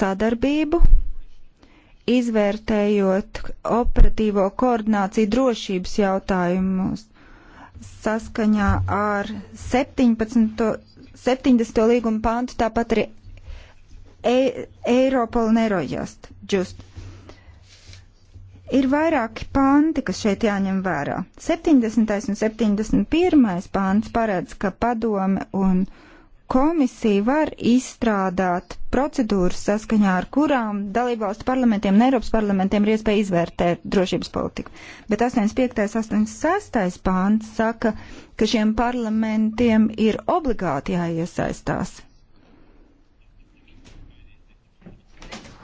sadarbību, izvērtējot operatīvo koordināciju drošības jautājumus saskaņā ar 17. 70. līguma pāntu, tāpat arī e Eiropola nerojast. Just. Ir vairāki panti, kas šeit jāņem vērā. 70. un 71. pāns paredz, ka padome un uh, komisija var izstrādāt procedūras saskaņā ar kurām dalībvalstu parlamentiem un Eiropas parlamentiem ir iespēja izvērtēt drošības politiku. Bet 85. 86. pāns saka, ka šiem parlamentiem ir obligāti jāiesaistās.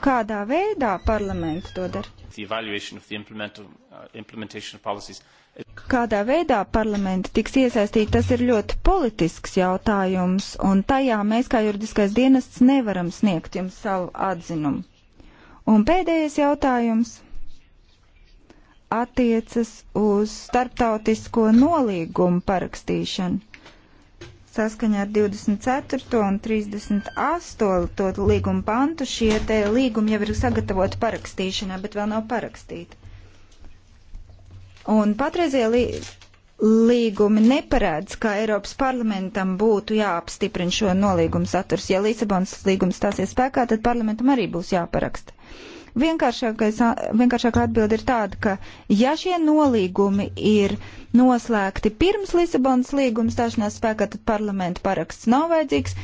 Kādā veidā parlamenti to dara? Uh, Kādā veidā parlamenti tiks iesaistīti, tas ir ļoti politisks jautājums, un tajā mēs kā juridiskais dienests nevaram sniegt jums savu atzinumu. Un pēdējais jautājums attiecas uz starptautisko nolīgumu parakstīšanu saskaņā ar 24. un 38. to līguma pantu šie te līgumi jau ir sagatavoti parakstīšanā, bet vēl nav parakstīti. Un patreizie lī līgumi neparēdz, ka Eiropas parlamentam būtu jāapstiprina šo nolīgumu saturs. Ja Lisabonas līgums stāsies spēkā, tad parlamentam arī būs jāparaksta. Vienkāršākā atbilde ir tāda, ka ja šie nolīgumi ir noslēgti pirms Lisabonas līguma stāšanās spēkā, tad parlamenta paraksts nav vajadzīgs,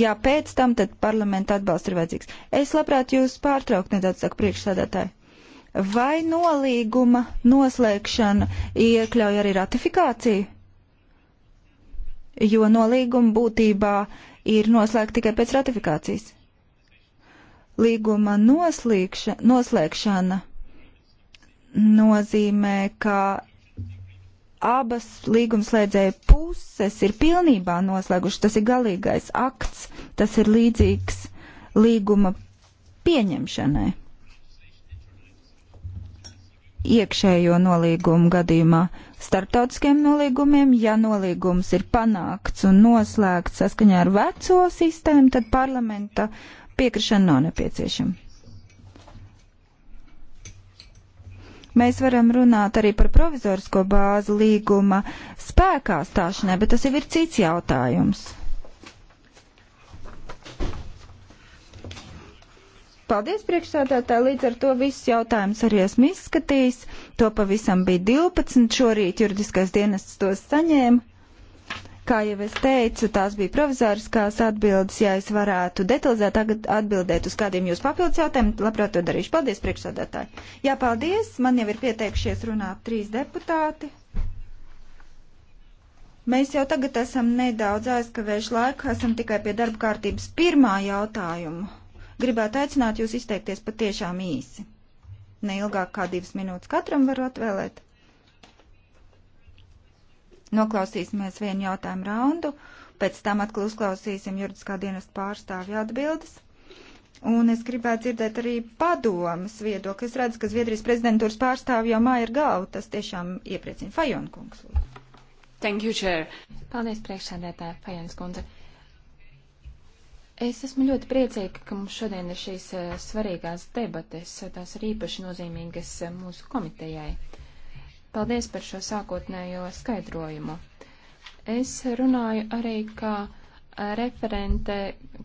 ja pēc tam, tad parlamenta atbalsts ir vajadzīgs. Es labprāt jūs pārtraukt nedaudz, saka priekšsādātāji. Vai nolīguma noslēgšana iekļauj arī ratifikāciju? Jo nolīguma būtībā ir noslēgta tikai pēc ratifikācijas. Līguma noslēgšana nozīmē, ka abas līgumslēdzēja puses ir pilnībā noslēgušas. Tas ir galīgais akts, tas ir līdzīgs līguma pieņemšanai. Iekšējo nolīgumu gadījumā starptautiskiem nolīgumiem, ja nolīgums ir panākts un noslēgts saskaņā ar veco sistēmu, tad parlamenta uh, piekrišana nav nepieciešama. Mēs varam runāt arī par provizorisko bāzu līguma spēkā stāšanai, bet tas jau ir cits jautājums. Paldies priekšsādātāji, līdz ar to visus jautājumus arī esmu izskatījis. To pavisam bija 12 šorīt, juridiskais dienests tos saņēma. Kā jau es teicu, tās bija provizoriskās atbildes. Ja es varētu detalizēt atbildēt uz kādiem jūsu papildus jautājumiem, labprāt to darīšu. Paldies, priekšsādātāji. Jā, paldies. Man jau ir pieteikšies runāt trīs deputāti. Mēs jau tagad esam nedaudz aizkavējuši laiku, esam tikai pie darba kārtības pirmā jautājuma. Gribētu aicināt jūs izteikties patiešām īsi. Neilgāk kā divas minūtes katram varu atvēlēt. Noklausīsimies vienu jautājumu raundu, pēc tam atkal uzklausīsim juridiskā dienesta pārstāvju atbildes. Un es gribētu dzirdēt arī padomas viedokli. Es redzu, ka Zviedrijas prezidentūras pārstāvja jau māja ir galva. Tas tiešām iepriecina Fajonkungs. Thank you, Chair. Paldies, priekšsēdētāja Fajons kundze. Es esmu ļoti priecīga, ka mums šodien ir šīs eh, svarīgās debates. Tās ir īpaši nozīmīgas eh, mūsu komitejai. Paldies par šo sākotnējo skaidrojumu. Es runāju arī kā referente,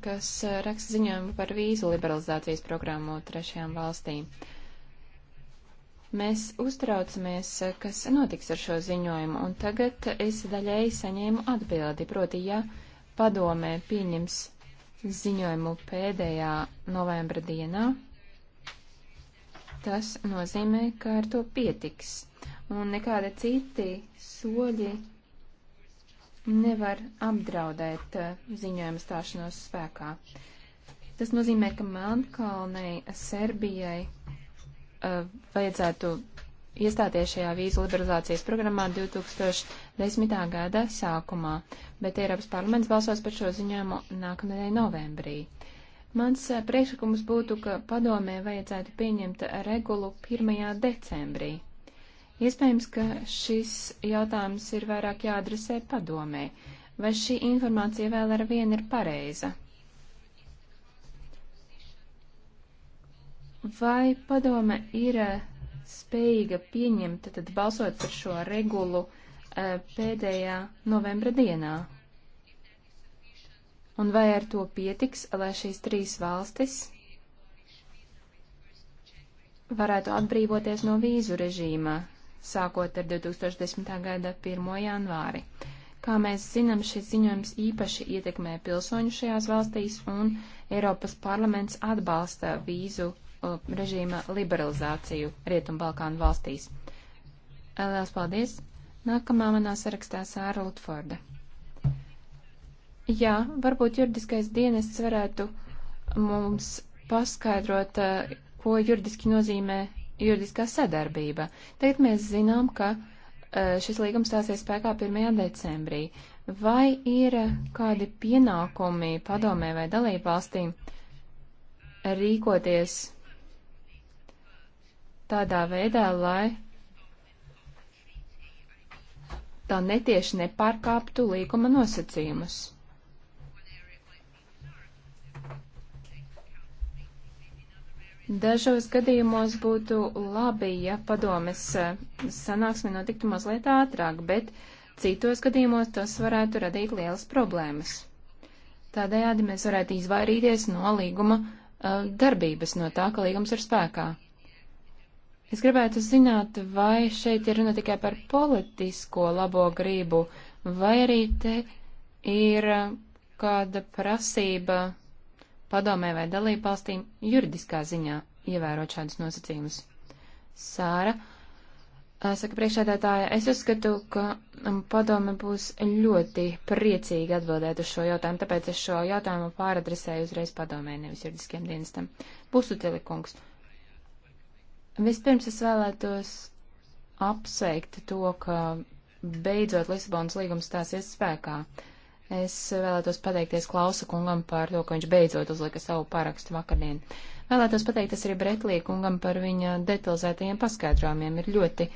kas raksta ziņojumu par vīzu liberalizācijas programmu trešajām valstīm. Mēs uztraucamies, kas notiks ar šo ziņojumu, un tagad es daļēji saņēmu atbildi, proti, ja padomē pieņems ziņojumu pēdējā novembra dienā, tas nozīmē, ka ar to pietiks un nekādi citi soļi nevar apdraudēt eh, ziņojuma stāšanos spēkā. Tas nozīmē, ka Melnkalnei, Serbijai uh, vajadzētu iestāties šajā vīzu liberalizācijas programmā 2010. gada sākumā, bet Eiropas parlaments balsos par šo ziņojumu nākamnedēļ novembrī. Mans eh, priekšlikums būtu, ka padomē vajadzētu pieņemt regulu 1. decembrī. Iespējams, ka šis jautājums ir vairāk jāadresē padomē. Vai šī informācija vēl ar vienu ir pareiza? Vai padome ir eh, spējīga pieņemt, tad balsot par šo regulu eh, pēdējā novembra dienā? Un vai ar to pietiks, lai šīs trīs valstis varētu atbrīvoties no vīzu režīmā sākot ar 2010. gada 1. janvāri. Kā mēs zinām, šis ziņojums īpaši ietekmē pilsoņu šajās valstīs, un Eiropas parlaments atbalsta vīzu uh, režīma liberalizāciju Rietumbalkānu valstīs. Lielas paldies! Nākamā manā sarakstā Sāra Lutforda. Jā, varbūt juridiskais dienests varētu mums paskaidrot, ko juridiski nozīmē juridiskā sadarbība. Tagad mēs zinām, ka e, šis līgums stāsies spēkā 1. decembrī. Vai ir e, kādi pienākumi padomē vai dalībvalstīm rīkoties tādā veidā, lai tā netieši nepārkāptu līguma nosacījumus? Dažos gadījumos būtu labi, ja padomes eh, sanāksme notiktu mazliet ātrāk, bet citos gadījumos tas varētu radīt lielas problēmas. Tādējādi mēs varētu izvairīties no līguma eh, darbības, no tā, ka līgums ir spēkā. Es gribētu zināt, vai šeit ir runa tikai par politisko labo gribu, vai arī te ir eh, kāda prasība padomē vai dalībvalstīm juridiskā ziņā ievērot šādus nosacījumus. Sāra, saka priekšēdētāja, es uzskatu, ka um, padome būs ļoti priecīgi atbildēt uz šo jautājumu, tāpēc es šo jautājumu pāradresēju uzreiz padomē, nevis juridiskiem dienestam. Būsu telekungs. Vispirms es vēlētos apsveikt to, ka beidzot Lisabonas līgums stāsies spēkā. Uh, Es vēlētos pateikties Klausa kungam par to, ka viņš beidzot uzlika savu parakstu vakardien. Vēlētos pateikties arī Bretlī kungam par viņa detalizētajiem paskaidrojumiem. Ir ļoti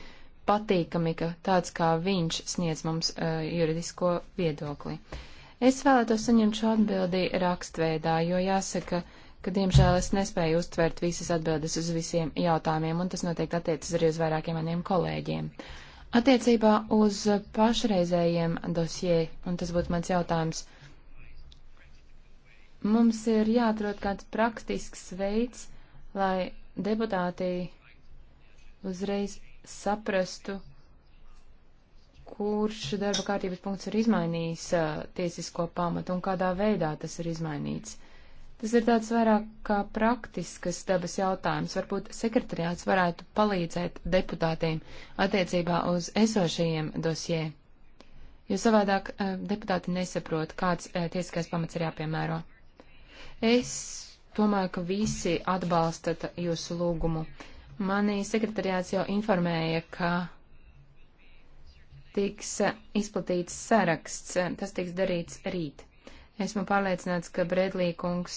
patīkami, ka tāds kā viņš sniedz mums uh, juridisko viedokli. Es vēlētos saņemt šo atbildi rakstveidā, jo jāsaka, ka diemžēl es nespēju uztvert visas atbildes uz visiem jautājumiem, un tas noteikti attiecas arī uz vairākiem maniem kolēģiem. Uh, Attiecībā uz pašreizējiem dosjē, un tas būtu mans jautājums, mums ir jāatrod kāds praktisks veids, lai deputāti uzreiz saprastu, kurš darba kārtības punkts ir izmainījis uh, tiesisko pamatu un kādā veidā tas ir izmainīts. Tas ir tāds vairāk kā praktiskas dabas jautājums. Varbūt sekretariāts varētu palīdzēt deputātiem attiecībā uz esošajiem dosjē. Jo savādāk eh, deputāti nesaprot, kāds eh, tiesiskais pamats ir jāpiemēro. Es domāju, ka visi atbalstat jūsu lūgumu. Mani sekretariāts jau informēja, ka tiks eh, izplatīts saraksts. Tas tiks darīts rīt. Esmu pārliecināts, ka Bredlī kungs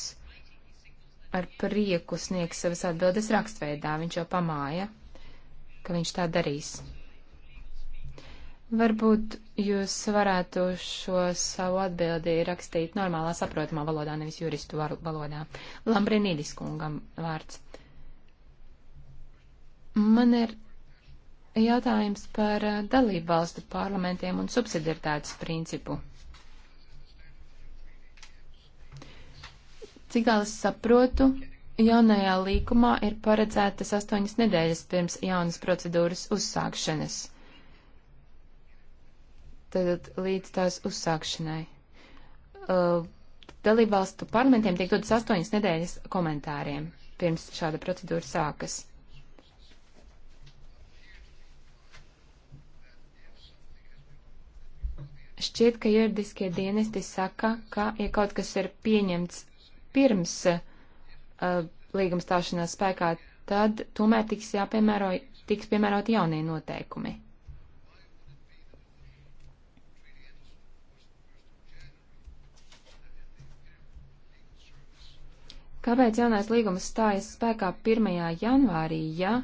ar prieku sniegs savas atbildes rakstveidā. Viņš jau pamāja, ka viņš tā darīs. Varbūt jūs varētu šo savu atbildi rakstīt normālā saprotamā valodā, nevis juristu valodā. Lambrinīdis kungam vārds. Man ir jautājums par eh, dalību valstu parlamentiem un subsidiaritātes principu. Cik tālu es saprotu, jaunajā līkumā ir paredzētas astoņas nedēļas pirms jaunas procedūras uzsākšanas. Tad līdz tās uzsākšanai. Uh, dalībvalstu parlamentiem tiek dotas astoņas nedēļas komentāriem pirms šāda procedūra sākas. Šķiet, ka juridiskie dienesti saka, ka, ja kaut kas ir pieņemts pirms uh, līguma stāšanās spēkā, tad tomēr tiks jāpiemēro, tiks piemērot jaunie noteikumi. Kāpēc jaunais līgums stājas spēkā 1. janvārī, ja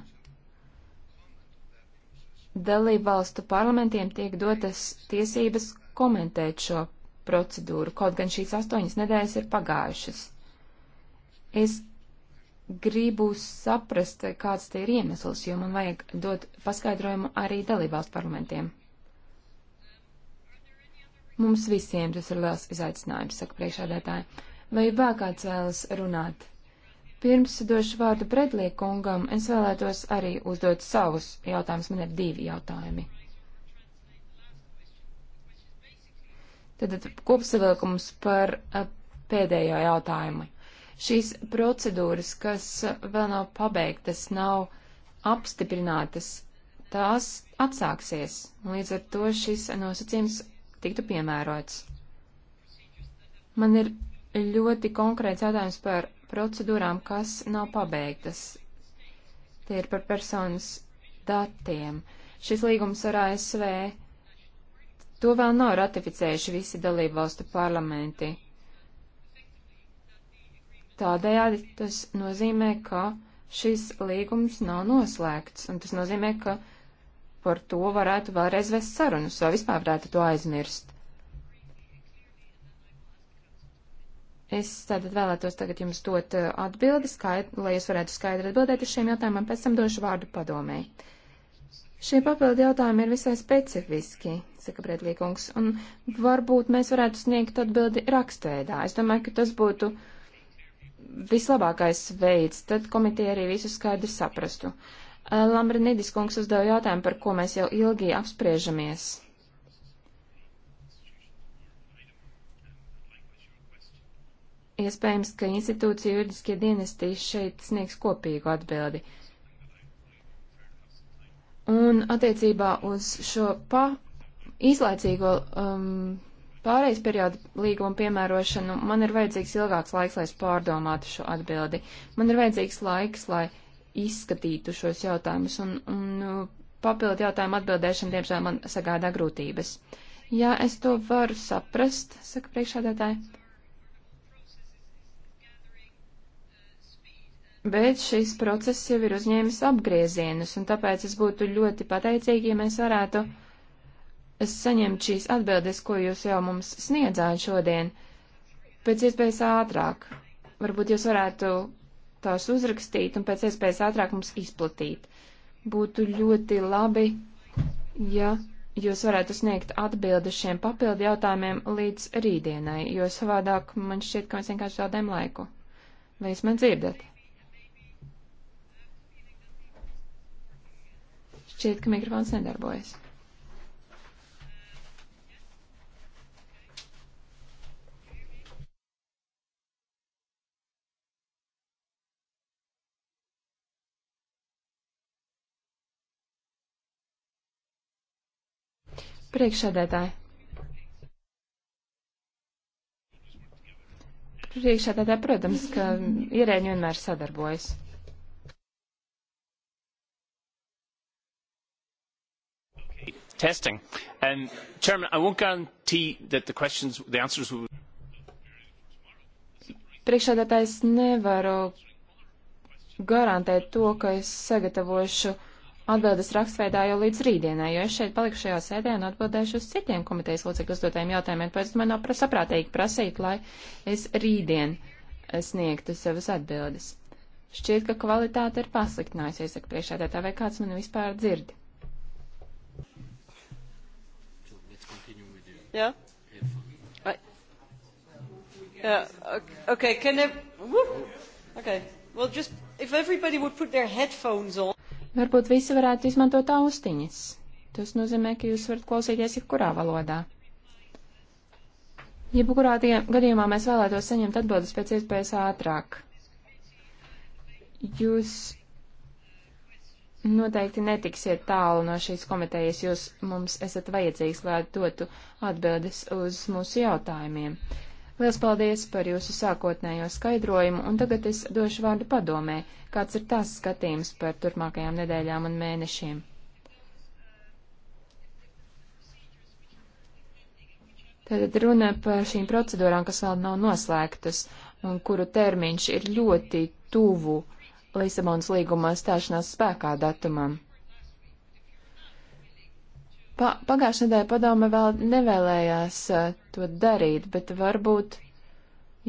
dalību valstu parlamentiem tiek dotas tiesības komentēt šo procedūru, kaut gan šīs astoņas nedēļas ir pagājušas? Es gribu saprast, kāds te ir iemesls, jo man vajag dot paskaidrojumu arī dalībvalstu parlamentiem. Mums visiem tas ir liels izaicinājums, saka priekšādētāji. Vai vēl kāds vēlas runāt? Pirms došu vārdu Bredliekungam, es vēlētos arī uzdot savus jautājumus. Man ir divi jautājumi. Tad kopsavilkums par pēdējo jautājumu. Šīs procedūras, kas vēl nav pabeigtas, nav apstiprinātas, tās atsāksies, un līdz ar to šis nosacījums tiktu piemērots. Man ir ļoti konkrēts jautājums par procedūrām, kas nav pabeigtas. Tie ir par personas datiem. Šis līgums ar ASV to vēl nav ratificējuši visi dalību valstu parlamenti. Tādējādi tas nozīmē, ka šis līgums nav noslēgts, un tas nozīmē, ka par to varētu vēlreiz vest sarunas, vai vispār varētu to aizmirst. Es tātad vēlētos tagad jums dot eh, atbildi, skaid, lai jūs varētu skaidri atbildēt uz šiem jautājumiem, pēc tam došu vārdu padomēji. Šie papildi jautājumi ir visai specifiski, saka Bredlīkungs, un varbūt mēs varētu sniegt atbildi rakstveidā. Es domāju, ka tas būtu uh, vislabākais veids, tad komiteja arī visu skaidri saprastu. Lambrinidis kungs uzdeva jautājumu, par ko mēs jau ilgi apspriežamies. Iespējams, ka institūcija juridiskie dienestī šeit sniegs kopīgu atbildi. Un attiecībā uz šo pa īslaicīgo um, pārejas periodu līgumu piemērošanu, man ir vajadzīgs ilgāks laiks, lai es pārdomātu šo atbildi. Man ir vajadzīgs laiks, lai izskatītu šos jautājumus, un, un papildu jautājumu atbildēšana, diemžēl, man sagādā grūtības. Jā, es to varu saprast, saka priekšādātāji. Bet šis process jau ir uzņēmis apgriezienus, un tāpēc es būtu ļoti pateicīgi, ja mēs varētu. Uh, saņemt šīs atbildes, ko jūs jau mums sniedzāt šodien, pēc iespējas ātrāk. Varbūt jūs varētu tās uzrakstīt un pēc iespējas ātrāk mums izplatīt. Būtu ļoti labi, ja jūs varētu sniegt atbildi šiem papildu jautājumiem līdz rītdienai, jo savādāk man šķiet, ka mēs vienkārši zaudējam laiku. Vai jūs man dzirdat? Šķiet, ka mikrofons nedarbojas. Priekšsēdētāji. Priekšsēdētāji, protams, ka ierēņi vienmēr sadarbojas. testing. Um, Chairman, I won't guarantee that the questions, the answers will. Priekšādātājs nevaru garantēt to, ka es sagatavošu atbildes rakstveidā jau līdz rītdienai, jo es šeit palikšu šajā sēdē un atbildēšu uz citiem komitejas locekļu uzdotajiem jautājumiem, pēc man nav saprātīgi prasīt, lai es rītdien sniegtu savas atbildes. Šķiet, ka kvalitāte ir pasliktinājusies, saka priekšādētā, vai kāds mani vispār dzird. Jā? Yeah. Yeah. Okay, can I... Whoop. Okay. Well, just if everybody would put their headphones on. Varbūt visi varētu izmantot austiņas. Tas nozīmē, ka jūs varat klausīties jebkurā valodā. Jebkurā gadījumā mēs vēlētos saņemt atbildes pēc iespējas ātrāk. Jūs noteikti netiksiet tālu no šīs komitejas, jūs mums esat vajadzīgs, lai dotu atbildes uz mūsu jautājumiem. Liels paldies par jūsu sākotnējo skaidrojumu, un tagad es došu vārdu padomē, kāds ir tās skatījums par turpmākajām nedēļām un mēnešiem. Tātad runa par šīm procedūrām, kas vēl nav noslēgtas un kuru termiņš ir ļoti tuvu Lisabonas līguma stāšanās spēkā datumam. Pa, pagājušajā nedēļā padome vēl nevēlējās eh, to darīt, bet varbūt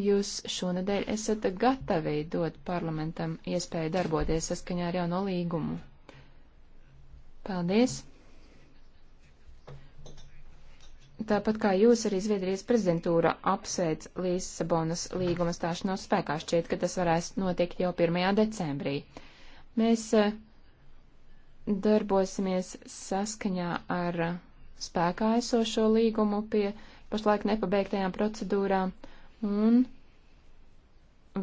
jūs šonadēļ esat gatavi dot parlamentam iespēju darboties saskaņā ar jauno līgumu. Paldies! Tāpat kā jūs arī Zviedrijas prezidentūra apsveic Lisabonas līguma stāšanos spēkā, šķiet, ka tas varēs notikt jau 1. decembrī. Mēs eh, darbosimies saskaņā ar spēkā esošo līgumu pie pašlaik nepabeigtajām procedūrām, un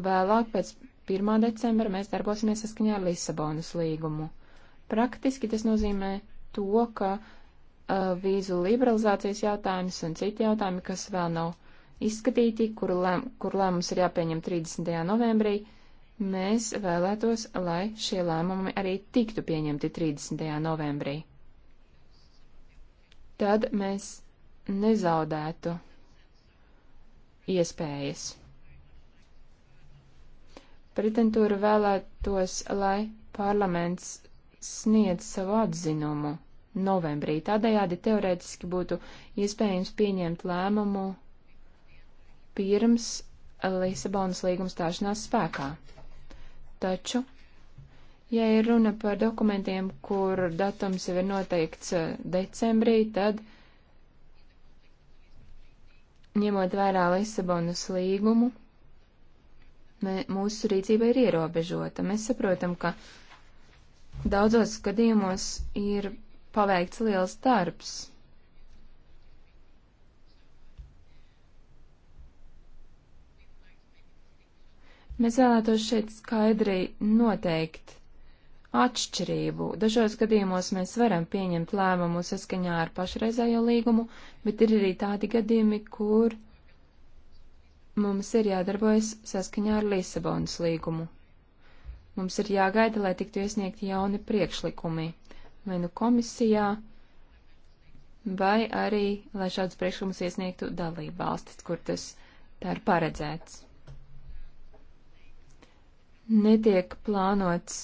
vēlāk pēc 1. decembra mēs darbosimies saskaņā ar Lisabonas līgumu. Praktiski tas nozīmē to, ka uh, vīzu liberalizācijas jautājums un citi jautājumi, kas vēl nav izskatīti, kuru, lēm, kuru lēmums ir jāpieņem 30. novembrī, uh, Mēs vēlētos, lai šie lēmumi arī tiktu pieņemti 30. novembrī. Tad mēs nezaudētu iespējas. Pretendūra vēlētos, lai parlaments sniedz savu atzinumu novembrī. Tādējādi teorētiski būtu iespējams pieņemt lēmumu pirms Lisabonas līguma stāšanās spēkā. Taču, ja ir runa par dokumentiem, kur datums jau ir noteikts eh, decembrī, tad, ņemot vērā Lisabonas līgumu, mē, mūsu rīcība ir ierobežota. Mēs saprotam, ka daudzos gadījumos ir paveikts liels darbs. Mēs vēlētos šeit skaidri noteikt atšķirību. Dažos gadījumos mēs varam pieņemt lēmumu saskaņā ar pašreizējo līgumu, bet ir arī tādi gadījumi, kur mums ir jādarbojas saskaņā ar Lisabonas līgumu. Mums ir jāgaida, lai tiktu iesniegti jauni priekšlikumi, vai nu komisijā, vai arī, lai šāds priekšlikums iesniegtu dalību valstis, kur tas tā ir paredzēts netiek plānots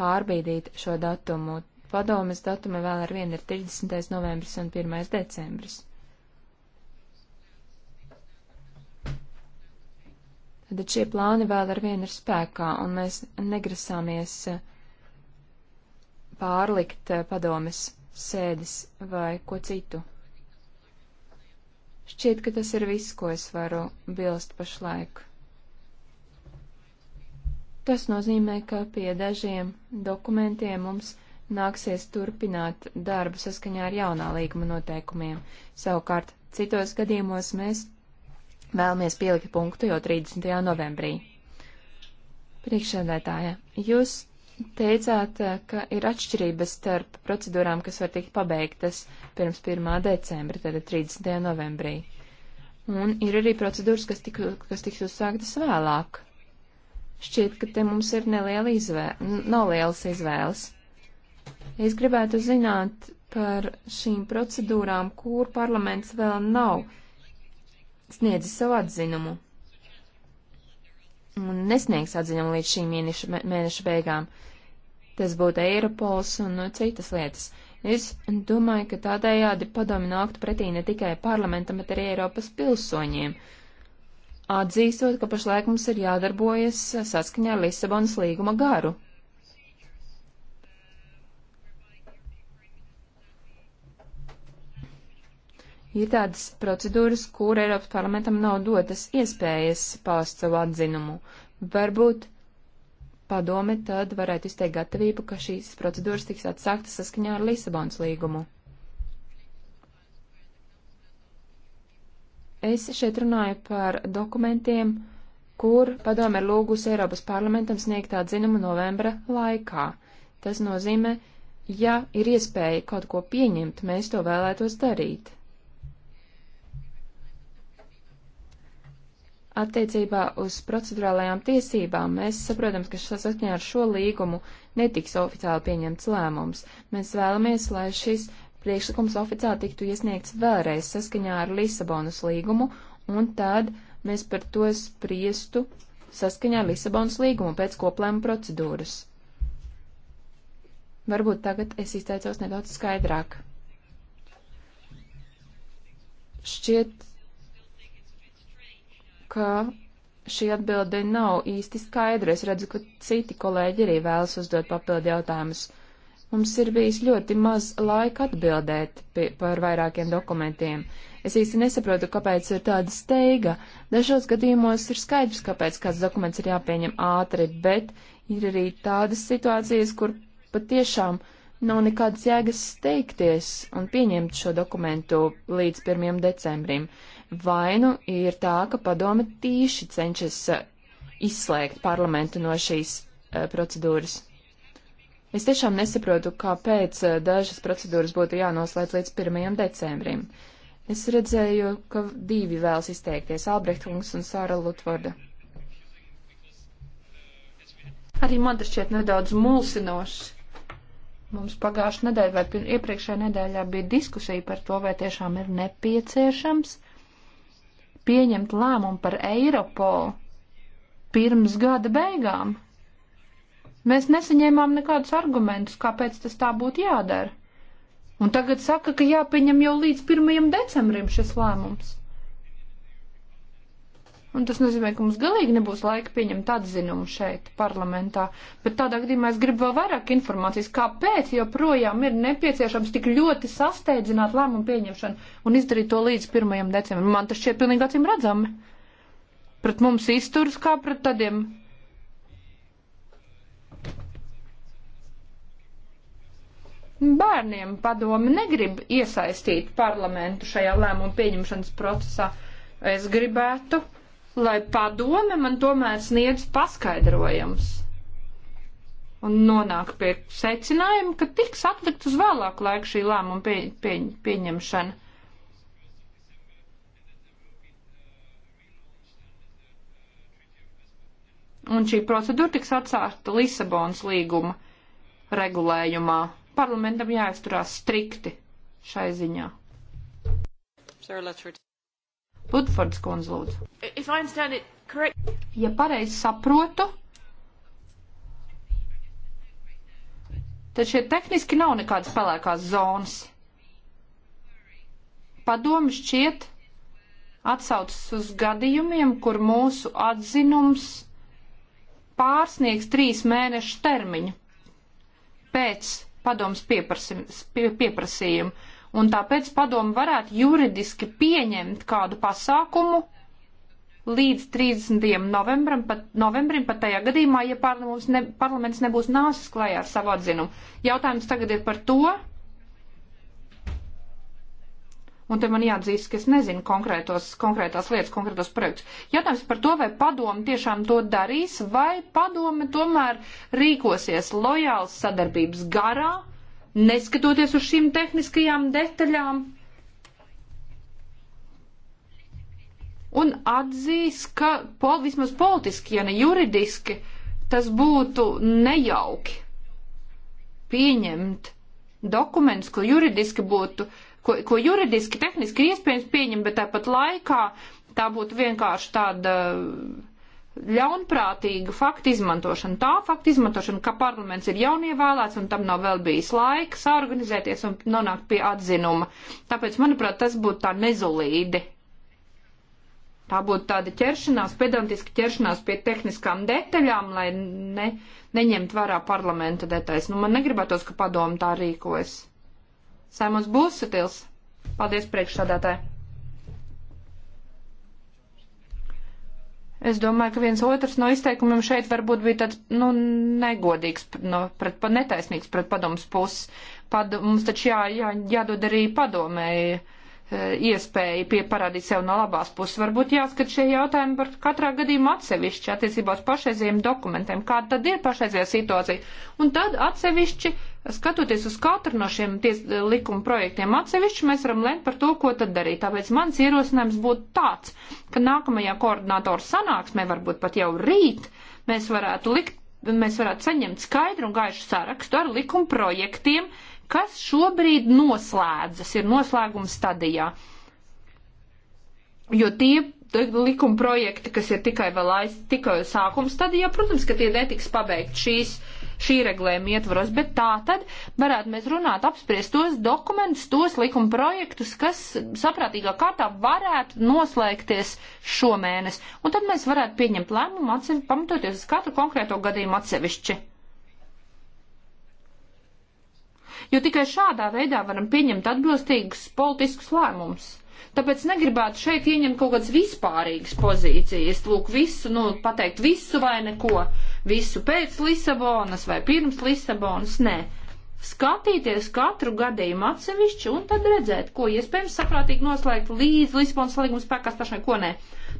pārbīdīt šo datumu. Padomas datumi vēl ar vienu ir 30. novembris un 1. decembris. Tad šie plāni vēl ar vienu ir spēkā, un mēs negrasāmies eh, pārlikt eh, padomas sēdes vai ko citu. Šķiet, ka tas ir viss, ko es varu bilst pašlaik. Tas nozīmē, ka pie dažiem dokumentiem mums nāksies turpināt darbu saskaņā ar jaunā līguma noteikumiem. Savukārt, citos gadījumos mēs vēlamies pielikt punktu jau 30. novembrī. Priekšsēdētāja, jūs teicāt, ka ir atšķirības starp procedūrām, kas var tikt pabeigtas pirms 1. decembra, tātad 30. novembrī. Un ir arī procedūras, kas, tik, kas tiks uzsāktas vēlāk. Šķiet, ka te mums ir neliela izvēle, nav lielas izvēles. Es gribētu zināt par šīm procedūrām, kur parlaments vēl nav sniedzis savu atzinumu. Un nesniegs atzinumu līdz šī mēneša, mēneša beigām. Tas būtu Eiropols un nu, citas lietas. Es domāju, ka tādējādi padomi nāktu pretī ne tikai parlamentam, bet arī Eiropas pilsoņiem. Uh, atzīstot, ka pašlaik mums ir jādarbojas saskaņā ar Lisabonas līguma garu. Ir tādas procedūras, kur Eiropas parlamentam nav dotas iespējas paust savu atzinumu. Varbūt padome tad varētu izteikt gatavību, ka šīs procedūras tiks atsāktas saskaņā ar Lisabonas līgumu. Es šeit runāju par dokumentiem, kur padome ir lūgusi Eiropas parlamentam sniegt atzinumu novembra laikā. Tas nozīmē, ja ir iespēja kaut ko pieņemt, mēs to vēlētos darīt. Attiecībā uz procedurālajām tiesībām mēs saprotam, ka saskaņā ar šo līgumu netiks oficiāli pieņemts lēmums. Mēs vēlamies, lai šis priekšlikums oficiāli tiktu iesniegts vēlreiz saskaņā ar Lisabonas līgumu, un tad mēs par to spriestu saskaņā ar Lisabonas līgumu pēc koplēmu procedūras. Varbūt tagad es izteicos nedaudz skaidrāk. Šķiet, ka šī atbilde nav īsti skaidra. Es redzu, ka citi kolēģi arī vēlas uzdot papildu jautājumus. Mums ir bijis ļoti maz laika atbildēt pie, par vairākiem dokumentiem. Es īsti nesaprotu, kāpēc ir tāda steiga. Dažos gadījumos ir skaidrs, kāpēc kāds dokuments ir jāpieņem ātri, bet ir arī tādas situācijas, kur patiešām nav nekādas jēgas steigties un pieņemt šo dokumentu līdz 1. decembrim. Vainu ir tā, ka padome tīši cenšas eh, izslēgt parlamentu no šīs uh, procedūras. Es tiešām nesaprotu, kāpēc eh, dažas procedūras būtu jānoslēdz līdz 1. decembrim. Es redzēju, ka divi vēlas izteikties - Albrecht kungs un Sāra Lutvorda. Arī man tas šķiet nedaudz mulsinoši. Mums pagājušajā nedēļā vai iepriekšējā nedēļā bija diskusija par to, vai tiešām ir nepieciešams pieņemt lēmumu par Eiropolu pirms gada beigām. Mēs nesaņēmām nekādus argumentus, kāpēc tas tā būtu jādara. Un tagad saka, ka jāpieņem jau līdz 1. decembrim šis lēmums. Un tas nozīmē, ka mums galīgi nebūs laika pieņemt atzinumu šeit, parlamentā. Bet tādā gadījumā es gribu vēl vairāk informācijas, kāpēc joprojām ir nepieciešams tik ļoti sasteidzināt lēmumu pieņemšanu un izdarīt to līdz 1. decembrim. Man tas šķiet pilnīgi acīm redzami. Pret mums izturas kā pret tādiem bērniem padomi negrib iesaistīt parlamentu šajā lēmumu pieņemšanas procesā. Es gribētu, lai padome man tomēr sniedz paskaidrojums. Un nonāk pie secinājuma, ka tiks atlikt uz vēlāku laiku šī lēmuma pie, pie, pieņemšana. Un šī procedūra tiks atsākta Lisabonas līguma regulējumā parlamentam jāizturās strikti šai ziņā. Ludfords kundze lūdzu. Ja pareizi saprotu, tad šeit tehniski nav nekādas pelēkās zonas. Padomi šķiet atsaucas uz gadījumiem, kur mūsu atzinums pārsniegs trīs mēnešu termiņu pēc padoms pieprasījumu. Un tāpēc padomu varētu juridiski pieņemt kādu pasākumu līdz 30. novembrim, pat, novembrim, pat tajā gadījumā, ja parlaments, ne, parlaments nebūs nācis klajā ar savu atzinumu. Jautājums tagad ir par to, Un te man jāatzīst, ka es nezinu konkrētos, konkrētās lietas, konkrētos projektus. Jautājums par to, vai padome tiešām to darīs, vai padome tomēr rīkosies lojāls sadarbības garā, neskatoties uz šīm tehniskajām detaļām. Un atzīs, ka pol, vismaz politiski, ja ne juridiski, tas būtu nejauki pieņemt dokumentus, ko juridiski būtu uh, ko, ko juridiski, tehniski ir iespējams pieņemt, bet tāpat laikā tā būtu vienkārši tāda ļaunprātīga faktu izmantošana. Tā faktu izmantošana, ka parlaments ir jaunievēlēts un tam nav vēl bijis laiks organizēties un nonākt pie atzinuma. Tāpēc, manuprāt, tas būtu tā nezolīdi. Tā būtu tāda ķeršanās, pedantiska ķeršanās pie tehniskām detaļām, lai ne, neņemt vērā parlamenta detaļas. Nu, man negribētos, ka padomu tā rīkojas. Saimons Būsatils. Paldies priekšsādātāji. Es domāju, ka viens otrs no izteikumiem šeit varbūt bija tāds, nu, negodīgs, no, pret, netaisnīgs pret padomus puses. Pad, mums taču jā, jā, jādod arī padomēji Eh, iespēja pieparādīt sev no labās puses. Varbūt jāskat šie jautājumi par katrā gadījumā atsevišķi attiecībā uz pašreizējiem dokumentiem, kāda tad ir pašreizējā situācija. Un tad atsevišķi, skatoties uz katru no šiem ties, eh, likuma projektiem atsevišķi, mēs varam lēmt par to, ko tad darīt. Tāpēc mans ierosinājums būtu tāds, ka nākamajā koordinātoru sanāksmē, varbūt pat jau rīt, mēs varētu likt, mēs varētu saņemt skaidru un gaišu sarakstu ar likuma projektiem, uh, kas šobrīd noslēdzas, ir noslēguma stadijā. Jo tie likuma projekti, kas ir tikai vēl aiz, tikai sākuma stadijā, protams, ka tie netiks pabeigt šīs, šī regulējuma ietvaros, bet tā tad varētu mēs runāt, apspriest tos dokumentus, tos likuma projektus, kas saprātīgā kārtā varētu noslēgties šomēnes. Un tad mēs varētu pieņemt lēmumu, pamatoties uz katru konkrēto gadījumu atsevišķi. jo tikai šādā veidā varam pieņemt atbilstīgus politiskus lēmumus. Tāpēc negribētu šeit ieņemt kaut kādas vispārīgas pozīcijas, lūk, visu, nu, pateikt visu vai neko, visu pēc Lisabonas vai pirms Lisabonas, nē. Skatīties katru gadījumu atsevišķi un tad redzēt, ko iespējams saprātīgi noslēgt līdz Lisabonas līguma spēkā stāšanai, ko nē.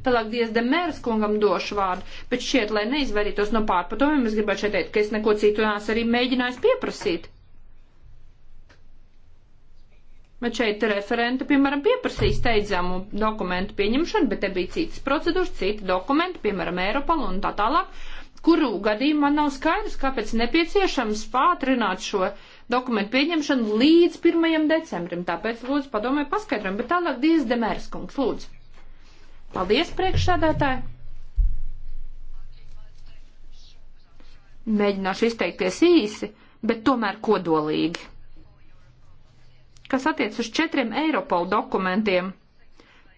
Tālāk diezgan mērs kungam došu vārdu, bet šķiet, lai neizvairītos no pārpratumiem, es gribētu šeit teikt, ka es neko citu nāc arī mēģinājis pieprasīt. Bet šeit referenta, piemēram, pieprasīja steidzamu dokumentu pieņemšanu, bet te bija citas procedūras, citi dokumenti, piemēram, Eiropal un tā tālāk, kuru gadījumā nav skaidrs, kāpēc nepieciešams pātrināt šo dokumentu pieņemšanu līdz 1. decembrim. Tāpēc, lūdzu, padomē paskaidram, bet tālāk Dievs Demērs kungs, lūdzu. Paldies, priekšsādātāji! Mēģināšu izteikties īsi, bet tomēr kodolīgi kas attiec uz četriem Eiropol dokumentiem.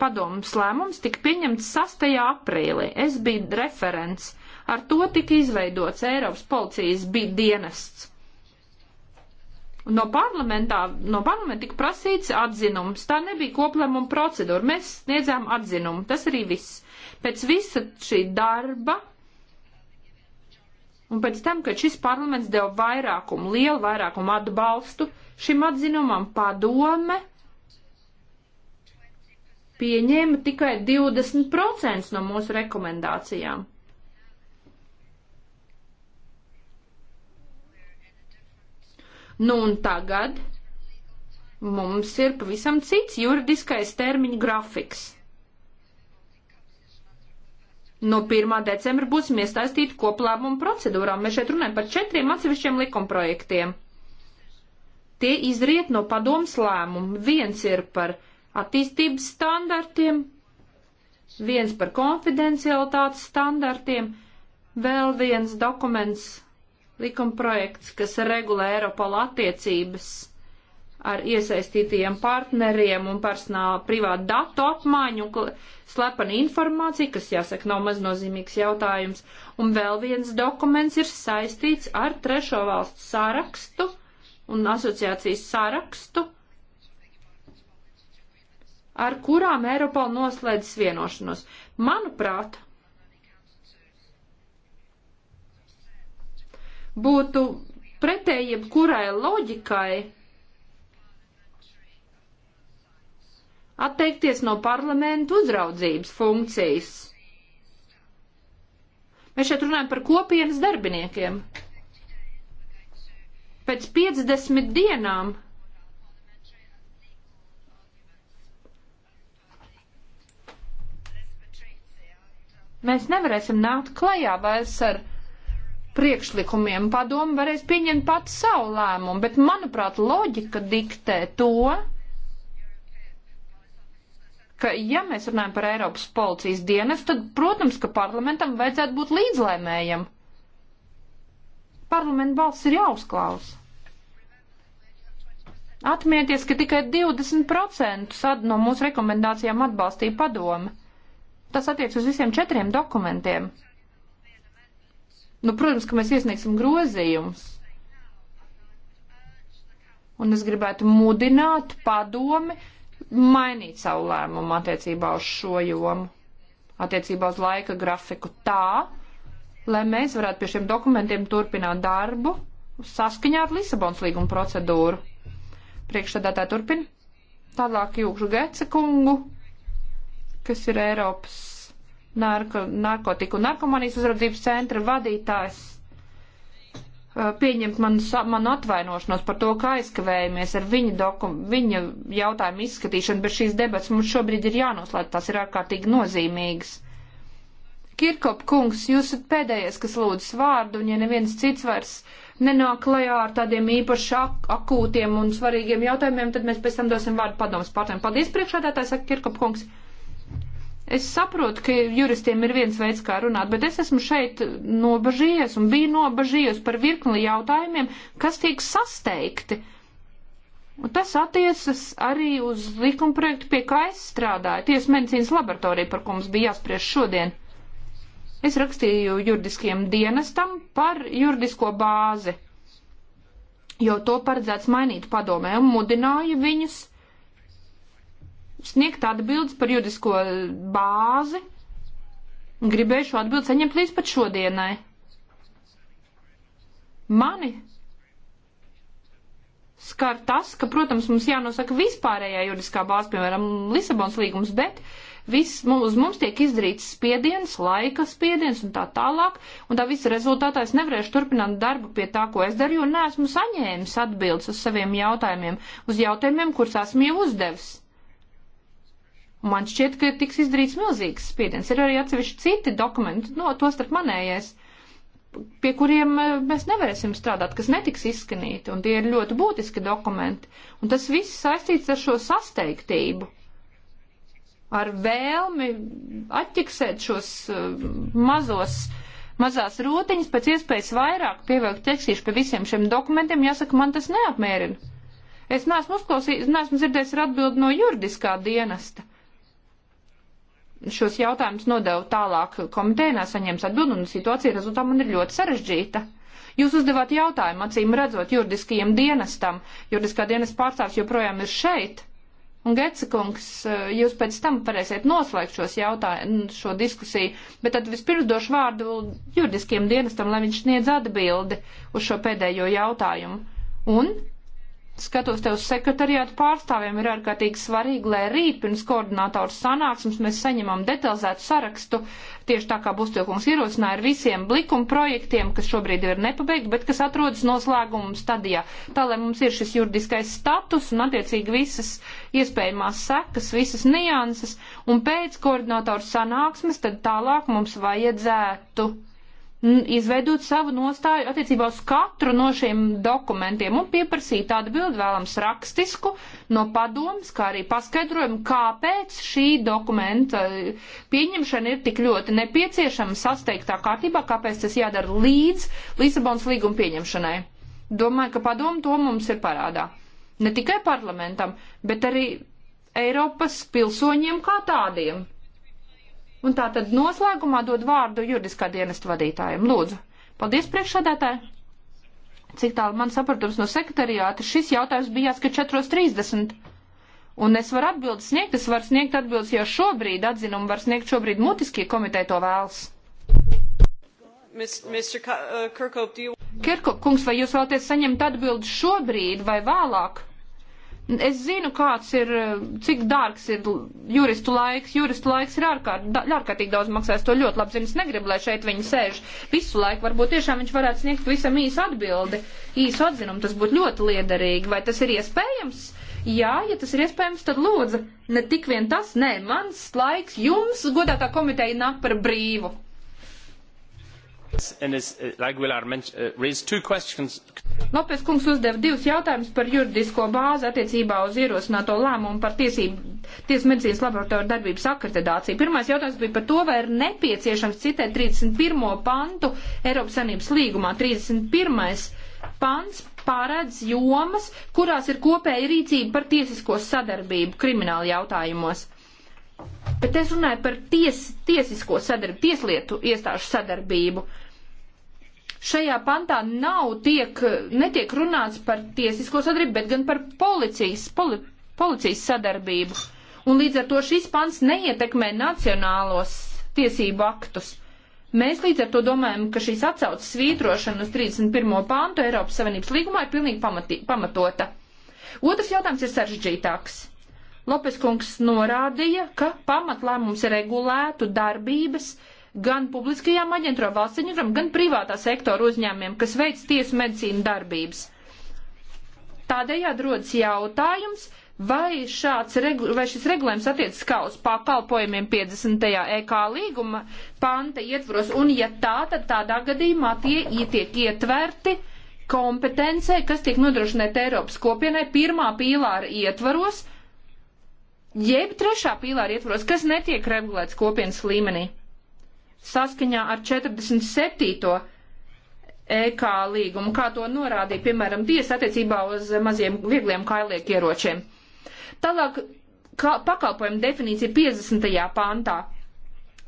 Padomus lēmums tika pieņemts 6. aprīlī. Es biju referents. Ar to tika izveidots Eiropas policijas bija dienests. No, no parlamenta tika prasīts atzinums. Tā nebija koplēmuma procedūra. Mēs sniedzām atzinumu. Tas arī viss. Pēc visa šī darba un pēc tam, kad šis parlaments deva vairākumu, lielu vairākumu atbalstu, Šim atzinumam padome pieņēma tikai 20% no mūsu rekomendācijām. Nu un tagad mums ir pavisam cits juridiskais termiņu grafiks. No 1. decembra būsim iestaistīti koplēmumu procedūrām. Mēs šeit runājam par četriem atsevišķiem likumprojektiem. Tie izriet no padomas lēmumu. Viens ir par attīstības standartiem, viens par konfidencialitātes standartiem, vēl viens dokuments likumprojekts, kas regulē Eiropola attiecības ar iesaistītajiem partneriem un personāla privātu datu apmaiņu un slepenu informāciju, kas jāsaka nav maznozīmīgs jautājums. Un vēl viens dokuments ir saistīts ar trešo valstu sārakstu un asociācijas sarakstu, ar kurām Eiropol noslēdzis vienošanos. Manuprāt, būtu pretēji jebkurai loģikai atteikties no parlamentu uzraudzības funkcijas. Mēs šeit runājam par kopienas darbiniekiem pēc 50 dienām. Mēs nevarēsim nākt klajā vairs ar priekšlikumiem. Padomu varēs pieņemt pats savu lēmumu, bet, manuprāt, loģika diktē to, ka, ja mēs runājam par Eiropas policijas dienas, tad, protams, ka parlamentam vajadzētu būt līdzlēmējam parlamentu balss ir jāuzklausa. Atmieties, ka tikai 20% no mūsu rekomendācijām atbalstīja padome. Tas attiec uz visiem četriem dokumentiem. Nu, protams, ka mēs iesniegsim grozījumus. Un es gribētu mudināt padomi mainīt savu lēmumu attiecībā uz šo jomu, attiecībā uz laika grafiku tā, lai mēs varētu pie šiem dokumentiem turpināt darbu saskaņā ar Lisabons līguma procedūru. Priekšsēdētāji turpina. Tālāk jūgšu Gece kungu, kas ir Eiropas narko, narkotiku un narkomānijas uzraudzības centra vadītājs pieņemt manu, manu atvainošanos par to, ka aizkavējamies ar viņa, dokum, viņa jautājumu izskatīšanu, bet šīs debats mums šobrīd ir jānoslēdz, tās ir ārkārtīgi nozīmīgas. Kirkop kungs, jūs esat pēdējais, kas lūdz vārdu, un ja neviens cits vairs nenāk klajā ar tādiem īpaši ak akūtiem un svarīgiem jautājumiem, tad mēs pēc tam dosim vārdu padomus pārtēm. Paldies priekšādātāji, saka Kirkop kungs. Es saprotu, ka juristiem ir viens veids, kā runāt, bet es esmu šeit nobažījies un biju nobažījies par virkni jautājumiem, kas tiek sasteigti. Un tas attiecas arī uz likumprojektu, pie kā es strādāju, tiesa medicīnas laboratorija, par ko mums bija jāspriež šodien. Es rakstīju juridiskiem dienestam par juridisko bāzi, jo to paredzēts mainīt padomē un mudināju viņus sniegt atbildes par juridisko bāzi. Gribēju šo atbildi saņemt līdz pat šodienai. Mani skar tas, ka, protams, mums jānosaka vispārējā juridiskā bāze, piemēram, Lisabons līgums, bet uh, Viss uz mums tiek izdarīts spiediens, laika spiediens un tā tālāk, un tā visa rezultātā es nevarēšu turpināt darbu pie tā, ko es daru, jo neesmu saņēmis atbildes uz saviem jautājumiem, uz jautājumiem, kurus esmu jau uzdevis. Un man šķiet, ka tiks izdarīts milzīgs spiediens. Ir arī atsevišķi citi dokumenti, no to starp manējais, pie kuriem e, mēs nevarēsim strādāt, kas netiks izskanīti, un tie ir ļoti būtiski dokumenti. Un tas viss saistīts ar šo sasteigtību ar vēlmi atķiksēt šos eh, mazos, mazās rūtiņas, pēc iespējas vairāk pievilkt tekstīšu pie visiem šiem dokumentiem, jāsaka, man tas neapmierina. Es neesmu uzklausījis, neesmu dzirdējis atbildi no juridiskā dienesta. Šos jautājumus nodevu tālāk komitejā, saņēmis atbildi, un situācija rezultātā man ir ļoti sarežģīta. Jūs uzdevāt jautājumu, acīm redzot, juridiskajiem dienestam. Juridiskā dienesta pārstāvs joprojām ir šeit Un Gecekungs, eh, jūs pēc tam varēsiet noslēgt šos jautājumu, šo diskusiju, bet tad vispirms došu vārdu juridiskiem dienestam, lai viņš sniedz atbildi uz šo pēdējo jautājumu. Un skatos tev sekretariātu pārstāvjiem, ir ārkārtīgi svarīgi, lai rīt pirms koordinātoru sanāksmes mēs saņemam detalizētu sarakstu, tieši tā kā Bustilkungs ierosināja ar visiem likuma projektiem, kas šobrīd ir nepabeigti, bet kas atrodas noslēguma stadijā. Tā, lai mums ir šis juridiskais status un attiecīgi visas iespējamās sekas, visas nianses, un pēc koordinātoru sanāksmes tad tālāk mums vajadzētu izveidot savu nostāju attiecībā uz katru no šiem dokumentiem un pieprasīt tādu bildu vēlams rakstisku no padomas, kā arī paskaidrojumu, kāpēc šī dokumenta eh, pieņemšana ir tik ļoti nepieciešama sasteigtā kārtībā, kāpēc tas jādara līdz Lisabonas līguma pieņemšanai. Domāju, ka padomu to mums ir parādā. Ne tikai parlamentam, bet arī Eiropas pilsoņiem kā tādiem. Un tā tad noslēgumā dod vārdu juridiskā dienesta vadītājiem. Lūdzu. Paldies priekšsādātāji. Cik tālu man sapratums no sekretariāta, šis jautājums bija jāskat 4.30. Un es varu atbildes sniegt, es varu sniegt atbildes jau šobrīd, atzinumu var sniegt šobrīd mutiskie komiteja to vēlas. Uh, Kirkop, you... kungs, vai jūs vēlaties saņemt atbildi šobrīd vai vēlāk? Es zinu, kāds ir, cik dārgs ir juristu laiks. Juristu laiks ir ārkārt, da, ārkārtīgi daudz maksās. To ļoti labi zinu. Es negribu, lai šeit viņi sēž visu laiku. Varbūt tiešām viņš varētu sniegt visam īsu atbildi, īsu atzinumu. Tas būtu ļoti liederīgi. Vai tas ir iespējams? Jā, ja tas ir iespējams, tad lūdzu. Ne tik vien tas, nē, mans laiks jums, godātā komiteja, nāk par brīvu. Uh, uh, Lopes kungs uzdeva divus jautājumus par juridisko bāzi attiecībā uz ierosināto lēmumu par tiesību, tiesu medicīnas laboratoriju darbības akreditāciju. Pirmais jautājums bija par to, vai ir nepieciešams citēt 31. pantu Eiropas Sanības līgumā. 31. pants paredz jomas, kurās ir kopēja rīcība par tiesisko sadarbību krimināla jautājumos. Bet es runāju par ties, tiesisko sadarbību, tieslietu iestāžu sadarbību. Uh, Šajā pantā nav tiek, netiek runāts par tiesisko sadarbību, bet gan par policijas, poli, policijas sadarbību. Un līdz ar to šis pants neietekmē nacionālos tiesību aktus. Mēs līdz ar to domājam, ka šīs atcaucas svītrošana uz 31. pāntu Eiropas Savienības līgumā ir pilnīgi pamatī, pamatota. Otrs jautājums ir sarežģītāks. Lopes kungs norādīja, ka pamatlēmums regulētu darbības, uh, gan publiskajām aģentūrām, valsts aģentūrām, gan privātā sektora uzņēmiem, kas veic tiesu medicīnu darbības. Tādējādi rodas jautājums, vai, šāds, vai šis regulējums attiecas kā uz pakalpojumiem 50. EK līguma panta ietvaros, un ja tā, tad tādā gadījumā tie ietiek ietverti kompetencē, kas tiek nodrošināta Eiropas kopienai pirmā pīlāra ietvaros, jeb trešā pīlāra ietvaros, kas netiek regulēts kopienas līmenī saskaņā ar 47. EK līgumu, kā to norādīja, piemēram, tiesa attiecībā uz maziem viegliem kailieku ieročiem. Tālāk pakalpojumu definīcija 50. pāntā.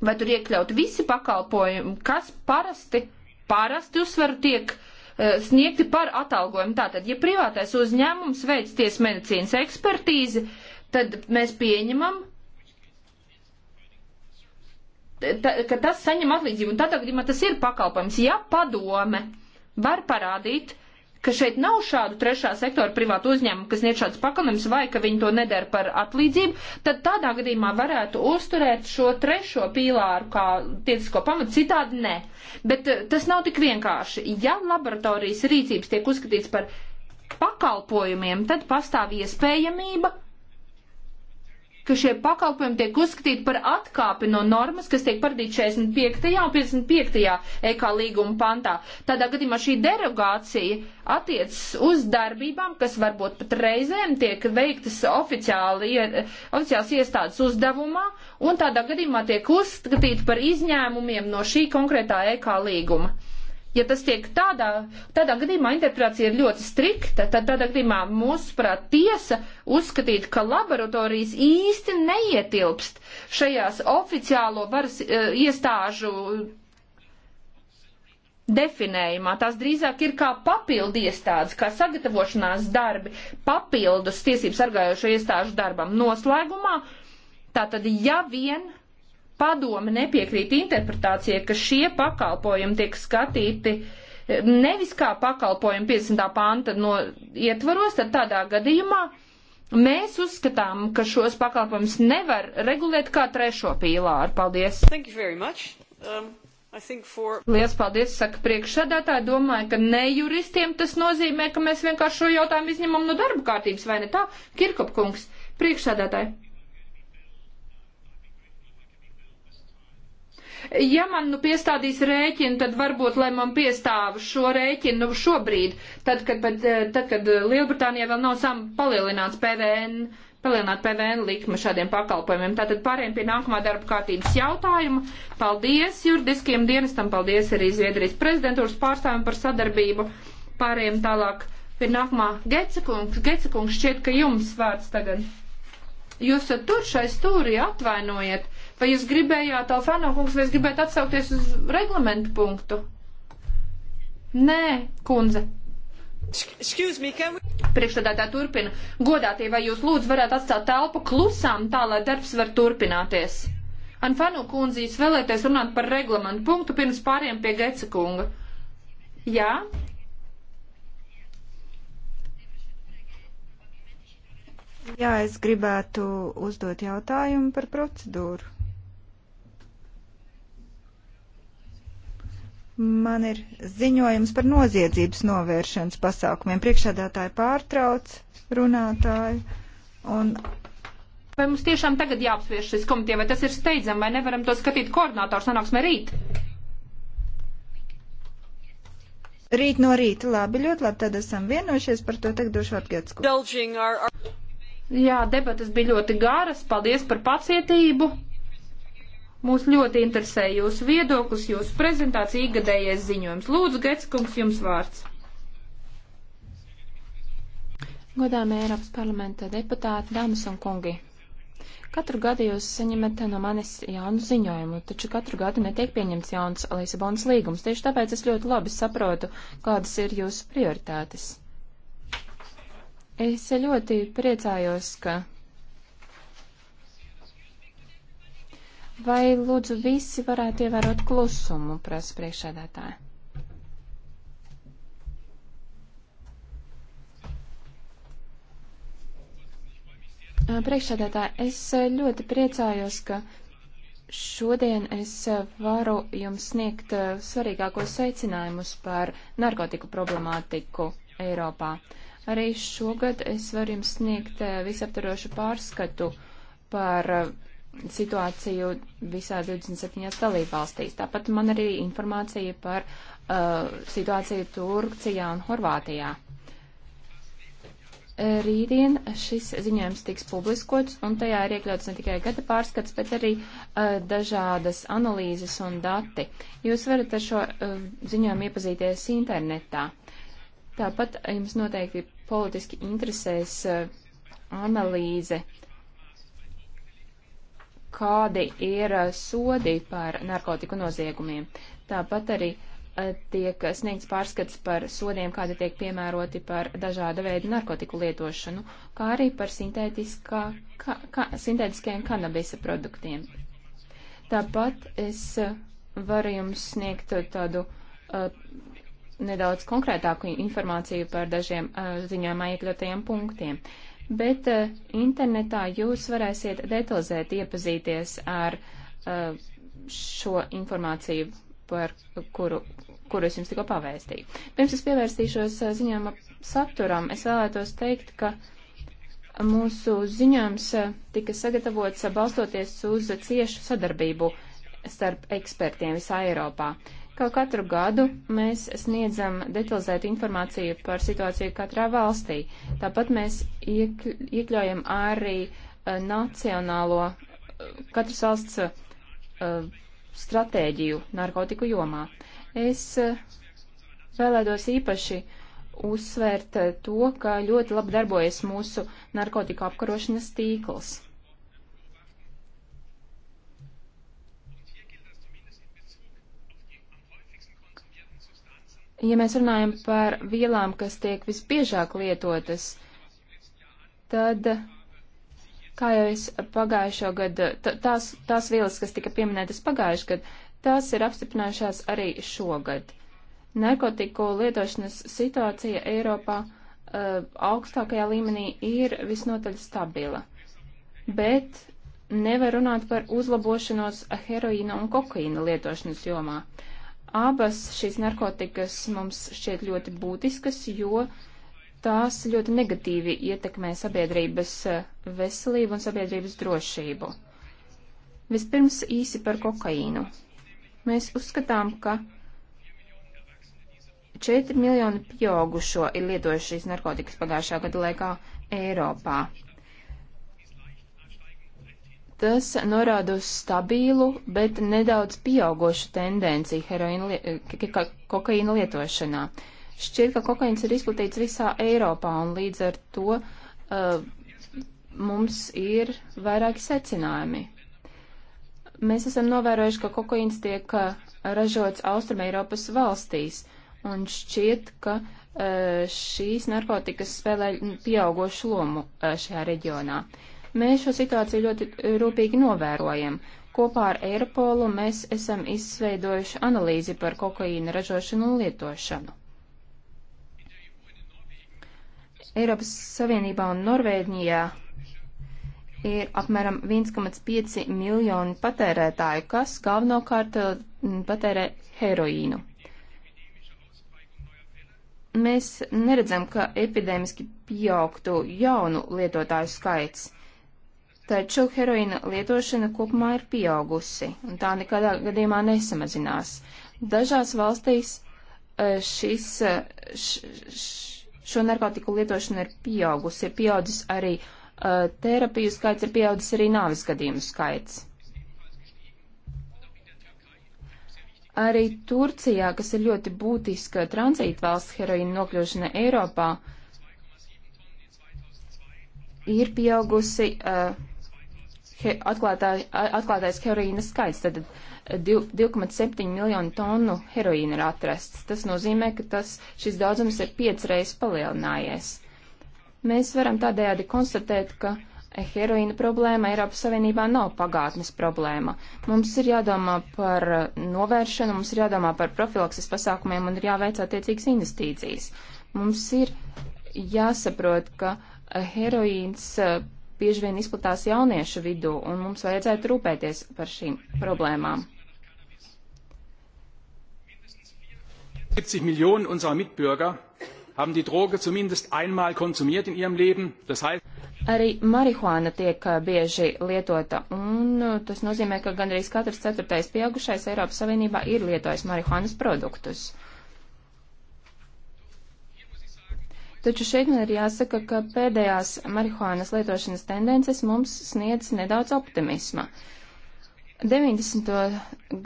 Vai tur iekļaut visi pakalpojumi, kas parasti, parasti uzsveru tiek uh, sniegti par atalgojumu. Tātad, ja privātais uzņēmums veic tiesmedicīnas ekspertīzi, tad mēs pieņemam, ta, ka tas saņem atlīdzību. Un tādā gadījumā tas ir pakalpojums. Ja padome var parādīt, ka šeit nav šādu trešā sektora privātu uzņēmumu, kas sniedz šāds pakalpojums, vai ka viņi to nedara par atlīdzību, tad tādā gadījumā varētu uzturēt šo trešo pīlāru kā tiesisko pamatu, citādi nē. Bet eh, tas nav tik vienkārši. Ja laboratorijas rīcības tiek uzskatīts par pakalpojumiem, tad pastāv iespējamība ka šie pakalpojumi tiek uzskatīti par atkāpi no normas, kas tiek paredīta 45. un 55. EK līguma pantā. Tādā gadījumā šī derogācija attiecas uz darbībām, kas varbūt pat reizēm tiek veiktas oficiāli, oficiāls iestādes uzdevumā, un tādā gadījumā tiek uzskatīti par izņēmumiem no šī konkrētā EK līguma ja tas tiek tādā, tādā gadījumā interpretācija ir ļoti strikta, tad tādā gadījumā mūsuprāt tiesa uzskatīt, ka laboratorijas īsti neietilpst šajās oficiālo varas uh, iestāžu definējumā. Tās drīzāk ir kā papildu iestādes, kā sagatavošanās darbi, papildus tiesību sargājošo iestāžu darbam noslēgumā. Tātad, ja vien padome nepiekrīt interpretācijai, ka šie pakalpojumi tiek skatīti eh, nevis kā pakalpojumi 50. panta no ietvaros, tad tādā gadījumā mēs uzskatām, ka šos pakalpojumus nevar regulēt kā trešo pīlāru. Paldies! Um, for... Lielas paldies, saka priekšsēdētāji. Domāju, ka ne juristiem tas nozīmē, ka mēs vienkārši šo jautājumu izņemam no darba kārtības, vai ne tā? Kirkopkungs, priekšsēdētāji. Ja man nu piestādīs rēķinu, tad varbūt, lai man piestāv šo rēķinu nu, šobrīd, tad, kad, bet, eh, tad, kad eh, Lielbritānijā vēl nav sam palielināts PVN, palielināt PVN likme šādiem pakalpojumiem. Tātad pārējiem pie nākamā darba kārtības jautājuma. Paldies juridiskiem dienestam, paldies arī Zviedrijas prezidentūras pārstāvjiem par sadarbību. Pārējiem tālāk pie nākamā Gecekungs. Gecekungs šķiet, ka jums vārds tagad. Jūs esat tur šai stūrī, atvainojiet. Vai jūs gribējāt, Alfāno kungs, vai jūs gribētu atsaukties uz reglamentu punktu? Nē, kundze. We... Priekšstādātā turpina. Godātie, vai jūs lūdzu varētu atstāt telpu klusām tā, lai darbs var turpināties? Anfanu kundze, jūs vēlēties runāt par reglamentu punktu pirms pāriem pie Geca kunga. Jā? Jā, es gribētu uzdot jautājumu par procedūru. Man ir ziņojums par noziedzības novēršanas pasākumiem. Priekšādātāji pārtrauc runātāju. Un... Vai mums tiešām tagad jāapsviež šis komitē, vai tas ir steidzam, vai nevaram to skatīt koordinātors sanāksmē rīt? Rīt no rīta, labi, ļoti labi, tad esam vienojušies par to, tagad došu atgādsku. Jā, debatas bija ļoti garas, paldies par pacietību. Mūs ļoti interesē jūsu viedoklis, jūsu prezentācija, ikgadējais ziņojums. Lūdzu, Getskungs, jums vārds. Godāmie Eiropas parlamenta deputāti, dāmas un kungi. Katru gadu jūs saņemat no manis jaunu ziņojumu, taču katru gadu netiek pieņemts jauns Lisabonas līgums. Tieši tāpēc es ļoti labi saprotu, kādas ir jūsu prioritātes. Es ļoti priecājos, ka Vai lūdzu visi varētu ievērot klusumu, prasa priekšsēdētāja? Priekšsēdētāji, es ļoti priecājos, ka šodien es varu jums sniegt svarīgākos secinājumus par narkotiku problemātiku Eiropā. Arī šogad es varu jums sniegt visaptarošu pārskatu par situāciju visās 27 dalībvalstīs. Tāpat man arī informācija par uh, situāciju Turcijā un Horvātijā. Rītdien šis ziņojums tiks publiskots, un tajā ir iekļauts ne tikai gada pārskats, bet arī uh, dažādas analīzes un dati. Jūs varat ar šo uh, ziņojumu iepazīties internetā. Tāpat jums noteikti politiski interesēs uh, analīze uh, kādi ir eh, sodi par narkotiku noziegumiem. Tāpat arī eh, tiek sniegts pārskats par sodiem, kādi tiek piemēroti par dažāda veida narkotiku lietošanu, kā arī par ka, ka, sintētiskiem kanabisa produktiem. Tāpat es eh, varu jums sniegt tādu uh, nedaudz konkrētāku informāciju par dažiem uh, ziņojumā iekļautajiem punktiem. Uh, bet uh, internetā jūs varēsiet detalizēt iepazīties ar uh, šo informāciju, par kuru, kuru es jums tikko pavēstīju. Pirms es pievērstīšos uh, eh, ziņām saturam, es vēlētos teikt, ka mūsu ziņāms tika sagatavots balstoties uz ciešu sadarbību starp ekspertiem visā Eiropā. Uh, Kā katru gadu mēs sniedzam detalizētu informāciju par situāciju katrā valstī. Tāpat mēs iekļaujam arī uh, nacionālo uh, katras valsts uh, stratēģiju narkotiku jomā. Es vēlētos īpaši uzsvērt to, ka ļoti labi darbojas mūsu narkotiku apkarošanas tīkls. Ja mēs runājam par vielām, kas tiek visbiežāk lietotas, tad, kā jau es pagājušo gadu, tās, tās vielas, kas tika pieminētas pagājušajā gadā, tās ir apstiprinājušās arī šogad. Narkotiku lietošanas situācija Eiropā uh, augstākajā līmenī ir visnotaļ stabila, bet nevar runāt par uzlabošanos heroīna un kokaīna lietošanas jomā. Uh, Abas šīs narkotikas mums šķiet ļoti būtiskas, jo tās ļoti negatīvi ietekmē sabiedrības eh, veselību un sabiedrības drošību. Vispirms īsi par kokaīnu. Mēs uzskatām, ka 4 miljoni pieaugušo ir lietojuši šīs narkotikas pagājušā gada laikā Eiropā. Tas norāda uz stabilu, bet nedaudz pieaugošu tendenci heroīna, eh, kokaīna lietošanā. Šķiet, ka kokaīns ir izplatīts visā Eiropā, un līdz ar to uh, mums ir vairāki secinājumi. Mēs esam novērojuši, ka kokaīns tiek eh, ražots Austrum Eiropas valstīs, un šķiet, ka uh, šīs narkotikas spēlē pieaugošu lomu šajā reģionā. Uh, Mēs šo situāciju ļoti e, rūpīgi novērojam. Kopā ar Eiropolu mēs esam izveidojuši analīzi par kokaīna ražošanu un lietošanu. Eiropas Savienībā un Norvēģijā ir apmēram 1,5 miljoni patērētāju, kas galvenokārt e, patērē heroīnu. Mēs neredzam, ka epidēmiski pieaugtu jaunu lietotāju skaits. Taču heroīna lietošana kopumā ir pieaugusi, un tā nekādā gadījumā nesamazinās. Dažās valstīs e, šis, e, š, š, šo narkotiku lietošana ir pieaugusi, ir pieaudzis arī uh, terapiju skaits, ir pieaudzis arī nāvis gadījumu skaits. Arī Turcijā, kas ir ļoti būtiska tranzītvalsts heroīna nokļūšana Eiropā, ir pieaugusi uh, he, atklātā, atklātais heroīnas skaits. Tad 2,7 e, miljonu tonu heroīna ir atrasts. Tas nozīmē, ka tas, šis daudzums ir piecreiz palielinājies. Mēs varam tādējādi konstatēt, ka e, heroīna problēma Eiropas Savienībā nav pagātnes problēma. Mums ir jādomā par e, novēršanu, mums ir jādomā par profilakses pasākumiem un ir jāveic attiecīgas investīcijas. Mums ir jāsaprot, ka heroīns bieži vien izplatās jauniešu vidū, un mums vajadzētu rūpēties par šīm problēmām. 70 Millionen unserer Mitbürger haben die Droge zumindest einmal konsumiert in ihrem Leben. Das heißt, Arī marihuāna tiek bieži lietota, un tas nozīmē, ka gandrīz katrs ceturtais pieaugušais Eiropas Savienībā ir lietojis marihuānas produktus. Taču šeit man ir jāsaka, ka pēdējās marihuānas lietošanas tendences mums sniedz nedaudz optimisma. 90.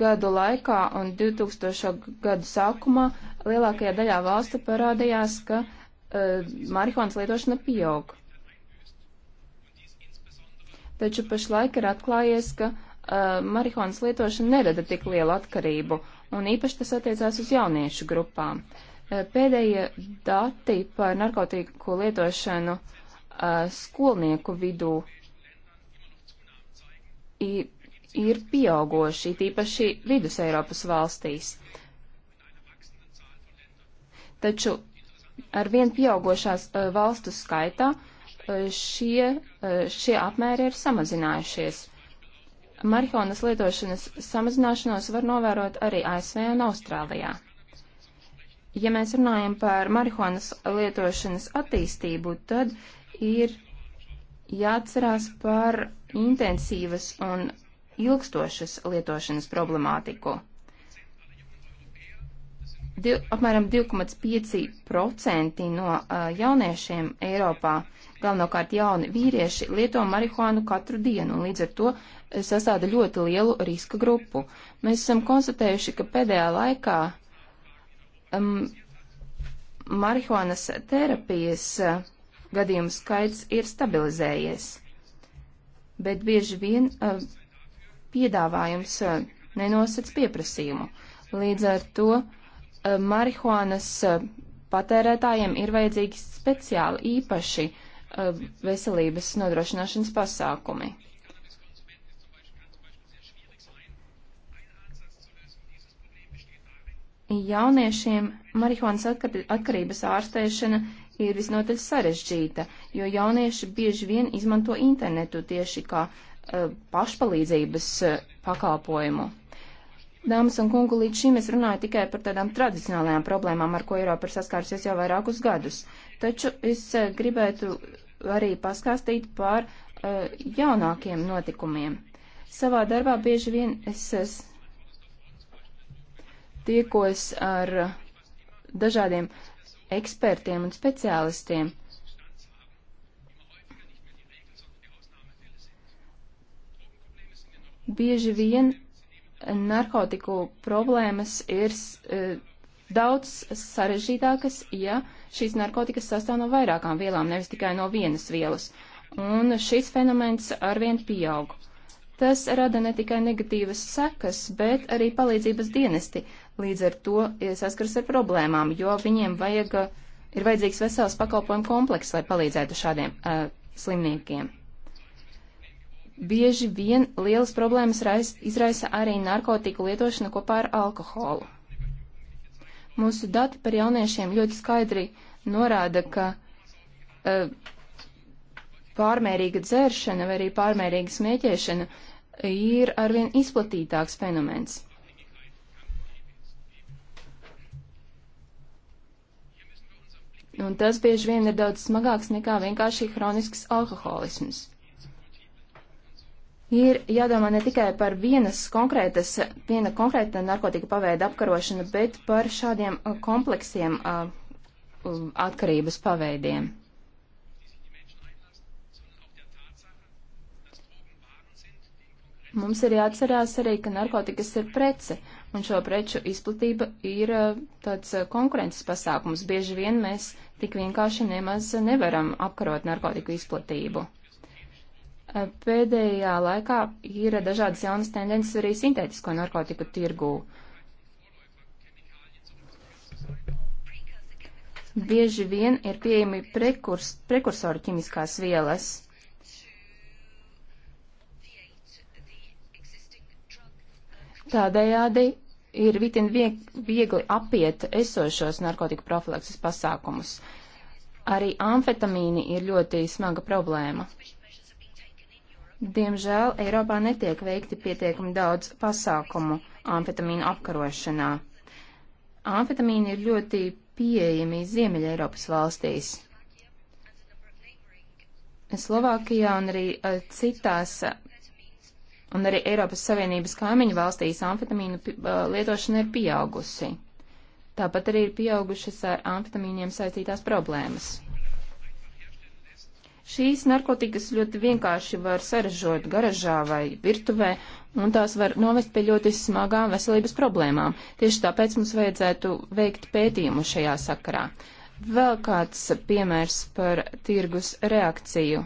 gadu laikā un 2000. gadu sākumā lielākajā daļā valstu parādījās, ka uh, marihuānas lietošana pieaug. Taču pašlaik ir atklājies, ka uh, marihuānas lietošana nerada tik lielu atkarību, un īpaši tas attiecās uz jauniešu grupām. Uh, Eh, pēdējie dati par narkotiku lietošanu eh, skolnieku vidū ir pieaugoši, tīpaši vidus Eiropas valstīs. Taču ar vien pieaugošās eh, valstu skaitā šie, šie apmēri ir samazinājušies. Marihuanas lietošanas samazināšanos var novērot arī ASV un Austrālijā ja mēs runājam par marihuanas lietošanas attīstību, tad ir jāatcerās par intensīvas un ilgstošas lietošanas problemātiku. Di, apmēram 2,5% no uh, jauniešiem Eiropā, galvenokārt jauni vīrieši, lieto marihuānu katru dienu un līdz ar to sastāda ļoti lielu riska grupu. Mēs esam konstatējuši, ka pēdējā laikā um, marihuanas terapijas uh, gadījumu skaits ir stabilizējies, bet bieži vien uh, piedāvājums uh, eh, nenosac pieprasījumu. Līdz ar to uh, marihuanas uh, patērētājiem ir vajadzīgi speciāli īpaši uh, veselības nodrošināšanas pasākumi. jauniešiem marihuānas atkar atkarības ārstēšana ir visnotaļ sarežģīta, jo jaunieši bieži vien izmanto internetu tieši kā uh, pašpalīdzības uh, pakalpojumu. Dāmas un kungu, līdz šim es runāju tikai par tādām tradicionālajām problēmām, ar ko Eiropa ir saskārusies jau vairākus gadus. Taču es eh, gribētu arī paskāstīt par uh, jaunākiem notikumiem. Savā darbā bieži vien es, es tiekos ar dažādiem ekspertiem un speciālistiem. Bieži vien narkotiku problēmas ir e, daudz sarežģītākas, ja šīs narkotikas sastāv no vairākām vielām, nevis tikai no vienas vielas. Un šis fenomens arvien pieaug. Tas rada ne tikai negatīvas sekas, bet arī palīdzības dienesti Līdz ar to ja e, saskaras ar problēmām, jo viņiem vajag, e, ir vajadzīgs vesels pakalpojumu komplekss, lai palīdzētu šādiem uh, slimniekiem. Bieži vien lielas problēmas rais, izraisa arī narkotiku lietošana kopā ar alkoholu. Mūsu dati par jauniešiem ļoti skaidri norāda, ka uh, pārmērīga dzēršana vai arī pārmērīga smieķēšana ir arvien izplatītāks fenomens. Un tas bieži vien ir daudz smagāks nekā vienkārši hronisks alkoholisms. Ir jādomā ne tikai par vienas konkrētas, viena konkrēta narkotika paveida apkarošanu, bet par šādiem uh, kompleksiem uh, um, atkarības paveidiem. Mums ir jāatcerās arī, ka narkotikas ir prece, un šo preču izplatība ir eh, tāds eh, konkurences pasākums. Bieži vien mēs tik vienkārši nemaz nevaram apkarot narkotiku izplatību. Eh, pēdējā laikā ir dažādas jaunas tendences arī sintētisko narkotiku tirgū. Bieži vien ir pieejami prekurs, prekursori ķimiskās vielas Tādējādi ir vitin viegli apiet esošos narkotiku profilakses pasākumus. Arī amfetamīni ir ļoti smaga problēma. Diemžēl Eiropā netiek veikti pietiekami daudz pasākumu amfetamīnu apkarošanā. Amfetamīni ir ļoti pieejami Ziemeļa Eiropas valstīs. Slovākijā un arī eh, citās un arī Eiropas Savienības kaimiņu valstīs amfetamīnu lietošana ir pieaugusi. Tāpat arī ir pieaugušas ar amfetamīniem saistītās problēmas. Šīs narkotikas ļoti vienkārši var saražot garažā vai virtuvē, un tās var novest pie ļoti smagām veselības problēmām. Tieši tāpēc mums vajadzētu veikt pētījumu šajā sakarā. Vēl kāds piemērs par tirgus reakciju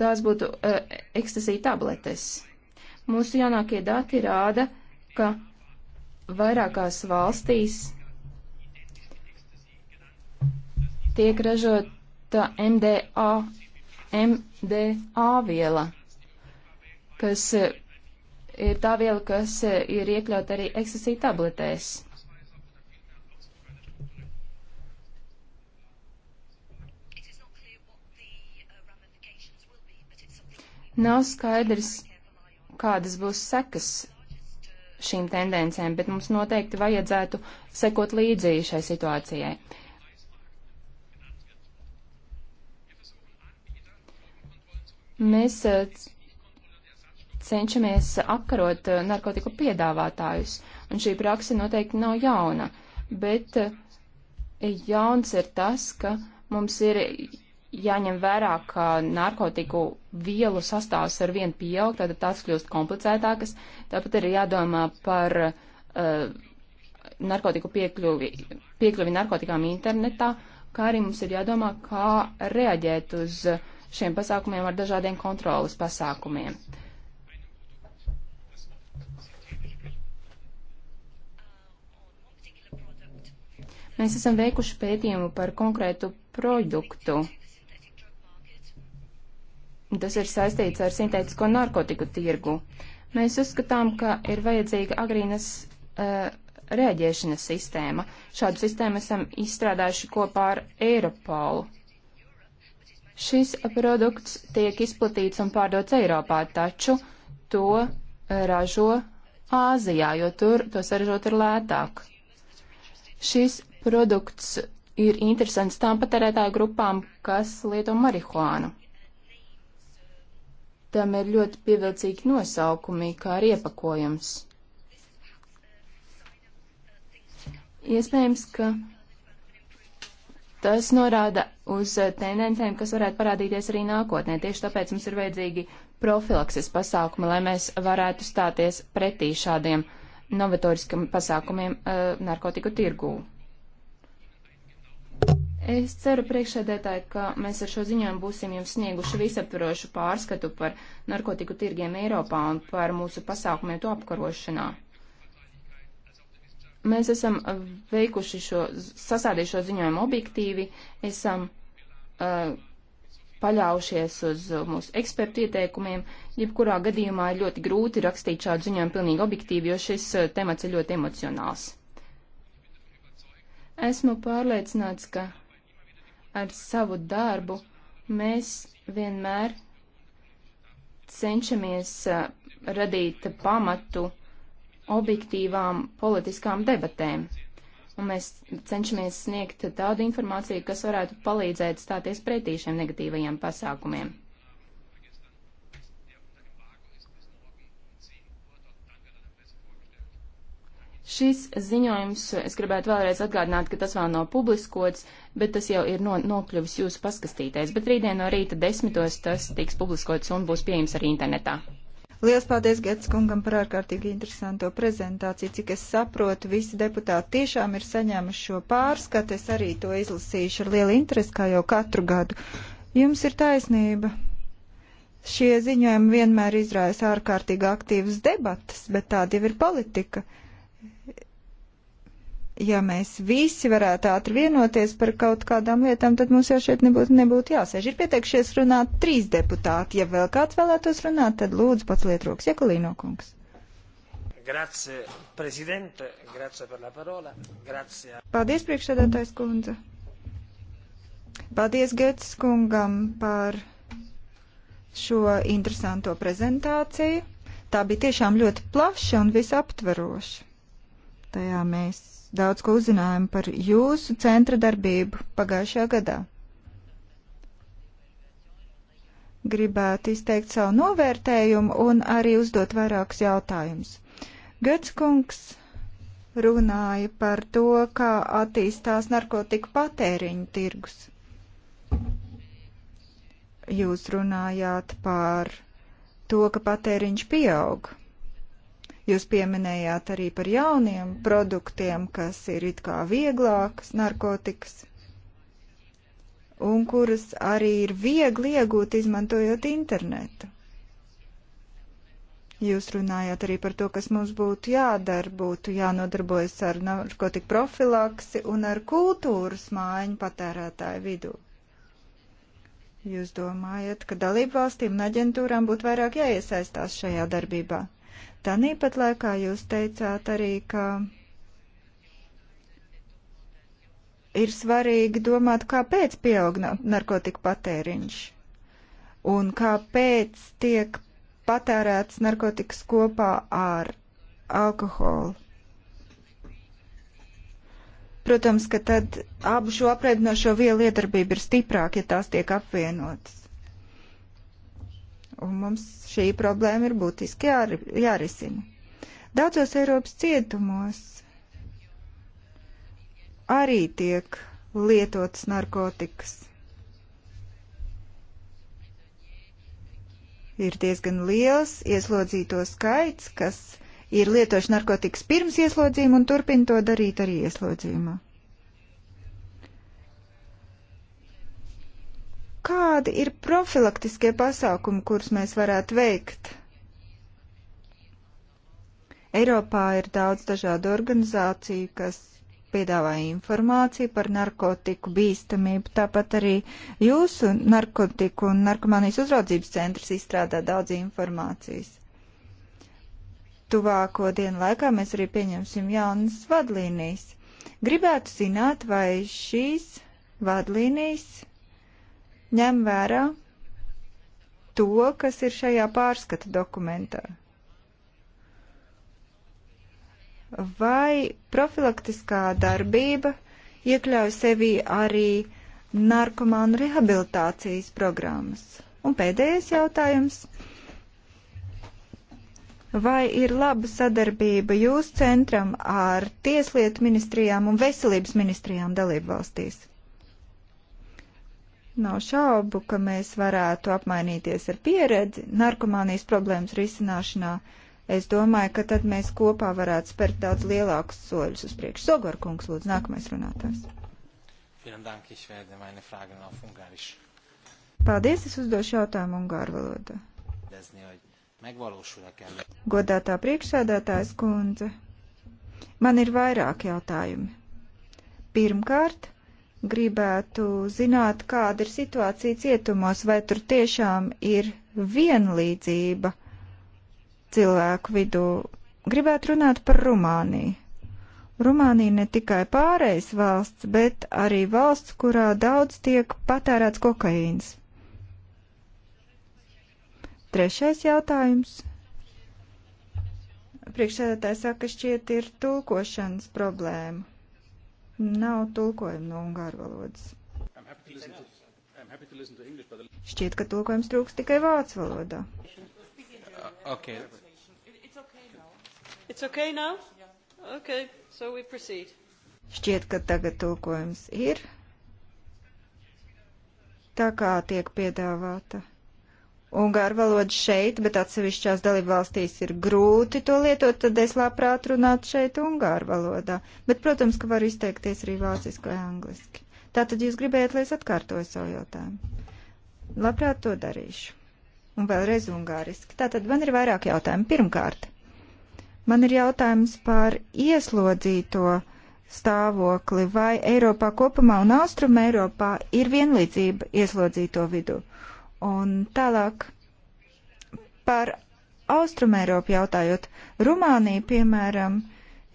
tās būtu uh, ekstasī tabletes. Mūsu jaunākie dati rāda, ka vairākās valstīs tiek ražota MDA, MDA viela, kas e, ir tā viela, kas e, ir iekļauta arī ekstasī tabletēs. Nav skaidrs, kādas būs sekas šīm tendencēm, bet mums noteikti vajadzētu sekot līdzi šai situācijai. Mēs eh, cenšamies apkarot eh, narkotiku piedāvātājus, un šī praksa noteikti nav jauna, bet eh, jauns ir tas, ka mums ir jāņem vērā, ka narkotiku vielu sastāvs ar vienu pieaug, tad tās kļūst komplicētākas. Tāpat ir jādomā par uh, narkotiku piekļuvi, piekļuvi narkotikām internetā, kā arī mums ir jādomā, kā reaģēt uz šiem pasākumiem ar dažādiem kontrolas pasākumiem. Mēs esam veikuši pētījumu par konkrētu produktu. Tas ir saistīts ar sintētisko narkotiku tirgu. Mēs uzskatām, ka ir vajadzīga agrīnas uh, rēģēšanas sistēma. Šādu sistēmu esam izstrādājuši kopā ar Eiropolu. Šis produkts tiek izplatīts un pārdots Eiropā, taču to ražo Āzijā, jo tur to saražot ir lētāk. Šis produkts ir interesants tām patērētāju grupām, kas lieto marihuānu. Tam ir ļoti pievilcīgi nosaukumi, kā arī iepakojums. Iespējams, ka tas norāda uz tendencēm, kas varētu parādīties arī nākotnē. Tieši tāpēc mums ir vajadzīgi profilakses pasākumi, lai mēs varētu stāties pretī šādiem novatoriskam pasākumiem eh, narkotiku tirgū. Es ceru priekšsēdētāji, ka mēs ar šo ziņojumu būsim jums snieguši visaptvarošu pārskatu par narkotiku tirgiem Eiropā un par mūsu pasākumiem to apkarošanā. Mēs esam veikuši šo, sasādījuši šo ziņojumu objektīvi, esam uh, paļaujušies uz mūsu ekspertu ieteikumiem. Jebkurā gadījumā ir ļoti grūti rakstīt šādu ziņojumu pilnīgi objektīvi, jo šis uh, temats ir ļoti emocionāls. Esmu pārliecināts, ka ar savu darbu mēs vienmēr cenšamies radīt pamatu objektīvām politiskām debatēm. Un mēs cenšamies sniegt tādu informāciju, kas varētu palīdzēt stāties pretī šiem negatīvajiem pasākumiem. Šis ziņojums, es gribētu vēlreiz atgādināt, ka tas vēl nav publiskots, bet tas jau ir no, nokļuvis jūsu paskastītais. Bet rītdien no rīta desmitos tas tiks publiskots un būs pieejams arī internetā. Lielas paldies Gets kungam par ārkārtīgi interesanto prezentāciju. Cik es saprotu, visi deputāti tiešām ir saņēmuši šo pārskatu. Es arī to izlasīšu ar lielu interesi, kā jau katru gadu. Jums ir taisnība. Šie ziņojumi vienmēr izraisa ārkārtīgi aktīvas debatas, bet tāda jau ir politika ja mēs visi varētu ātri vienoties par kaut kādām lietām, tad mums jau šeit nebūtu, nebūtu jāsēž. Ir pieteikšies runāt trīs deputāti. Ja vēl kāds vēlētos runāt, tad lūdzu pats lietroks Jekolīno kungs. Grazie, prezidente, grazie par la parola, grazie. Paldies, priekšsēdētājs kundze. Paldies Gets kungam par šo interesanto prezentāciju. Tā bija tiešām ļoti plaša un visaptveroša. Tajā mēs daudz ko uzzinājām par jūsu centra darbību pagājušajā gadā. Gribētu izteikt savu novērtējumu un arī uzdot vairākus jautājumus. Götskungs runāja par to, kā attīstās narkotiku patēriņu tirgus. Jūs runājāt par to, ka patēriņš pieauga Jūs pieminējāt arī par jauniem produktiem, kas ir it kā vieglākas narkotikas un kuras arī ir viegli iegūt izmantojot internetu. Jūs runājāt arī par to, kas mums būtu jādara, būtu jānodarbojas ar narkotiku profilaksi un ar kultūras mājiņu patērētāju vidū. Jūs domājat, ka dalību valstīm un aģentūrām būtu vairāk jāiesaistās šajā darbībā? Tāpat laikā jūs teicāt arī, ka ir svarīgi domāt, kāpēc pieaug narkotika patēriņš un kāpēc tiek patērēts narkotikas kopā ar alkoholu. Protams, ka tad abu šo apreibinošo vielu iedarbība ir stiprāka, ja tās tiek apvienotas un mums šī problēma ir būtiski jāri, jārisina. Daudzos Eiropas cietumos arī tiek lietotas narkotikas. Ir diezgan liels ieslodzīto skaits, kas ir lietojuši narkotikas pirms ieslodzījuma un turpina to darīt arī ieslodzījumā. kādi ir profilaktiskie pasākumi, kurus mēs varētu veikt? Eiropā ir daudz dažādu organizāciju, kas piedāvā informāciju par narkotiku bīstamību. Tāpat arī jūsu narkotiku un narkomānijas uzraudzības centrs izstrādā daudz informācijas. Tuvāko dienu laikā mēs arī pieņemsim jaunas vadlīnijas. Gribētu zināt, vai šīs vadlīnijas ņem vērā to, kas ir šajā pārskata dokumentā. Vai profilaktiskā darbība iekļauj sevī arī narkomānu rehabilitācijas programmas? Un pēdējais jautājums. Vai ir laba sadarbība jūsu centram ar Tieslietu ministrijām un veselības ministrijām dalību valstīs? Nav šaubu, ka mēs varētu apmainīties ar pieredzi narkomānijas problēmas risināšanā. Es domāju, ka tad mēs kopā varētu spērt daudz lielākus soļus uz priekšu. Sogor kungs, lūdzu, nākamais runātājs. Paldies, es uzdošu jautājumu Ungāru valodā. Godātā priekšsēdētājas kundze, man ir vairāk jautājumi. Pirmkārt, Gribētu zināt, kāda ir situācija cietumos, vai tur tiešām ir vienlīdzība cilvēku vidū. Gribētu runāt par Rumāniju. Rumānija ne tikai pārējais valsts, bet arī valsts, kurā daudz tiek patērēts kokaīns. Trešais jautājums. Priekšsēdētājs saka, šķiet ir tulkošanas problēma. Nav tulkojuma no ungāru valodas. Šķiet, ka tulkojums trūks tikai vācu valodā. Uh, okay. It's okay now? Okay, so we proceed. Šķiet, ka tagad tulkojums ir tā kā tiek piedāvāta ungāru valodu šeit, bet atsevišķās dalībvalstīs ir grūti to lietot, tad es labprāt runātu šeit ungāru valodā. Bet, protams, ka varu izteikties arī vāciski vai angliski. Tātad jūs gribējat, lai es atkārtoju savu jautājumu. Labprāt to darīšu. Un vēlreiz ungāriski. Tātad man ir vairāk jautājumu. Pirmkārt, man ir jautājums par ieslodzīto stāvokli, vai Eiropā kopumā un Austrum Eiropā ir vienlīdzība ieslodzīto vidu. Un tālāk par Austrumēropu jautājot, Rumānija, piemēram,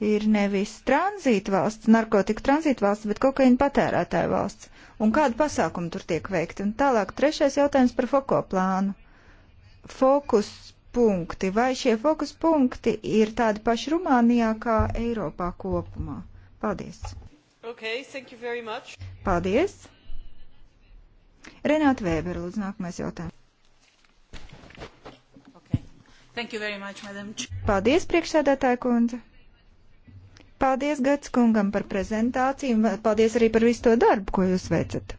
ir nevis tranzīta valsts, narkotika tranzīta valsts, bet kokaīna patērētāja valsts. Un kāda pasākuma tur tiek veikti? Un tālāk trešais jautājums par foko plānu. Fokus punkti. Vai šie fokus punkti ir tādi paši Rumānijā kā Eiropā kopumā? Paldies! Okay, thank you very much. Paldies! Renāta Vēbera, lūdzu, nākamais jautājums. Okay. Much, Paldies, priekšsēdētāja kundze. Paldies Gats kungam par prezentāciju un paldies arī par visu to darbu, ko jūs veicat.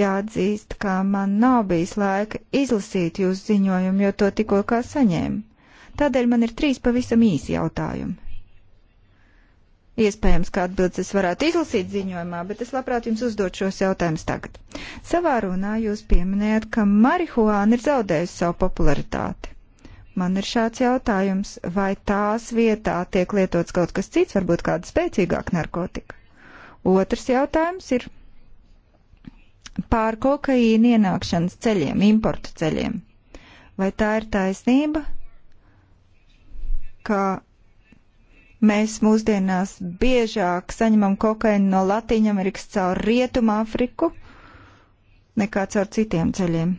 Jāatzīst, ka man nav bijis laika izlasīt jūsu ziņojumu, jo to tikko kā saņēmu. Tādēļ man ir trīs pavisam īsi jautājumi. Iespējams, kā atbildes es varētu izlasīt ziņojumā, bet es labprāt jums uzdot šos jautājumus tagad. Savā runā jūs pieminējat, ka marihuāna ir zaudējusi savu popularitāti. Man ir šāds jautājums, vai tās vietā tiek lietots kaut kas cits, varbūt kāda spēcīgāka narkotika? Otrs jautājums ir pār kokaīna ienākšanas ceļiem, importu ceļiem. Vai tā ir taisnība, ka Mēs mūsdienās biežāk saņemam kokainu no Latīņamerikas caur Rietumu Afriku nekā caur citiem ceļiem.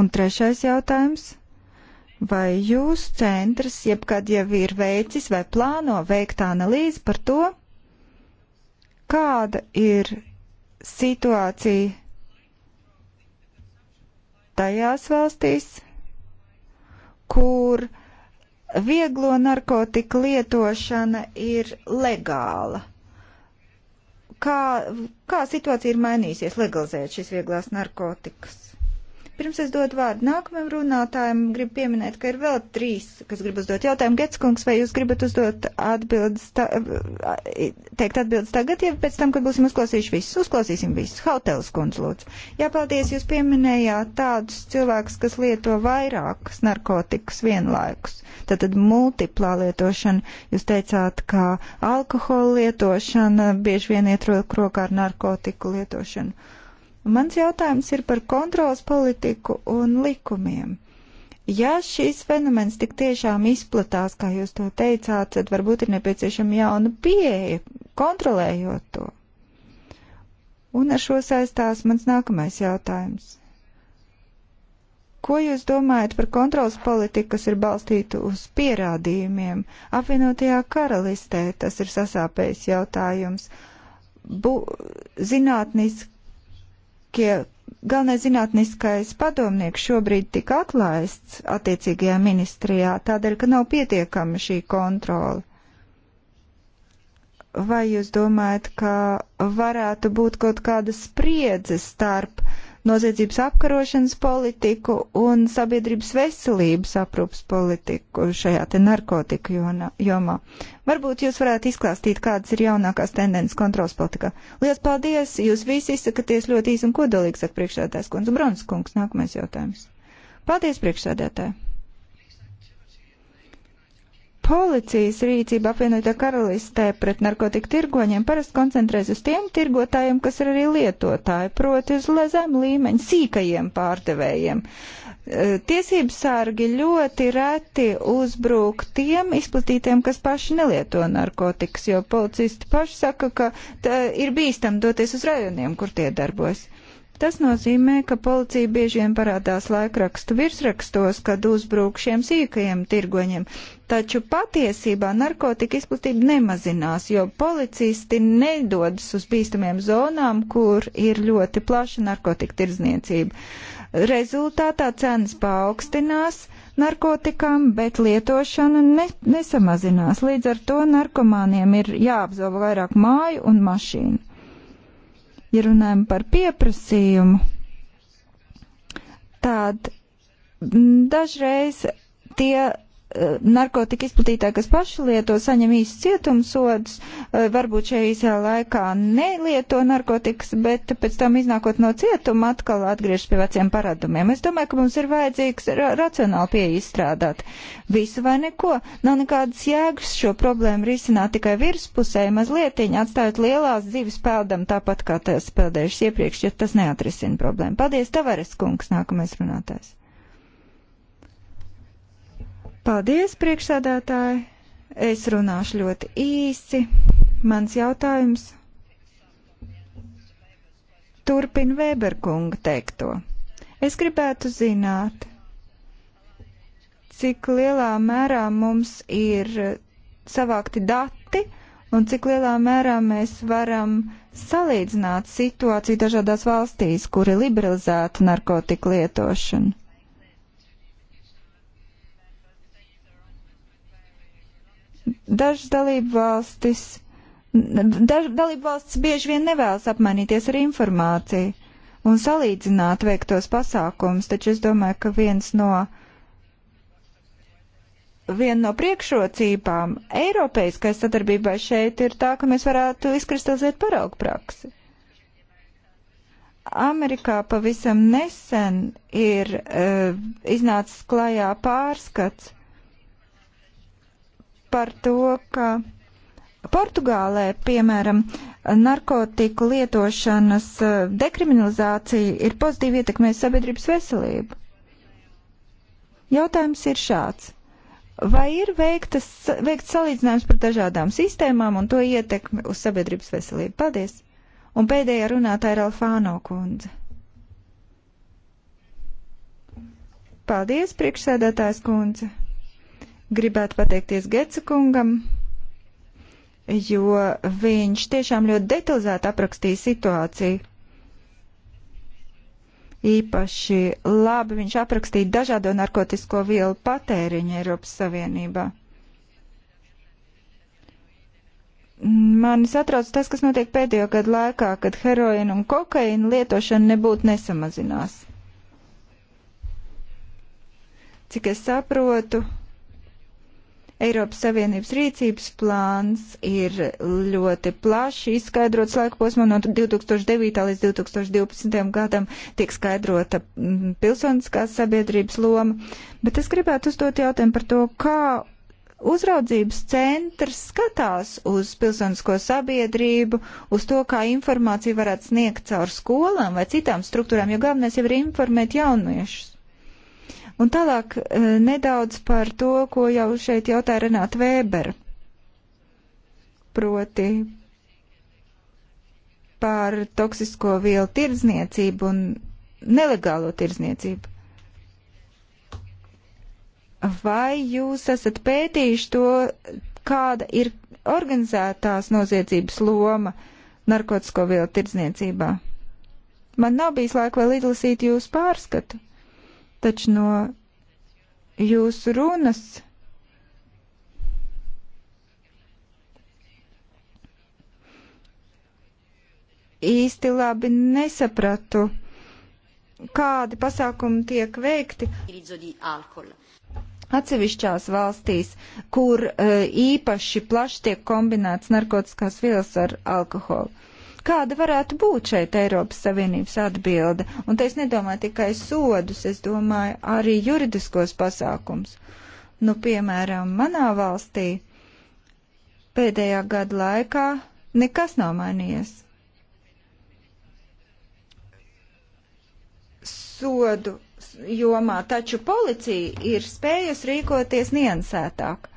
Un trešais jautājums. Vai jūsu centrs jebkad jau ir veicis vai plāno veikt analīzi par to, kāda ir situācija tajās valstīs, kur uh, vieglo narkotiku lietošana ir legāla. Kā, kā situācija ir mainījusies legalizēt šīs vieglās narkotikas? Pirms es dodu vārdu nākamajam runātājam, gribu pieminēt, ka ir vēl trīs, kas grib uzdot jautājumu. Getskungs, vai jūs gribat uzdot atbildes, ta, teikt atbildes tagad, ja pēc tam, kad būsim uzklausījuši visus? Uzklausīsim visus. Hautels kundz, lūdzu. Jā, paldies, jūs pieminējāt tādus cilvēkus, kas lieto vairākus narkotikas vienlaikus. Tātad multiplā lietošana. Jūs teicāt, ka alkohola lietošana bieži vien iet rokā ar narkotiku lietošanu Mans jautājums ir par kontrolas politiku un likumiem. Ja šīs fenomens tik tiešām izplatās, kā jūs to teicāt, tad varbūt ir nepieciešama jauna pieeja, kontrolējot to. Un ar šo saistās mans nākamais jautājums. Ko jūs domājat par kontrolas politiku, kas ir balstītu uz pierādījumiem? Apvienotajā karalistē tas ir sasāpējis jautājums. Bu, zinātnis, Kie galvenais zinātniskais padomnieks šobrīd tika atlaists attiecīgajā ministrijā, tādēļ, ka nav pietiekama šī kontrola. Vai jūs domājat, ka varētu būt kaut kāda spriedze starp uh, noziedzības apkarošanas politiku un sabiedrības veselības aprūpas politiku šajā te narkotiku jomā. Varbūt jūs varētu izklāstīt, kādas ir jaunākās tendences kontrols politikā. Lielas paldies! Jūs visi izsakaties ļoti īsi un kodolīgi, saka priekšsēdētājs kundze. Brons kungs, nākamais jautājums. Paldies, priekšsēdētāji! Policijas rīcība apvienotā karalistē pret narkotiku tirgoņiem parasti koncentrēs uz tiem tirgotājiem, kas ir arī lietotāji, proti uz lezem līmeņa sīkajiem pārdevējiem. E, tiesības sārgi ļoti reti uzbrūk tiem izplatītiem, kas paši nelieto narkotikas, jo policisti paši saka, ka ir bīstam doties uz rajoniem, kur tie darbojas. Tas nozīmē, ka policija bieži vien parādās laikrakstu virsrakstos, kad uzbrūk šiem sīkajiem tirgoņiem. Taču patiesībā narkotika izplatība nemazinās, jo policisti nedodas uz bīstamiem zonām, kur ir ļoti plaša narkotika tirdzniecība. Rezultātā cenas paaugstinās narkotikām, bet lietošana ne, nesamazinās. Līdz ar to narkomāniem ir jāapzova vairāk māju un mašīnu. Ja runājam par pieprasījumu, tad dažreiz tie Eh, narkotika izplatītāji, kas paši lieto, saņem īsts cietumsodus, eh, varbūt šajā īsajā laikā nelieto narkotikas, bet pēc tam iznākot no cietuma atkal atgriežas pie veciem paradumiem. Es domāju, ka mums ir vajadzīgs ra racionāli pieeja izstrādāt. Visu vai neko. Nav nekādas jēgas šo problēmu risināt tikai virspusē, mazlietiņi atstājot lielās dzīves peldam tāpat kā tas peldējušas iepriekš, ja tas neatrisina problēmu. Paldies, Tavares kungs, nākamais runātājs. Paldies, priekšsēdētāji! Es runāšu ļoti īsi. Mans jautājums turpina Vēberkunga teikto. Es gribētu zināt, cik lielā mērā mums ir savākti dati un cik lielā mērā mēs varam salīdzināt situāciju dažādās valstīs, kur ir liberalizēta narkotika lietošana. Dažas dalību valstis, daž, dalību valsts bieži vien nevēlas apmainīties ar informāciju un salīdzināt veiktos pasākums, taču es domāju, ka viens no viena no priekšrocībām Eiropeiskai sadarbībai šeit ir tā, ka mēs varētu izkristalizēt paraugu praksi. Amerikā pavisam nesen ir uh, iznācis klajā pārskats par to, ka Portugālē, piemēram, narkotiku lietošanas eh, dekriminalizācija ir pozitīvi ietekmējusi sabiedrības veselību. Jautājums ir šāds. Vai ir veiktas, veikts salīdzinājums par dažādām sistēmām un to ietekmi uz sabiedrības veselību? Paldies! Un pēdējā runātāja ir Alfāno kundze. Paldies, priekšsēdētājs kundze! Gribētu pateikties Getsa kungam, jo viņš tiešām ļoti detalizēti aprakstīja situāciju. Īpaši labi viņš aprakstīja dažādo narkotisko vielu patēriņu Eiropas Savienībā. Mani satrauc tas, kas notiek pēdējo gadu laikā, kad heroīna un kokaīna lietošana nebūtu nesamazinās. Cik es saprotu, Eiropas Savienības rīcības plāns ir ļoti plaši izskaidrots laika posmā no 2009. līdz 2012. gadam tiek skaidrota mm, pilsoniskās sabiedrības loma, bet es gribētu uzdot jautājumu par to, kā uzraudzības centrs skatās uz pilsonisko sabiedrību, uz to, kā informāciju varētu sniegt caur skolām vai citām struktūrām, jo galvenais jau ir informēt jauniešus. Un tālāk eh, nedaudz par to, ko jau šeit jautāja Renāta Vēbera. Proti par toksisko vielu tirdzniecību un nelegālo tirdzniecību. Vai jūs esat pētījuši to, kāda ir organizētās noziedzības loma narkotisko vielu tirdzniecībā? Man nav bijis laika vēl izlasīt jūsu pārskatu. Taču no jūsu runas īsti labi nesapratu, kādi pasākumi tiek veikti. Atsevišķās valstīs, kur eh, īpaši plaši tiek kombinēts narkotikās vielas ar alkoholu kāda varētu būt šeit Eiropas Savienības atbilde. Un te es nedomāju tikai sodus, es domāju arī juridiskos pasākums. Nu, piemēram, manā valstī pēdējā gada laikā nekas nav mainījies. Sodu jomā, taču policija ir spējusi rīkoties niansētāk.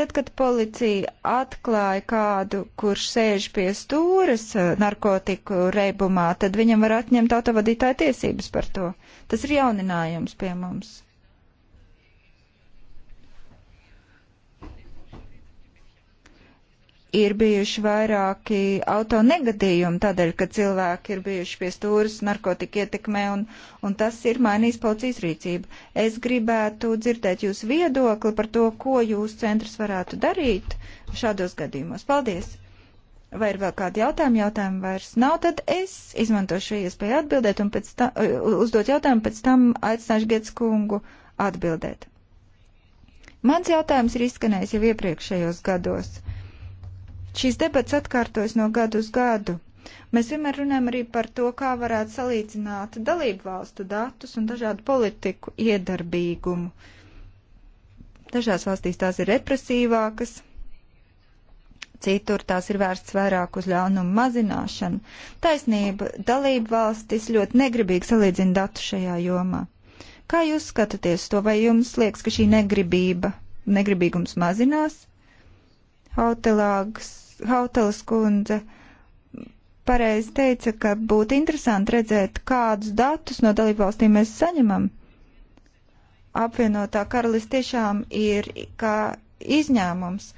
Tad, kad policija atklāja kādu, kurš sēž pie stūres eh, narkotiku reibumā, tad viņam var atņemt autovadītāja tiesības par to. Tas ir jauninājums pie mums. ir bijuši vairāki auto negadījumi, tādēļ, ka cilvēki ir bijuši pie stūras narkotika ietekmē, un, un tas ir mainījis policijas rīcību. Es gribētu dzirdēt jūsu viedokli par to, ko jūs centrs varētu darīt šādos gadījumos. Paldies! Vai ir vēl kādi jautājumi? Jautājumi vairs nav, tad es izmantošu šo iespēju atbildēt un pēc tam, uzdot jautājumu, pēc tam aicināšu Gets kungu atbildēt. Mans jautājums ir izskanējis jau iepriekšējos gados. Šīs debats atkārtojas no gadu uz gadu. Mēs vienmēr runājam arī par to, kā varētu salīdzināt dalību valstu datus un dažādu politiku iedarbīgumu. Dažās valstīs tās ir represīvākas, citur tās ir vērsts vairāk uz ļaunumu mazināšanu. Taisnība, dalību valstis ļoti negribīgi salīdzina datu šajā jomā. Kā jūs skatāties to, vai jums liekas, ka šī negribība, negribīgums mazinās? Hautelas kundze pareizi teica, ka būtu interesanti redzēt, kādus datus no dalībvalstīm mēs saņemam. Apvienotā karalis tiešām ir kā izņēmums.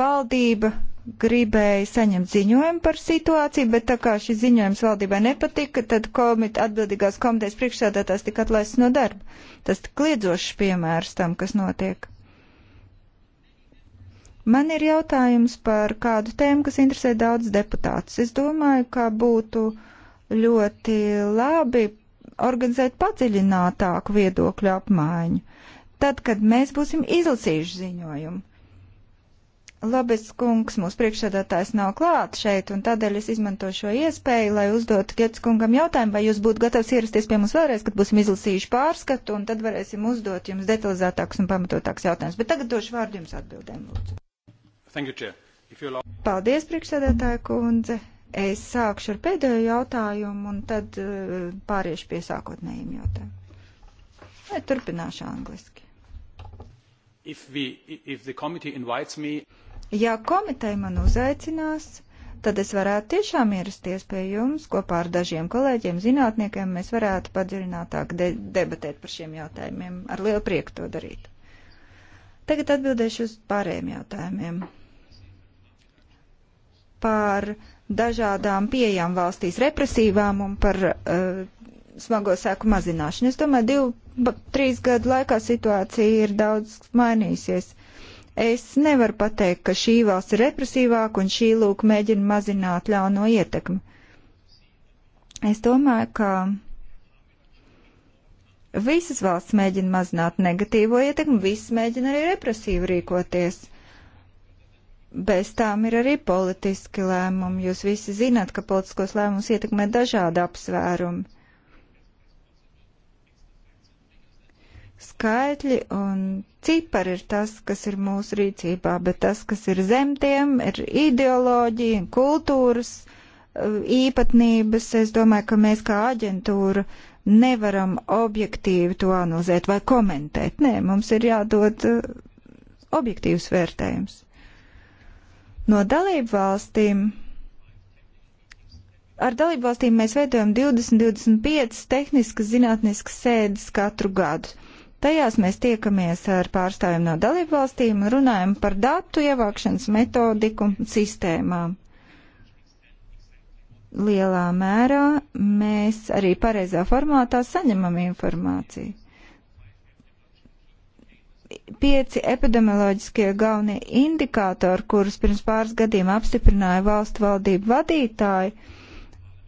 Valdība gribēja saņemt ziņojumu par situāciju, bet tā kā šis ziņojums valdībai nepatika, tad komit, atbildīgās komitejas priekšsēdētājs tika atlaists no darba. Tas tik liedzošs piemērs tam, kas notiek. Man ir jautājums par kādu tēmu, kas interesē daudz deputātus. Es domāju, ka būtu ļoti labi organizēt padziļinātāku viedokļu apmaiņu. Tad, kad mēs būsim izlasījuši ziņojumu, Labes kungs, mūsu priekšsēdētājs nav klāt šeit, un tādēļ es izmantošu šo iespēju, lai uzdotu Gets kungam jautājumu, vai jūs būtu gatavs ierasties pie mums vēlreiz, kad būsim izlasījuši pārskatu, un tad varēsim uzdot jums detalizētākus un pamatotākus jautājumus. Bet tagad došu vārdu jums atbildēm, lūdzu. You, allow... Paldies, priekšsēdētāja kundze. Es sākšu ar pēdējo jautājumu, un tad uh, pāriešu pie sākotnējiem jautājumiem. Vai turpināšu angliski? If we, if the committee invites me, Ja komiteja man uzaicinās, tad es varētu tiešām ierasties pie jums kopā ar dažiem kolēģiem, zinātniekiem. Mēs varētu padziļinātāk de debatēt par šiem jautājumiem. Ar lielu prieku to darīt. Tagad atbildēšu uz pārējiem jautājumiem. Par dažādām pieejām valstīs represīvām un par uh, smago sēku mazināšanu. Es domāju, divu, trīs gadu laikā situācija ir daudz mainījusies. Es nevaru pateikt, ka šī valsts ir represīvāka un šī lūk mēģina mazināt ļauno ietekmi. Es domāju, ka Visas valsts mēģina mazināt negatīvo ietekmi, visas mēģina arī represīvi rīkoties. Bez tām ir arī politiski lēmumi. Jūs visi zināt, ka politiskos lēmumus ietekmē dažādi apsvērumi. Skaitļi un cipari ir tas, kas ir mūsu rīcībā, bet tas, kas ir zem tiem, ir ideoloģija, kultūras uh, īpatnības. Es domāju, ka mēs kā aģentūra nevaram objektīvi to analizēt vai komentēt. Nē, mums ir jādod uh, objektīvs vērtējums. No dalību valstīm ar dalībvalstīm mēs veidojam 20-25 tehniskas zinātniskas sēdes katru gadu. Tajās mēs tiekamies ar pārstāvjiem no dalību valstīm, runājam par datu ievākšanas metodiku un sistēmām. Lielā mērā mēs arī pareizā formātā saņemam informāciju. Pieci epidemioloģiskie galvenie indikātori, kurus pirms pāris gadiem apstiprināja valstu valdību vadītāji,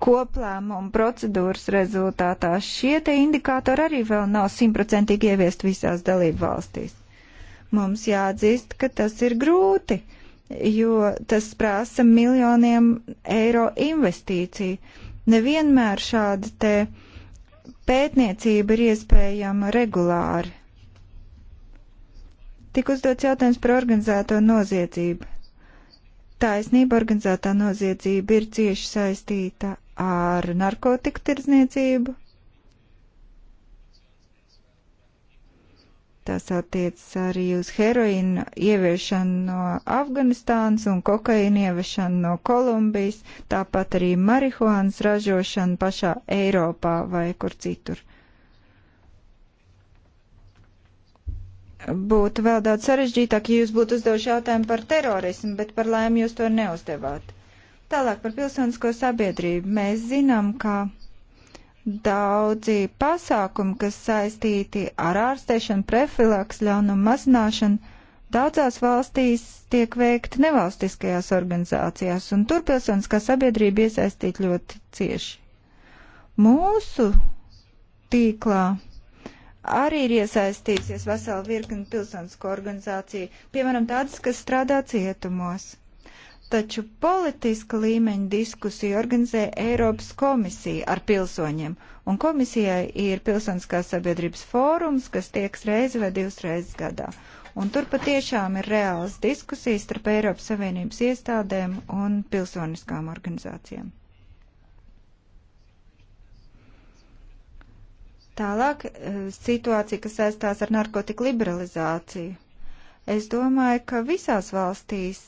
koplēmumu procedūras rezultātā. Šie te indikātori arī vēl nav simtprocentīgi ieviest visās dalību valstīs. Mums jāatzīst, ka tas ir grūti, jo tas prasa miljoniem eiro investīciju. Nevienmēr šāda te pētniecība ir iespējama regulāri. Tik uzdots jautājums par organizēto noziedzību. Taisnība organizētā noziedzība ir cieši saistīta ar narkotiku tirdzniecību. Tas attiecas arī uz heroīnu ieviešanu no Afganistānas un kokaīnu ieviešanu no Kolumbijas, tāpat arī marihuānas ražošanu pašā Eiropā vai kur citur. Būtu vēl daudz sarežģītāk, ja jūs būtu uzdevuši jautājumu par terorismu, bet par laimi jūs to neuzdevāt. Tālāk par pilsonisko sabiedrību. Mēs zinām, ka daudzi pasākumi, kas saistīti ar ārstēšanu, profilaks, ļaunumu mazināšanu, daudzās valstīs tiek veikti nevalstiskajās organizācijās, un tur pilsoniskā sabiedrība iesaistīta ļoti cieši. Mūsu tīklā arī ir iesaistījusies vesela virkni pilsonisko organizāciju, piemēram tādas, kas strādā cietumos taču politiska līmeņa diskusiju organizē Eiropas komisija ar pilsoņiem, un komisijai ir pilsoniskās sabiedrības fórums, kas tieks reizi vai divas reizes gadā. Un tur patiešām ir reāls diskusijas starp Eiropas Savienības iestādēm un pilsoniskām organizācijām. Tālāk eh, situācija, kas saistās ar narkotiku liberalizāciju. Es domāju, ka visās valstīs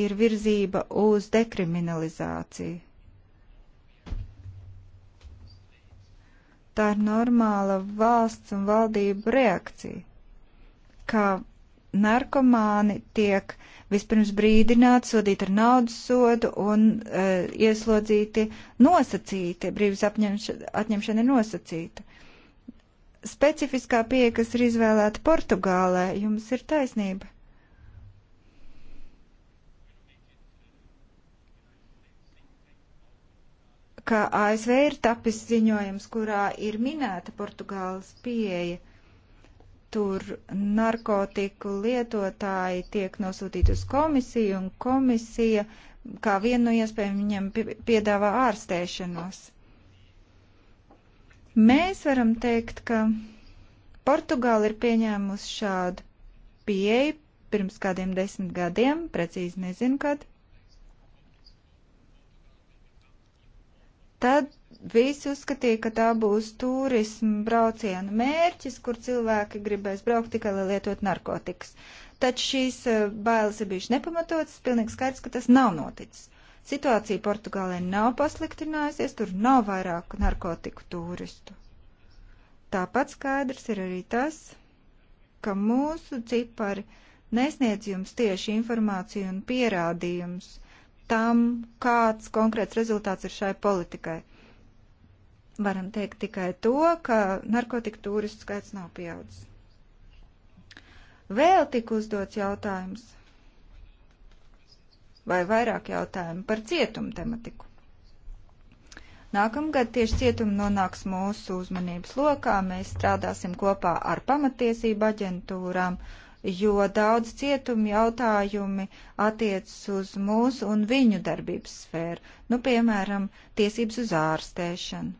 ir virzība uz dekriminalizāciju. Tā ir normāla valsts un valdību reakcija, ka narkomāni tiek vispirms brīdināti, sodīti ar naudas sodu un e, ieslodzīti nosacīti, brīvības atņemšana ir nosacīta specifiskā pieeja, kas ir izvēlēta Portugālē, jums ir taisnība. Kā ASV ir tapis ziņojums, kurā ir minēta Portugāles pieeja, tur narkotiku lietotāji tiek nosūtīti uz komisiju, un komisija kā vienu no iespējām viņiem piedāvā ārstēšanos. Uh, Mēs varam teikt, ka Portugāla ir pieņēmusi šādu pieeju pirms kādiem desmit gadiem, precīzi nezinu, kad. Tad visi uzskatīja, ka tā būs turismu brauciena mērķis, kur cilvēki gribēs braukt tikai, lai lietot narkotikas. Taču šīs eh, bailes ir bijušas nepamatotas, pilnīgi skaidrs, ka tas nav noticis. Situācija Portugālē nav pasliktinājusies, tur nav vairāk narkotiku turistu. Tāpat skaidrs ir arī tas, ka mūsu cipari nesniedz jums tieši informāciju un pierādījumus tam, kāds konkrēts rezultāts ir šai politikai. Varam teikt tikai to, ka narkotiku turistu skaits nav pieaudzis. Vēl tik uzdots jautājums vai vairāk jautājumu par cietumu tematiku. Nākamgad tieši cietumi nonāks mūsu uzmanības lokā. Mēs strādāsim kopā ar pamatiesību aģentūrām, jo daudz cietumi jautājumi attiecas uz mūsu un viņu darbības sfēru, nu, piemēram, tiesības uz ārstēšanu.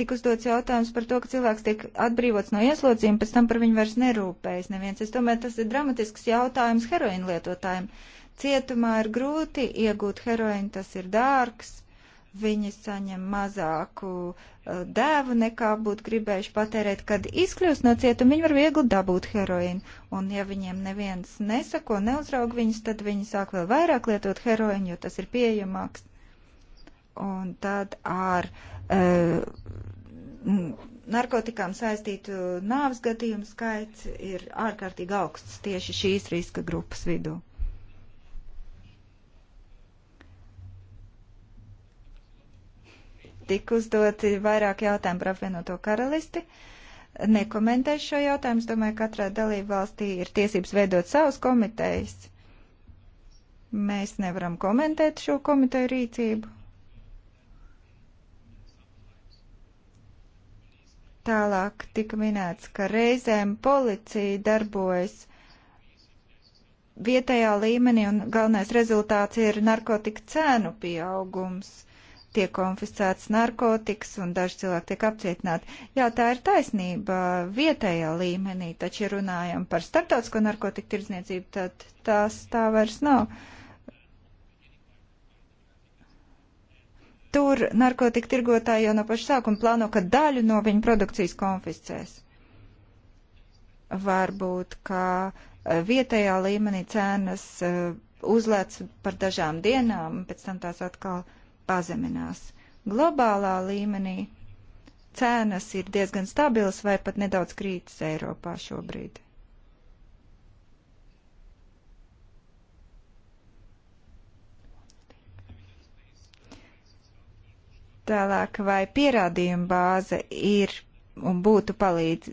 Tik uzdots jautājums par to, ka cilvēks tiek atbrīvots no ieslodzījuma, pēc tam par viņu vairs nerūpējas neviens. Es domāju, tas ir dramatisks jautājums heroīna lietotājiem. Cietumā ir grūti iegūt heroīnu, tas ir dārgs, viņi saņem mazāku uh, dēvu nekā būtu gribējuši patērēt, kad izkļūst no cietuma, viņi var viegli dabūt heroīnu, un ja viņiem neviens nesako, neuzraug viņus, tad viņi sāk vēl vairāk lietot heroīnu, jo tas ir pieejamāks. Un tad ar uh, Uh, narkotikām saistītu nāves gadījumu skaits ir ārkārtīgi augsts tieši šīs riska grupas vidū. Tik uzdoti vairāk jautājumu par apvienoto karalisti. Nekomentēšu šo jautājumu. Es domāju, katrā dalība valstī ir tiesības veidot savus komitejas. Mēs nevaram komentēt šo komiteju rīcību. Tālāk tika minēts, ka reizēm policija darbojas vietējā līmenī un galvenais rezultāts ir narkotika cēnu pieaugums. Tiek konfiscēts narkotikas un daži cilvēki tiek apcietināti. Jā, tā ir taisnība vietējā līmenī, taču, ja runājam par starptautisko narkotiku tirdzniecību, tad tās tā vairs nav. Uh, Tur narkotika tirgotāji jau no paša sākuma plāno, ka daļu no viņa produkcijas konfiscēs. Varbūt, ka eh, vietējā līmenī cenas eh, uzlēc par dažām dienām, pēc tam tās atkal pazeminās. Globālā līmenī cenas ir diezgan stabilas vai pat nedaudz krītas Eiropā šobrīd. Tālāk, vai pierādījuma bāze ir un būtu palīdz,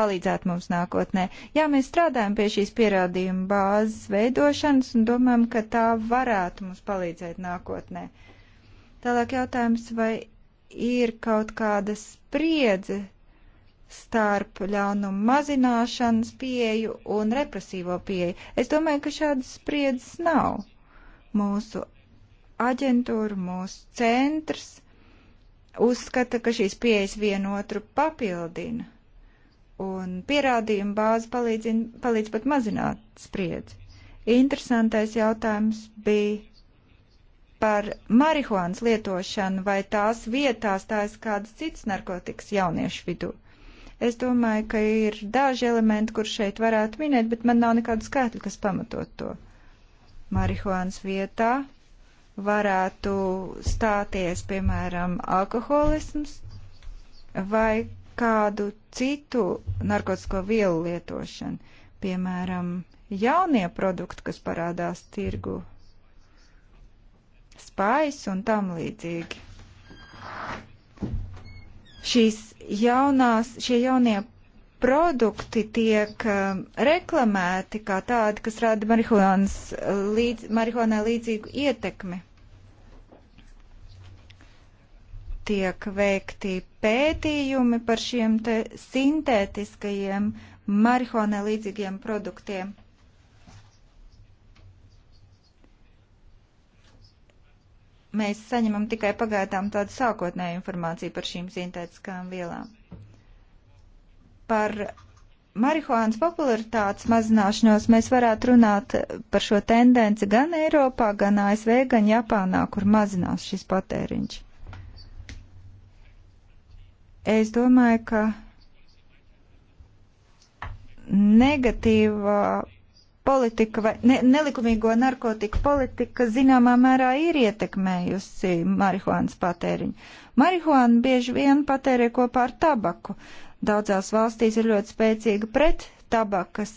palīdzēt mums nākotnē? Jā, mēs strādājam pie šīs pierādījuma bāzes veidošanas un domājam, ka tā varētu mums palīdzēt nākotnē. Tālāk jautājums, vai ir kaut kāda spriedze starp ļaunumu mazināšanas pieju un represīvo pieju. Es domāju, ka šādas spriedzes nav. Mūsu aģentūra, mūsu centrs uzskata, ka šīs pieejas vienotru papildina un pierādījuma bāze palīdz, palīdz pat mazināt spriedzi. Interesantais jautājums bija par marihuānas lietošanu vai tās vietās tās kādas citas narkotikas jauniešu vidū. Es domāju, ka ir daži elementi, kur šeit varētu minēt, bet man nav nekādu skaitļu, kas pamatot to. Marihuānas vietā varētu stāties, piemēram, alkoholisms vai kādu citu narkotisko vielu lietošanu, piemēram, jaunie produkti, kas parādās tirgu, spais un tam līdzīgi. Šīs jaunās, šie jaunie produkti tiek um, reklamēti kā tādi, kas rada uh, līdz, marihuanai līdzīgu ietekmi. Tiek veikti pētījumi par šiem te sintētiskajiem marihuanai līdzīgiem produktiem. Mēs saņemam tikai pagaidām tādu sākotnēju informāciju par šīm sintētiskām vielām par marihuānas popularitātes mazināšanos mēs varētu runāt par šo tendenci gan Eiropā, gan ASV, gan Japānā, kur mazinās šis patēriņš. Es domāju, ka negatīva politika vai ne, nelikumīgo narkotiku politika zināmā mērā ir ietekmējusi marihuānas patēriņu. Marihuānu bieži vien patērē kopā ar tabaku. Daudzās valstīs ir ļoti spēcīga pret tabakas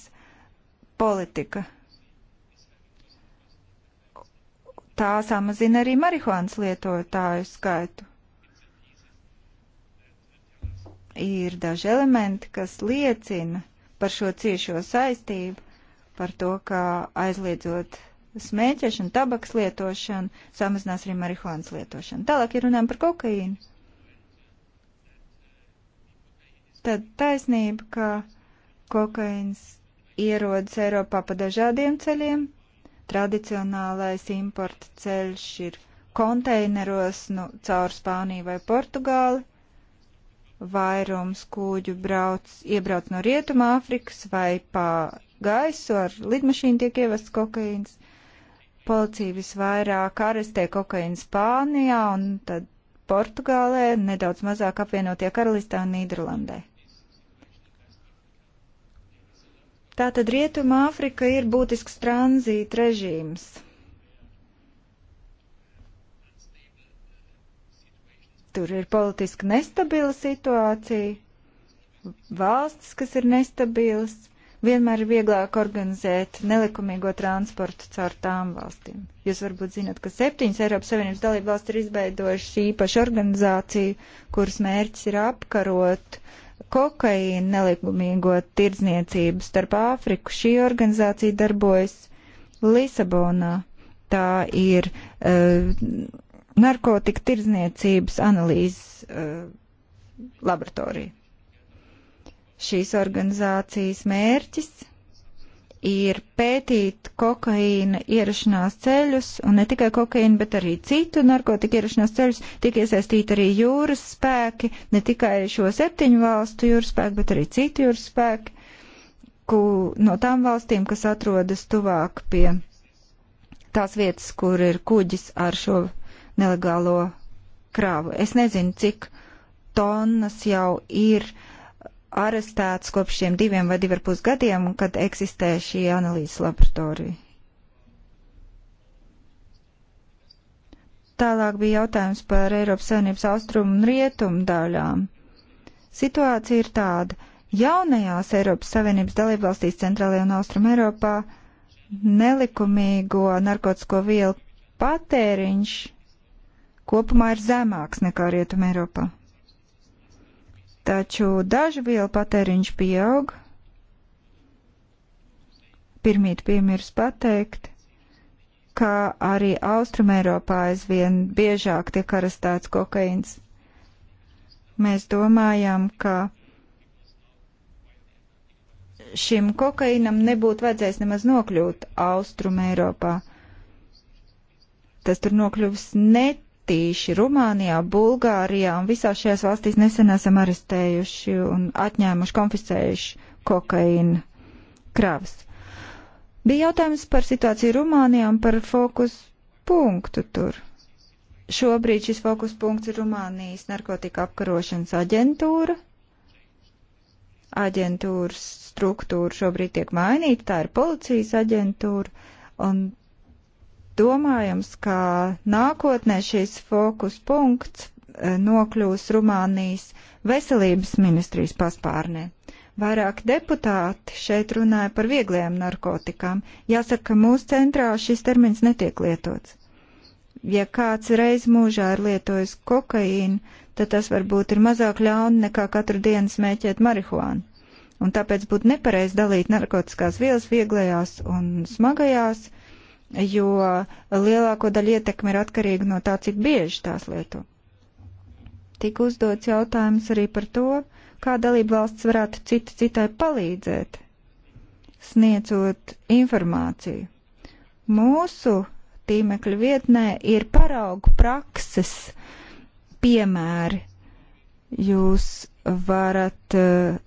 politika. Tā samazina arī marihuānas lietotāju skaitu. Ir daži elementi, kas liecina par šo ciešo saistību, par to, ka aizliedzot smēķēšanu, tabaks lietošanu, samazinās arī marihuānas lietošanu. Tālāk ir runājam par kokaīnu. tad taisnība, ka kokains ierodas Eiropā pa dažādiem ceļiem. Tradicionālais importa ceļš ir konteineros nu, caur Spāniju vai Portugāli. Vairums kūģu brauc, iebrauc no Rietuma Āfrikas vai pa gaisu ar lidmašīnu tiek ievests kokaīns. Policija visvairāk arestē kokaīnu Spānijā un tad Portugālē, nedaudz mazāk apvienotie karalistā un Nīderlandē. Tātad Rietuma Āfrika ir būtisks tranzīta režīms. Tur ir politiski nestabila situācija, valsts, kas ir nestabilas, vienmēr ir vieglāk organizēt nelikumīgo transportu caur tām valstīm. Jūs varbūt zinat, ka septiņas Eiropas Savienības dalība valsts ir izveidojušas īpašu organizāciju, kuras mērķis ir apkarot uh, kokaīna nelikumīgo tirdzniecību starp Āfriku. Šī organizācija darbojas Lisabonā. Tā ir uh, narkotika tirdzniecības analīzes uh, laboratorija. Šīs organizācijas mērķis ir pētīt kokaīna ierašanās ceļus, un ne tikai kokaīna, bet arī citu narkotiku ierašanās ceļus, tiek iesaistīti arī jūras spēki, ne tikai šo septiņu valstu jūras spēku, bet arī citu jūras spēku, ku, no tām valstīm, kas atrodas tuvāk pie tās vietas, kur ir kuģis ar šo nelegālo krāvu. Es nezinu, cik tonnas jau ir uh, arestēts kopš šiem diviem vai divi ar pus gadiem, kad eksistē šī analīzes laboratorija. Tālāk bija jautājums par Eiropas Savienības austrumu un rietumu daļām. Situācija ir tāda. Jaunajās Eiropas Savienības dalībvalstīs centrālajā un austrumu Eiropā nelikumīgo narkotisko vielu patēriņš kopumā ir zemāks nekā Rietuma Eiropā taču dažu vielu patēriņš pieaug. Pirmīt piemirst pateikt, ka arī Austrumēropā aizvien biežāk tiek arestēts kokaīns. Mēs domājam, ka šim kokainam nebūtu vajadzējis nemaz nokļūt Austrum Eiropā. Tas tur nokļuvis ne Tīši Rumānijā, Bulgārijā un visās šajās valstīs nesen esam arestējuši un atņēmuši, konfiscējuši kokaīna kravas. Bija jautājums par situāciju Rumānijā un par fokus punktu tur. Šobrīd šis fokus punkts ir Rumānijas narkotika apkarošanas aģentūra. Aģentūras struktūra šobrīd tiek mainīta, tā ir policijas aģentūra, un Domājams, ka nākotnē šīs fokus punkts eh, nokļūs Rumānijas veselības ministrijas paspārnē. Vairāk deputāti šeit runāja par viegliem narkotikām. Jāsaka, ka mūsu centrā šis termins netiek lietots. Ja kāds reiz mūžā ir lietojis kokaīnu, tad tas varbūt ir mazāk ļauni nekā katru dienu smēķēt marihuānu. Un tāpēc būtu nepareizi dalīt narkotikās vielas vieglajās un smagajās, uh, jo lielāko daļu ietekmi ir atkarīga no tā, cik bieži tās lieto. Tik uzdots jautājums arī par to, kā dalība valsts varētu cita citai palīdzēt, sniedzot informāciju. Mūsu tīmekļa vietnē ir paraugu prakses piemēri. Jūs varat uh,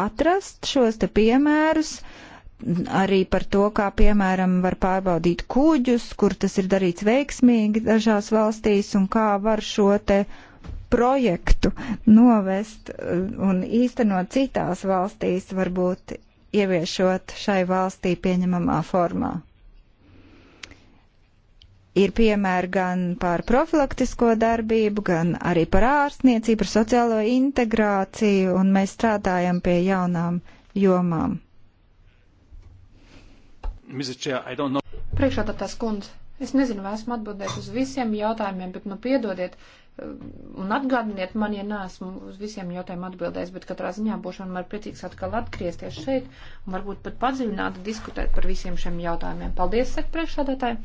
atrast šos te piemērus, uh, arī par to, kā piemēram var pārbaudīt kuģus, kur tas ir darīts veiksmīgi dažās valstīs un kā var šo te projektu novest uh, un īstenot citās valstīs, varbūt ieviešot šai valstī pieņemamā formā. Ir piemēri gan par profilaktisko darbību, gan arī par ārstniecību, par sociālo integrāciju, un mēs strādājam pie jaunām jomām. Priekšādātās kundze, es nezinu, vai esmu atbildējis uz visiem jautājumiem, bet nu piedodiet eh, un atgādiniet man, ja neesmu uz visiem jautājumiem atbildējis, bet katrā ziņā būšu vienmēr priecīgs atkal atgriezties šeit un varbūt pat padziļināt diskutēt par visiem šiem jautājumiem. Paldies, saka priekšādātāji!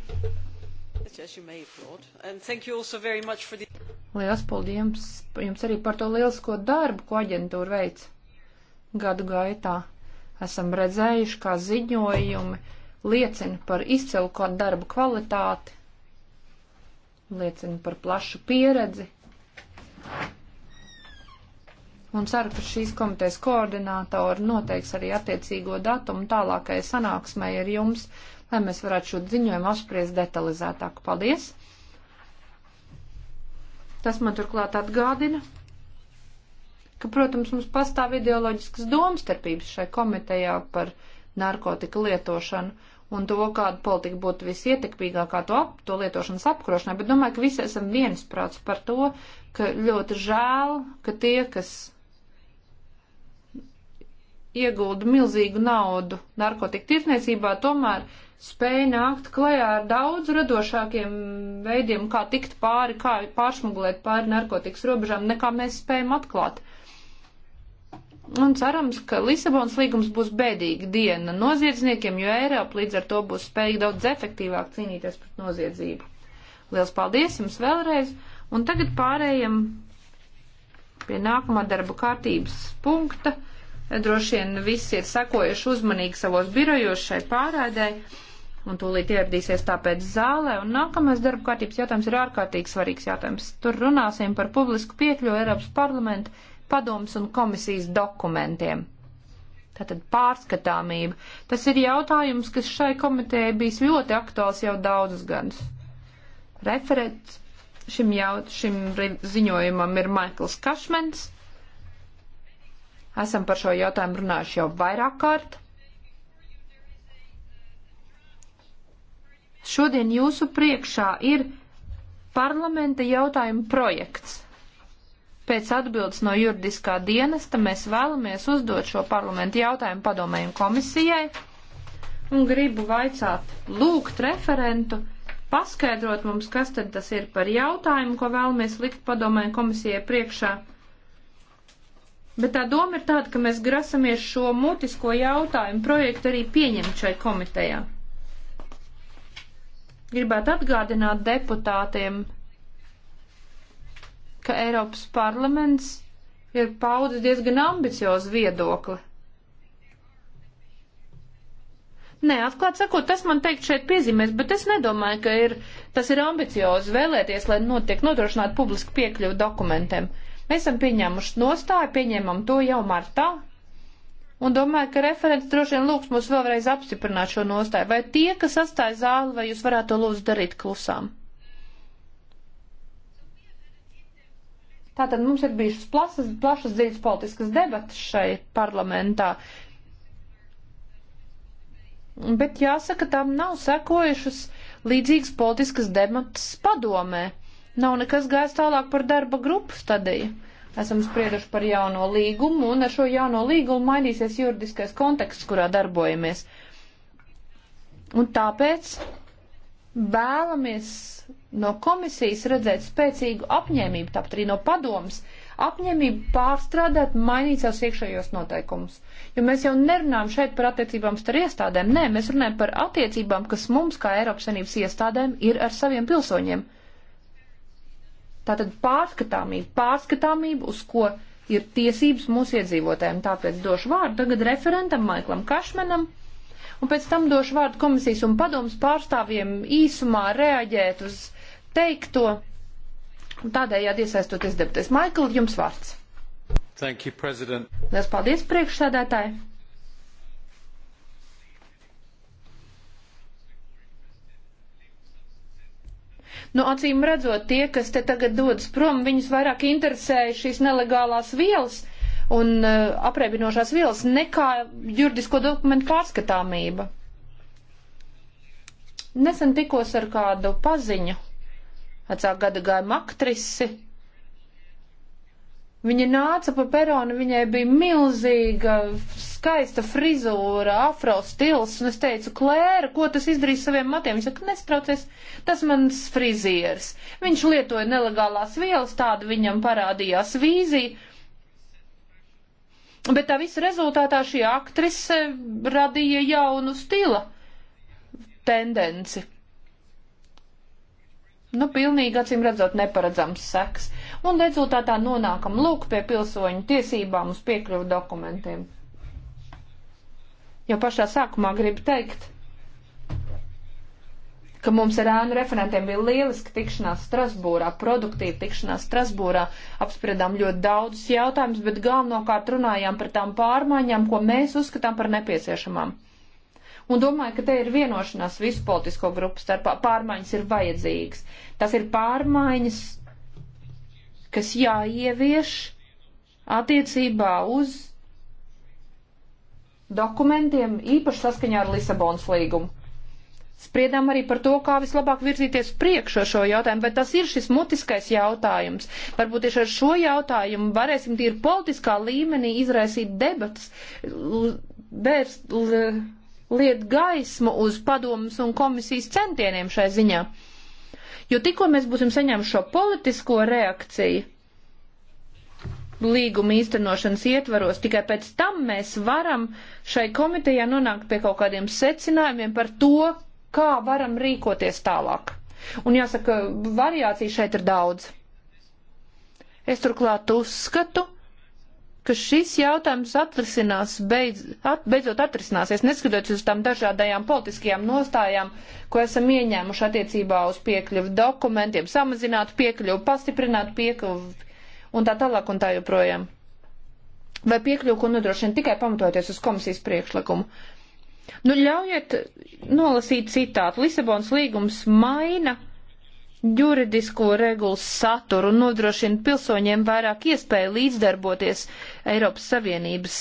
Lielas paldies jums arī par to lielisko darbu, ko aģentūra veic gadu gaitā. Esam redzējuši, kā ziņojumi liecina par izcilu darbu kvalitāti, liecina par plašu pieredzi. Un ceru, ka šīs komitejas koordinātori noteiks arī attiecīgo datumu tālākai sanāksmai ar jums, lai mēs varētu šo ziņojumu apspriest detalizētāk. Paldies! Tas man turklāt atgādina, ka, protams, mums pastāv ideoloģiskas domstarpības šai komitejā par uh, narkotika lietošanu un to, kāda politika būtu visietekmīgākā to, ap, to lietošanas apkrošanai, bet domāju, ka visi esam viensprāts par to, ka ļoti žēl, ka tie, kas iegulda milzīgu naudu narkotika tirsniecībā, tomēr spēja nākt klajā ar daudz radošākiem veidiem, kā tikt pāri, kā pārsmuglēt pāri narkotikas robežām, nekā mēs spējam atklāt. Un cerams, ka Lisabonas līgums būs bēdīga diena noziedzniekiem, jo Eiropa līdz ar to būs spējīga daudz efektīvāk cīnīties pret noziedzību. Liels paldies jums vēlreiz, un tagad pārējam pie nākamā darba kārtības punkta. Droši vien visi ir sakojuši uzmanīgi savos birojos šai pārādē, un tūlīt ieradīsies tāpēc zālē, un nākamais darba kārtības jautājums ir ārkārtīgi svarīgs jautājums. Tur runāsim par publisku piekļuvu Eiropas parlamentu padoms un komisijas dokumentiem. Tātad pārskatāmība. Tas ir jautājums, kas šai komitejai bijis ļoti aktuāls jau daudzus gadus. Referents šim, jaut, šim ziņojumam ir Maikls Kašmens. Esam par šo jautājumu runājuši jau vairāk kārt. Šodien jūsu priekšā ir parlamenta jautājuma projekts Pēc atbildes no juridiskā dienesta mēs vēlamies uzdot šo parlamentu jautājumu padomējumu komisijai un gribu vaicāt, lūgt referentu, paskaidrot mums, kas tad tas ir par jautājumu, ko vēlamies likt padomējumu komisijai priekšā. Bet tā doma ir tāda, ka mēs grasamies šo mutisko jautājumu projektu arī pieņemt šai komitejā. Gribētu atgādināt deputātiem ka Eiropas parlaments ir paudis diezgan ambiciozu viedokli. Nē, atklāt sakot, tas man teikt šeit piezīmēs, bet es nedomāju, ka ir, tas ir ambiciozi vēlēties, lai notiek nodrošināt publisku piekļuvu dokumentiem. Mēs esam pieņēmuši nostāju, pieņēmam to jau martā, un domāju, ka referents droši vien lūgs mums vēlreiz apstiprināt šo nostāju. Vai tie, kas atstāja zāli, vai jūs varētu to lūdzu darīt klusām? Tātad mums ir bijušas plasas, plašas dziļas politiskas debatas šai parlamentā. Bet jāsaka, tam nav sekojušas līdzīgas politiskas debatas padomē. Nav nekas gājis tālāk par darba grupu stadiju. Esam sprieduši par jauno līgumu, un ar šo jauno līgumu mainīsies juridiskais konteksts, kurā darbojamies. Un tāpēc vēlamies no komisijas redzēt spēcīgu apņēmību, tāpat arī no padomas, apņēmību pārstrādāt, mainīt savus iekšējos noteikumus. Jo mēs jau nerunājam šeit par attiecībām starp iestādēm, nē, mēs runājam par attiecībām, kas mums, kā Eiropas Savienības iestādēm, ir ar saviem pilsoņiem. Tātad pārskatāmība, pārskatāmība, uz ko ir tiesības mūsu iedzīvotājiem. Tāpēc došu vārdu tagad referentam Maiklam Kašmanam un pēc tam došu vārdu komisijas un padomus pārstāvjiem īsumā reaģēt uz teikto, un tādējādi iesaistoties debatēs. Maikl, jums vārds. Thank you, President. Liels paldies, priekšsēdētāji. Nu, acīm redzot, tie, kas te tagad dodas prom, viņus vairāk interesē šīs nelegālās vielas, un eh, apreibinošās vielas nekā juridisko dokumentu pārskatāmība. Nesen tikos ar kādu paziņu, atsāk gada gājuma aktrisi. Viņa nāca pa peronu, viņai bija milzīga, skaista frizūra, afro stils, un es teicu, Klēra, ko tas izdarīs saviem matiem? Viņa saka, nestraucies, tas mans frizieris. Viņš lietoja nelegālās vielas, tāda viņam parādījās vīzija, Bet tā visa rezultātā šī aktrise radīja jaunu stila tendenci. Nu, pilnīgi acīm redzot neparedzams seks. Un rezultātā nonākam lūk pie pilsoņu tiesībām uz piekļuvu dokumentiem. Jau pašā sākumā gribu teikt, ka mums ar ēnu referentiem bija lieliski tikšanās Strasbūrā, produktīva tikšanās Strasbūrā, apspriedām ļoti daudzus jautājumus, bet galvenokārt runājām par tām pārmaiņām, ko mēs uzskatām par nepieciešamām. Un domāju, ka te ir vienošanās visu politisko grupu starpā. Pārmaiņas ir vajadzīgas. Tas ir pārmaiņas, kas jāievieš attiecībā uz dokumentiem īpaši saskaņā ar Lisabonas līgumu Spriedām arī par to, kā vislabāk virzīties priekšu ar šo jautājumu, bet tas ir šis mutiskais jautājums. Varbūt tieši ar šo jautājumu varēsim tīri politiskā līmenī izraisīt debatas, bērst liet gaismu uz padomus un komisijas centieniem šai ziņā. Jo tikko mēs būsim saņēmuši šo politisko reakciju, līguma īstenošanas ietvaros. Tikai pēc tam mēs varam šai komitejā nonākt pie kaut kādiem secinājumiem par to, kā varam rīkoties tālāk. Un jāsaka, variācija šeit ir daudz. Es turklāt uzskatu, ka šis jautājums atrisinās, beidz, at, beidzot atrisināsies, neskatoties uz tām dažādajām politiskajām nostājām, ko esam ieņēmuši attiecībā uz piekļuvu dokumentiem, samazināt piekļuvu, pastiprināt piekļuvu un tā tālāk un tā joprojām. Vai piekļuvu, ko nodrošina tikai pamatoties uz komisijas priekšlikumu. Nu, ļaujiet nolasīt citātu. Lisabons līgums maina juridisko regulas saturu un nodrošina pilsoņiem vairāk iespēju līdzdarboties Eiropas Savienības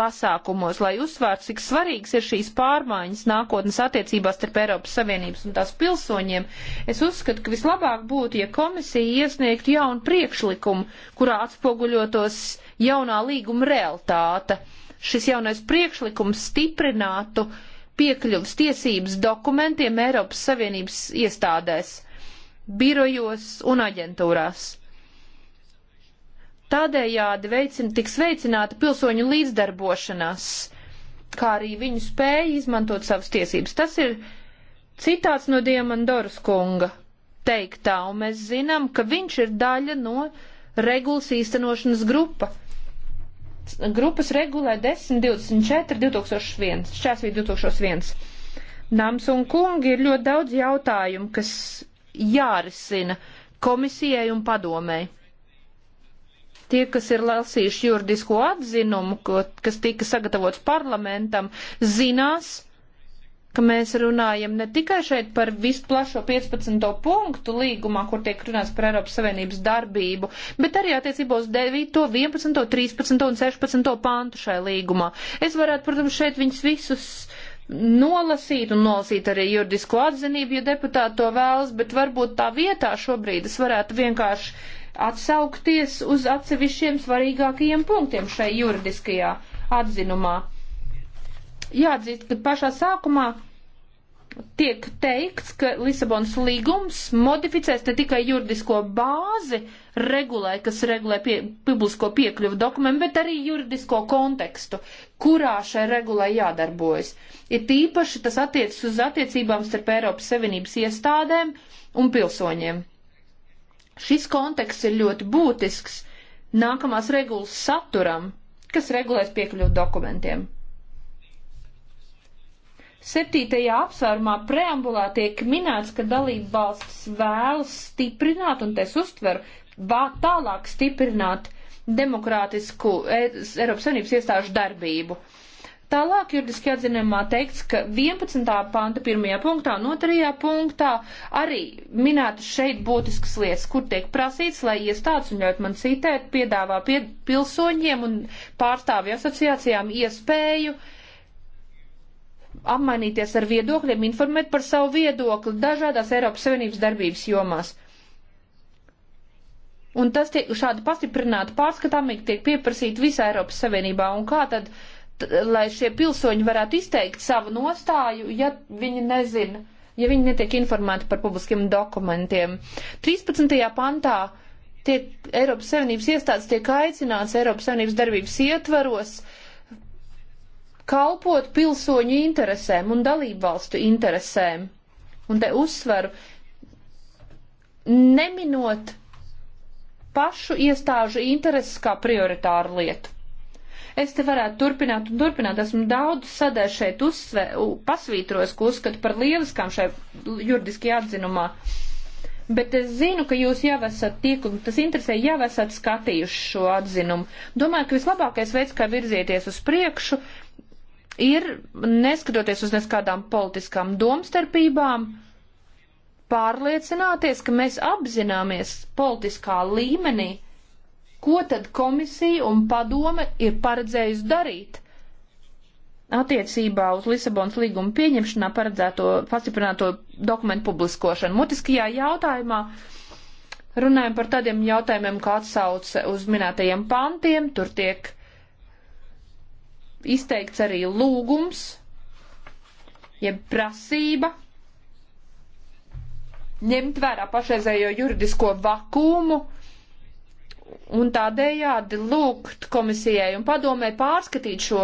pasākumos, lai uzsvērts, cik svarīgs ir šīs pārmaiņas nākotnes attiecībās starp Eiropas Savienības un tās pilsoņiem, es uzskatu, ka vislabāk būtu, ja komisija iesniegtu jaunu priekšlikumu, kurā atspoguļotos jaunā līguma realitāte. Uh, šis jaunais priekšlikums stiprinātu piekļuvas tiesības dokumentiem Eiropas Savienības iestādēs, birojos un aģentūrās. Tādējādi veicin, tiks veicināta pilsoņu līdzdarbošanās, kā arī viņu spēja izmantot savas tiesības. Tas ir citāts no Diemandoras kunga teiktā, un mēs zinām, ka viņš ir daļa no regulas īstenošanas grupa, grupas regulē 10, 24, 2001, šķērsvīt 2001. Dāmas un kungi, ir ļoti daudz jautājumu, kas jārisina komisijai un padomēji tie, kas ir lasījuši juridisko atzinumu, kas tika sagatavots parlamentam, zinās, ka mēs runājam ne tikai šeit par visplašo 15. punktu līgumā, kur tiek runāts par Eiropas Savienības darbību, bet arī attiecībā uz 9., 11., 13. un 16. pantu šai līgumā. Es varētu, protams, šeit viņus visus nolasīt un nolasīt arī juridisko atzinību, ja deputāti to vēlas, bet varbūt tā vietā šobrīd es varētu vienkārši atsaukties uz atsevišķiem svarīgākajiem punktiem šai juridiskajā atzinumā. Jāatzīst, ka pašā sākumā tiek teikts, ka Lisabonas līgums modificēs ne tikai juridisko bāzi regulē, kas regulē pie, publisko piekļuvu dokumentu, bet arī juridisko kontekstu, kurā šai regulē jādarbojas. Ir tīpaši tas attiecas uz attiecībām starp Eiropas Savienības iestādēm un pilsoņiem. Šis konteksts ir ļoti būtisks nākamās regulas saturam, kas regulēs piekļuvu dokumentiem. Septītajā apsvērumā preambulā tiek minēts, ka dalība valsts vēlas stiprināt, un es uztveru, vēl tālāk stiprināt demokrātisku e, Eiropas Savienības iestāžu darbību. Tālāk juridiski atzinumā teikts, ka 11. panta 1. punktā un 2. punktā arī minētas šeit būtiskas lietas, kur tiek prasīts, lai iestāds, un ļaut man citēt, piedāvā pie pilsoņiem un pārstāvju asociācijām iespēju uh, apmainīties ar viedokļiem, informēt par savu viedokli dažādās Eiropas Savienības darbības jomās. Un tas tiek šādi pastiprināti pārskatāmīgi tiek pieprasīti visā Eiropas Savienībā. Un kā tad, lai šie pilsoņi varētu izteikt savu nostāju, ja viņi nezina, ja viņi netiek informēti par publiskiem dokumentiem? 13. pantā tiek Eiropas Savienības iestādes tiek aicināts Eiropas Savienības darbības ietvaros kalpot pilsoņu interesēm un dalību valstu interesēm. Un te uzsveru, neminot pašu iestāžu intereses kā prioritāru lietu. Es te varētu turpināt un turpināt. Esmu daudz sadēļ šeit uzsve, pasvītros, ko uzskatu par lieliskām šai juridiskajā atzinumā. Bet es zinu, ka jūs jau esat tiek, un tas interesē, jau esat skatījuši šo atzinumu. Domāju, ka vislabākais veids, kā virzieties uz priekšu, ir, neskatoties uz neskādām politiskām domstarpībām, pārliecināties, ka mēs apzināmies politiskā līmenī, ko tad komisija un padome ir paredzējusi darīt attiecībā uz Lisabonas līguma pieņemšanā paredzēto pastiprināto dokumentu publiskošanu. Mutiskajā jautājumā runājam par tādiem jautājumiem, kā atsauce uz minētajiem pantiem, tur tiek izteikts arī lūgums, jeb prasība ņemt vērā pašreizējo juridisko vakumu un tādējādi lūgt komisijai un padomē pārskatīt šo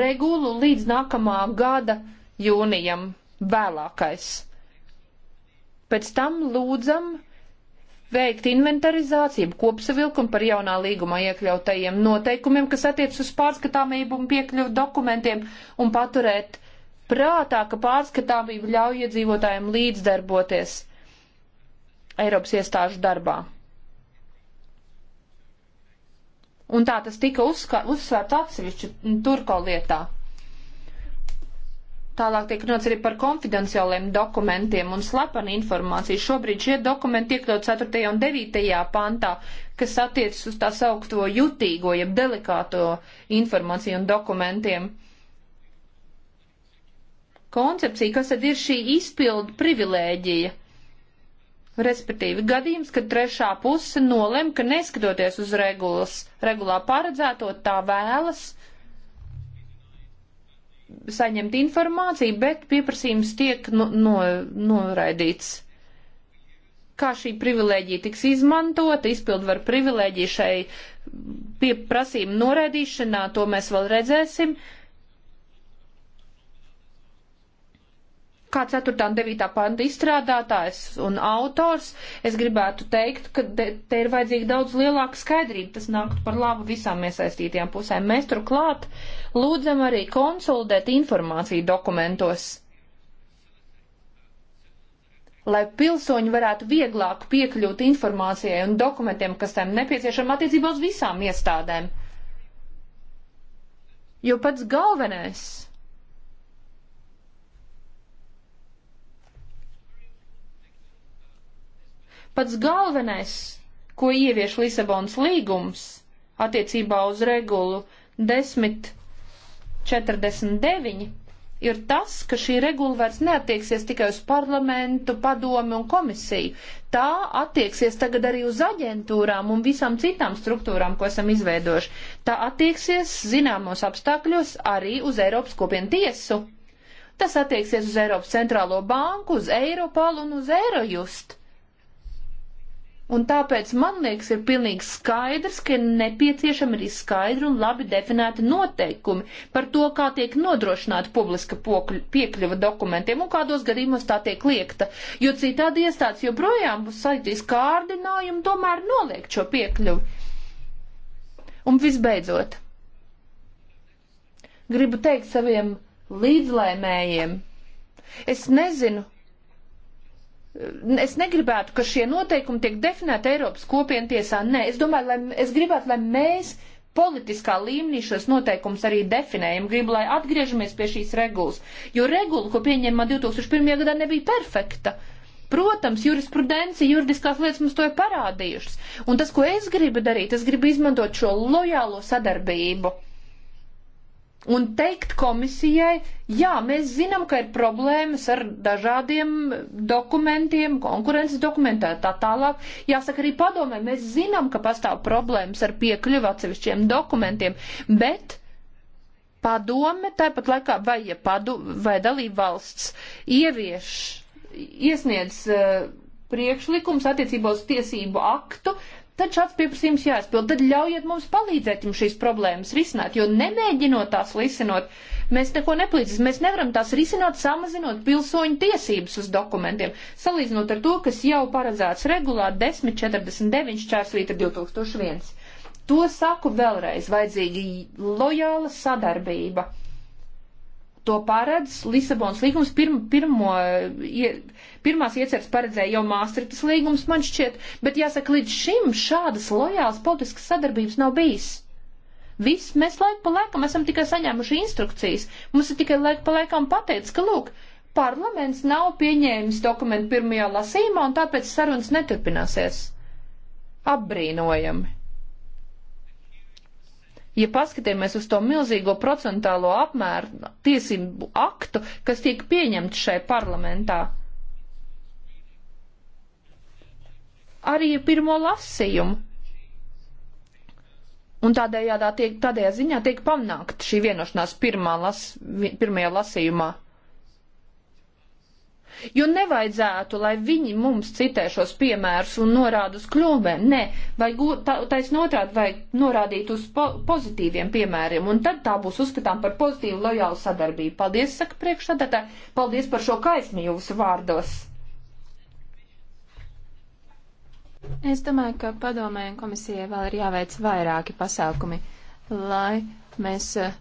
regulu līdz nākamā gada jūnijam vēlākais. Pēc tam lūdzam uh, veikt inventarizāciju, kopsavilkumu par jaunā līgumā iekļautajiem noteikumiem, kas attiec uz pārskatāmību un piekļuvu dokumentiem un paturēt prātā, ka pārskatāmība ļauj iedzīvotājiem līdzdarboties Eiropas iestāžu darbā. Un tā tas tika uzsvērts atsevišķi turko lietā. Tālāk tiek runāts arī par konfidenciāliem dokumentiem un slepenu informāciju. Šobrīd šie dokumenti iekļaut 4. un 9. pantā, kas attiecas uz tā saukto jutīgo, jeb delikāto informāciju un dokumentiem. Koncepcija, kas tad ir šī izpildu privilēģija? Respektīvi, gadījums, kad trešā puse nolem, ka neskatoties uz regulas, regulā paredzēto, tā vēlas saņemt informāciju, bet pieprasījums tiek no, no, noraidīts. Kā šī privilēģija tiks izmantota, izpildvar privilēģija šai pieprasījuma noraidīšanā, to mēs vēl redzēsim, kā 4. un 9. panta izstrādātājs un autors, es gribētu teikt, ka te, te ir vajadzīga daudz lielāka skaidrība. Tas nāktu par labu visām iesaistītajām pusēm. Mēs turklāt lūdzam arī konsolidēt informāciju dokumentos lai pilsoņi varētu vieglāk piekļūt informācijai un dokumentiem, kas tam nepieciešama attiecībā uz visām iestādēm. Jo pats galvenais Pats galvenais, ko ievieš Lisabonas līgums attiecībā uz regulu 1049, ir tas, ka šī regula vairs neatieksies tikai uz parlamentu, padomi un komisiju. Tā attieksies tagad arī uz aģentūrām un visām citām struktūrām, ko esam izveidojuši. Tā attieksies zināmos apstākļos arī uz Eiropas kopienu tiesu. Tas attieksies uz Eiropas centrālo banku, uz Eiropālu un uz Eirojust. Un tāpēc man liekas, ir pilnīgi skaidrs, ka ir nepieciešami arī skaidri un labi definēti noteikumi par to, kā tiek nodrošināta publiska piekļuva dokumentiem un kādos gadījumos tā tiek liekta. Jo citādi iestādes joprojām būs saitīs kārdinājumu tomēr noliegt šo piekļuvi. Un visbeidzot, gribu teikt saviem līdzlēmējiem, es nezinu, Es negribētu, ka šie noteikumi tiek definēti Eiropas kopientiesā. Nē, es domāju, lai, es gribētu, lai mēs politiskā līmenī šos noteikumus arī definējam. Gribu, lai atgriežamies pie šīs regulas, jo regula, ko pieņēma 2001. gadā, nebija perfekta. Protams, jurisprudence, juridiskās lietas mums to ir parādījušas. Un tas, ko es gribu darīt, es gribu izmantot šo lojālo sadarbību un teikt komisijai, jā, mēs zinām, ka ir problēmas ar dažādiem dokumentiem, konkurences dokumentā tā tālāk. Jāsaka arī padomē, mēs zinām, ka pastāv problēmas ar piekļuvu atsevišķiem dokumentiem, bet padome tāpat laikā vai, ja padu, vai dalība valsts ievieš, iesniedz uh, priekšlikums attiecībā uz tiesību aktu, tad šāds pieprasījums jāizpild. Tad ļaujiet mums palīdzēt jums šīs problēmas risināt, jo nemēģinot tās risinot, mēs neko nepalīdzēsim. Mēs nevaram tās risināt, samazinot pilsoņu tiesības uz dokumentiem. Salīdzinot ar to, kas jau paredzēts regulā 1049 čārslīta 2001. To saku vēlreiz, vajadzīga lojāla sadarbība. To paredz Lisabons līgums pirmo, pirmo Pirmās ieceres paredzēja jau Māstriktas līgums, man šķiet, bet jāsaka, līdz šim šādas lojālas politiskas sadarbības nav bijis. Viss mēs laiku pa laikam esam tikai saņēmuši instrukcijas. Mums ir tikai laiku pa laikam pateicis, ka, lūk, parlaments nav pieņēmis dokumentu pirmajā lasīmā un tāpēc sarunas neturpināsies. Apbrīnojami. Ja paskatāmies uz to milzīgo procentālo apmēru tiesību aktu, kas tiek pieņemts šai parlamentā, arī pirmo lasījumu. Un tādējādā tiek, tādējā ziņā tiek panākt šī vienošanās pirmā las, pirmajā lasījumā. Jo nevajadzētu, lai viņi mums citē šos piemērus un norāda uz kļūmēm. Nē, vajag taisn otrādi, vajag norādīt uz po pozitīviem piemēriem, un tad tā būs uzskatām par pozitīvu lojālu sadarbību. Paldies, saka priekšsādātāji, paldies par šo kaismi jūsu vārdos. Es domāju, ka padomē un komisijai vēl ir jāveic vairāki pasākumi, lai mēs eh,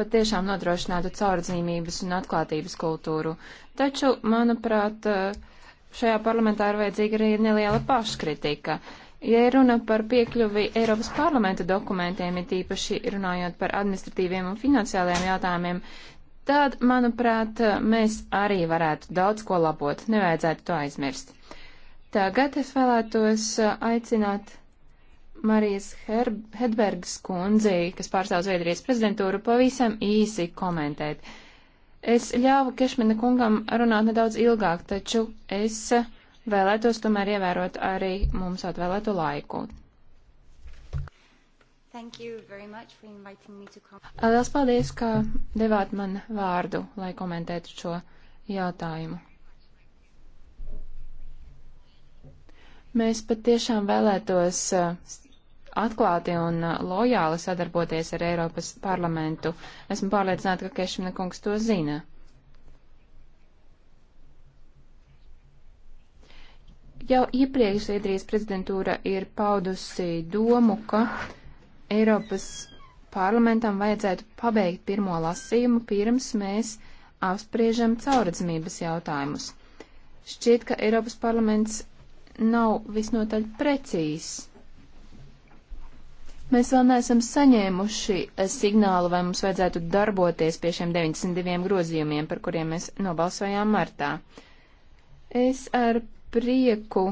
patiešām nodrošinātu caurdzimības un atklātības kultūru. Taču, manuprāt, eh, šajā parlamentā ir vajadzīga arī neliela paškritika. Ja runa par piekļuvi Eiropas parlamenta dokumentiem, ir tīpaši runājot par administratīviem un finansiāliem jautājumiem, tad, manuprāt, eh, mēs arī varētu daudz ko labot, nevajadzētu to aizmirst. Tagad es vēlētos uh, aicināt Marijas Hedbergas kundzi, kas pārstāv Zviedrijas prezidentūru, pavisam īsi komentēt. Es ļāvu Kešmina kungam runāt nedaudz ilgāk, taču es uh, vēlētos tomēr ievērot arī mums atvēlēto laiku. Liels paldies, ka devāt man vārdu, lai komentētu šo jautājumu. Mēs patiešām vēlētos uh, atklāti un uh, lojāli sadarboties ar Eiropas parlamentu. Esmu pārliecināta, ka Kešmina kungs to zina. Jau iepriekš Liedrijas prezidentūra ir paudusi domu, ka Eiropas parlamentam vajadzētu pabeigt pirmo lasījumu, pirms mēs apspriežam cauradzamības jautājumus. Šķiet, ka Eiropas parlaments nav visnotaļ precīzs. Mēs vēl neesam saņēmuši eh, signālu, vai mums vajadzētu darboties pie šiem 92 grozījumiem, par kuriem mēs nobalsojām martā. Es ar prieku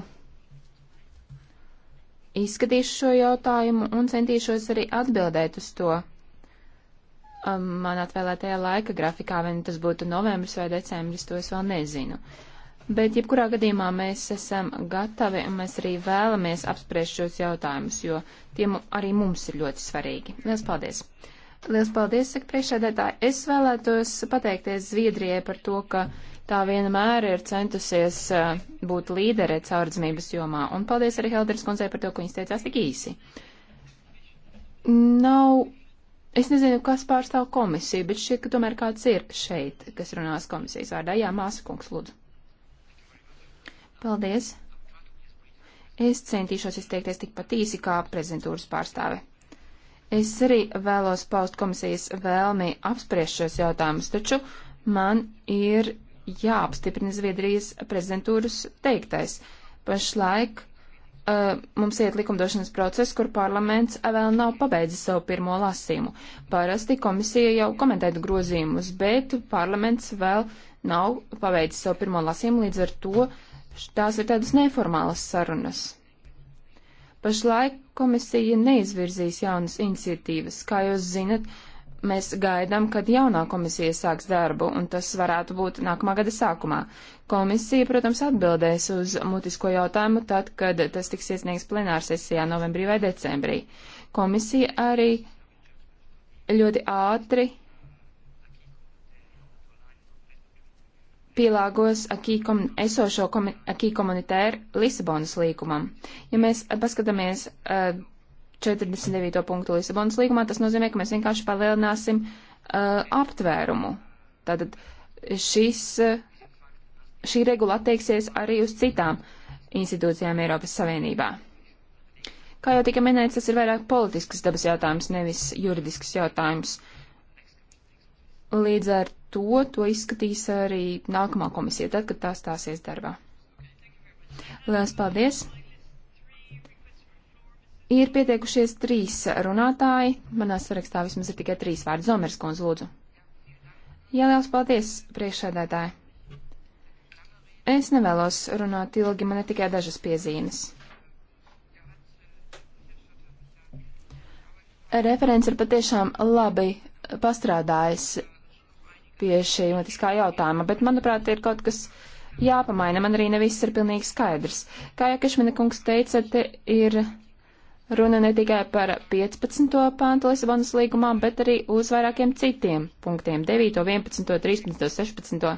izskatīšu šo jautājumu un centīšos arī atbildēt uz to um, man atvēlētajā laika grafikā, vai nu tas būtu novembris vai decembris, to es vēl nezinu. Uh, Bet jebkurā gadījumā mēs esam gatavi un mēs arī vēlamies apspriest šos jautājumus, jo tie arī mums ir ļoti svarīgi. Lielas paldies! Lielas paldies, saka priekšsēdētāji. Es vēlētos pateikties Zviedrijai par to, ka tā vienmēr ir centusies eh, būt līdere caurdzamības jomā. Un paldies arī Helderis kundzei par to, ka viņas teicās tik īsi. Nav Es nezinu, kas pārstāv komisiju, bet šķiet, ka tomēr kāds ir šeit, kas runās komisijas vārdā. Jā, māsa kungs, lūdzu. Paldies! Es centīšos izteikties tikpat īsi kā prezidentūras pārstāve. Es arī vēlos paust komisijas vēlmi apspriest šos jautājumus, taču man ir jāapstiprina Zviedrijas prezidentūras teiktais. Pašlaik uh, mums iet likumdošanas process, kur parlaments vēl nav pabeidzis savu pirmo lasījumu. Parasti komisija jau komentētu grozījumus, bet parlaments vēl nav pabeidzis savu pirmo lasījumu, līdz ar to uh, Tās ir tādas neformālas sarunas. Pašlaik komisija neizvirzīs jaunas iniciatīvas. Kā jūs zinat, mēs gaidām, kad jaunā komisija sāks darbu, un tas varētu būt nākamā gada sākumā. Komisija, protams, atbildēs uz mutisko jautājumu tad, kad tas tiks iesniegts plenārsesijā novembrī vai decembrī. Komisija arī ļoti ātri pielāgos kom esošo kom akī komunitēru Lisabonas līgumam. Ja mēs paskatāmies uh, eh, 49. punktu Lisabonas līgumā, tas nozīmē, ka mēs vienkārši palielināsim uh, aptvērumu. Tātad šis, uh, šī regula attieksies arī uz citām institūcijām Eiropas Savienībā. Kā jau tika minēts, tas ir vairāk politisks dabas jautājums, nevis juridisks jautājums. Līdz ar to, to izskatīs arī nākamā komisija, tad, kad tā stāsies darbā. Lielas paldies! Ir pieteikušies trīs runātāji. Manā sarakstā vismaz ir tikai trīs vārdi. Zomers kundze, lūdzu. Jā, liels paldies, priekšsēdētāji. Es nevēlos runāt ilgi, man ir tikai dažas piezīmes. Referents ir patiešām labi pastrādājis pie šī mutiskā jautājuma, bet, manuprāt, ir kaut kas jāpamaina. Man arī neviss ir pilnīgi skaidrs. Kā jau Kašmina kungs teica, te ir runa ne tikai par 15. pāntu Lisabonas līgumā, bet arī uz vairākiem citiem punktiem - 9., 11., 13., 16.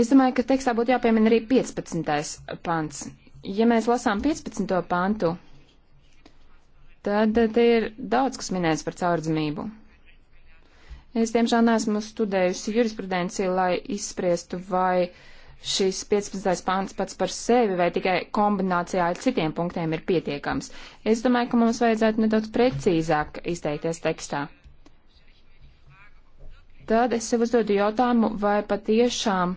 Es domāju, ka tekstā būtu jāpiemina arī 15. pants. Ja mēs lasām 15. pantu, tad te ir daudz, kas minēts par caurdzamību. Es, diemžēl, neesmu studējusi jurisprudenciju, lai izspriestu, vai šis 15. pāns pats par sevi vai tikai kombinācijā ar citiem punktiem ir pietiekams. Es domāju, ka mums vajadzētu nedaudz precīzāk izteikties tekstā. Tad es sev uzdodu jautājumu, vai patiešām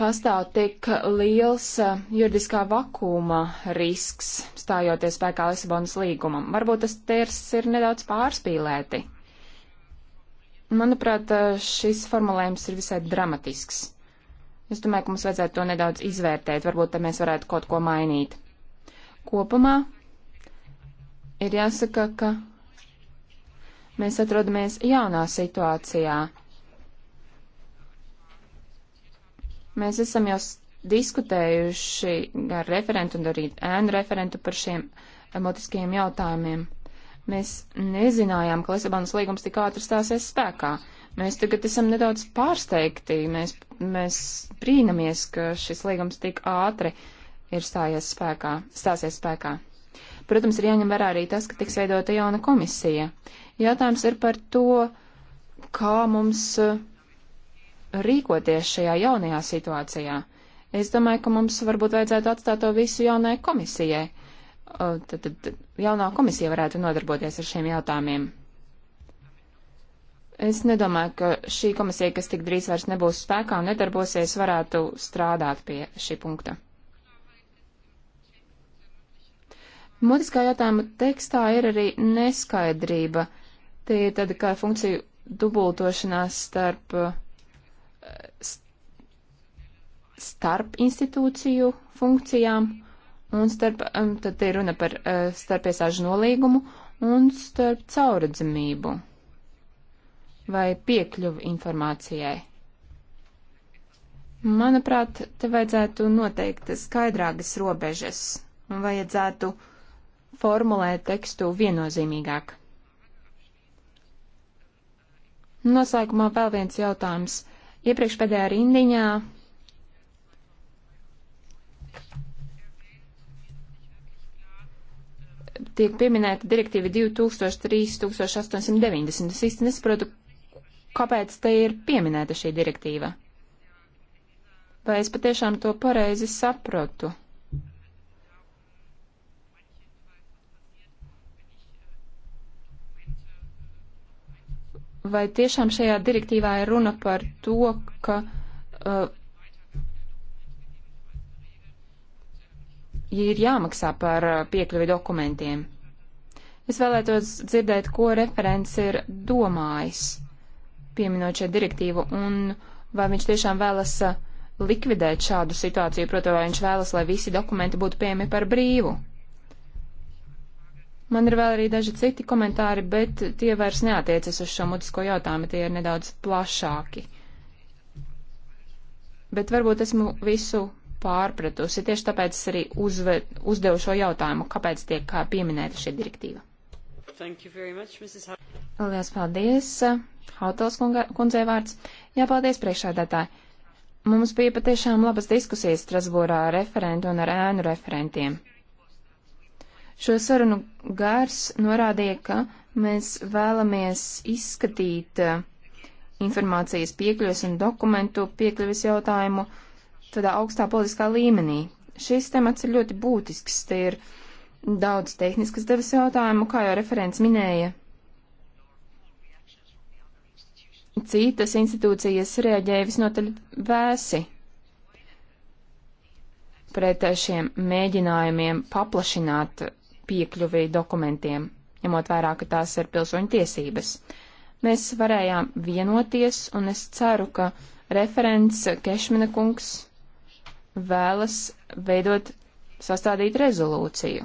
pastāv tik liels eh, juridiskā vakuma risks, stājoties spēkā Lisabonas līgumam. Varbūt tas tirs ir nedaudz pārspīlēti. Manuprāt, eh, šis formulējums ir visai dramatisks. Es domāju, ka mums vajadzētu to nedaudz izvērtēt, varbūt te mēs varētu kaut ko mainīt. Kopumā ir jāsaka, ka mēs atrodamies jaunā situācijā Mēs esam jau diskutējuši ar referentu un arī ēnu referentu par šiem emotiskajiem jautājumiem. Mēs nezinājām, ka Lisabonas līgums tik ātri stāsies spēkā. Mēs tagad esam nedaudz pārsteigti, mēs, mēs brīnamies, ka šis līgums tik ātri ir stājies spēkā, stāsies spēkā. Protams, ir jāņem vērā arī tas, ka tiks veidota jauna komisija. Jautājums ir par to, kā mums uh, rīkoties šajā jaunajā situācijā. Es domāju, ka mums varbūt vajadzētu atstāt to visu jaunajai komisijai. Tad, tad jaunā komisija varētu nodarboties ar šiem jautājumiem. Es nedomāju, ka šī komisija, kas tik drīz vairs nebūs spēkā un nedarbosies, varētu strādāt pie šī punkta. Mutiskā jautājuma tekstā ir arī neskaidrība. Tie ir tāda kā funkciju dubultošanās starp uh, starp institūciju funkcijām, un starp, um, tad ir runa par uh, starpiesāžu nolīgumu un starp cauradzamību vai piekļuvu informācijai. Manuprāt, te vajadzētu noteikt skaidrākas robežas un vajadzētu formulēt tekstu viennozīmīgāk. Noslēgumā vēl viens jautājums iepriekšpēdējā rindiņā tiek pieminēta direktīva 2003-1890. Es īsti nesaprotu, kāpēc te ir pieminēta šī direktīva. Vai es patiešām to pareizi saprotu? vai tiešām šajā direktīvā ir runa par to, ka uh, ir jāmaksā par uh, piekļuvi dokumentiem. Es vēlētos dzirdēt, ko referents ir domājis, pieminot šo direktīvu, un vai viņš tiešām vēlas uh, likvidēt šādu situāciju, protams, vai viņš vēlas, lai visi dokumenti būtu pieejami par brīvu. Man ir vēl arī daži citi komentāri, bet tie vairs neatiecas uz šo mutisko jautājumu, tie ir nedaudz plašāki. Bet varbūt esmu visu pārpratusi, tieši tāpēc es arī uzve, uzdevu šo jautājumu, kāpēc tiek kā pieminēta šī direktīva. Lielas paldies, Hautels kundzei vārds. Jā, paldies priekšādātāji. Mums bija patiešām labas diskusijas Strasbūrā ar referentu un ar ēnu referentiem. Šo sarunu gars norādīja, ka mēs vēlamies izskatīt uh, informācijas piekļuves un dokumentu piekļuves jautājumu tādā augstā politiskā līmenī. Šis temats ir ļoti būtisks, te ir daudz tehniskas devas jautājumu, kā jau referents minēja. Citas institūcijas reaģēja visnotaļ vēsi pret šiem mēģinājumiem paplašināt piekļuvi dokumentiem, ņemot vērā, ka tās ir pilsoņu tiesības. Mēs varējām vienoties, un es ceru, ka referents Kešmina kungs vēlas veidot, sastādīt rezolūciju.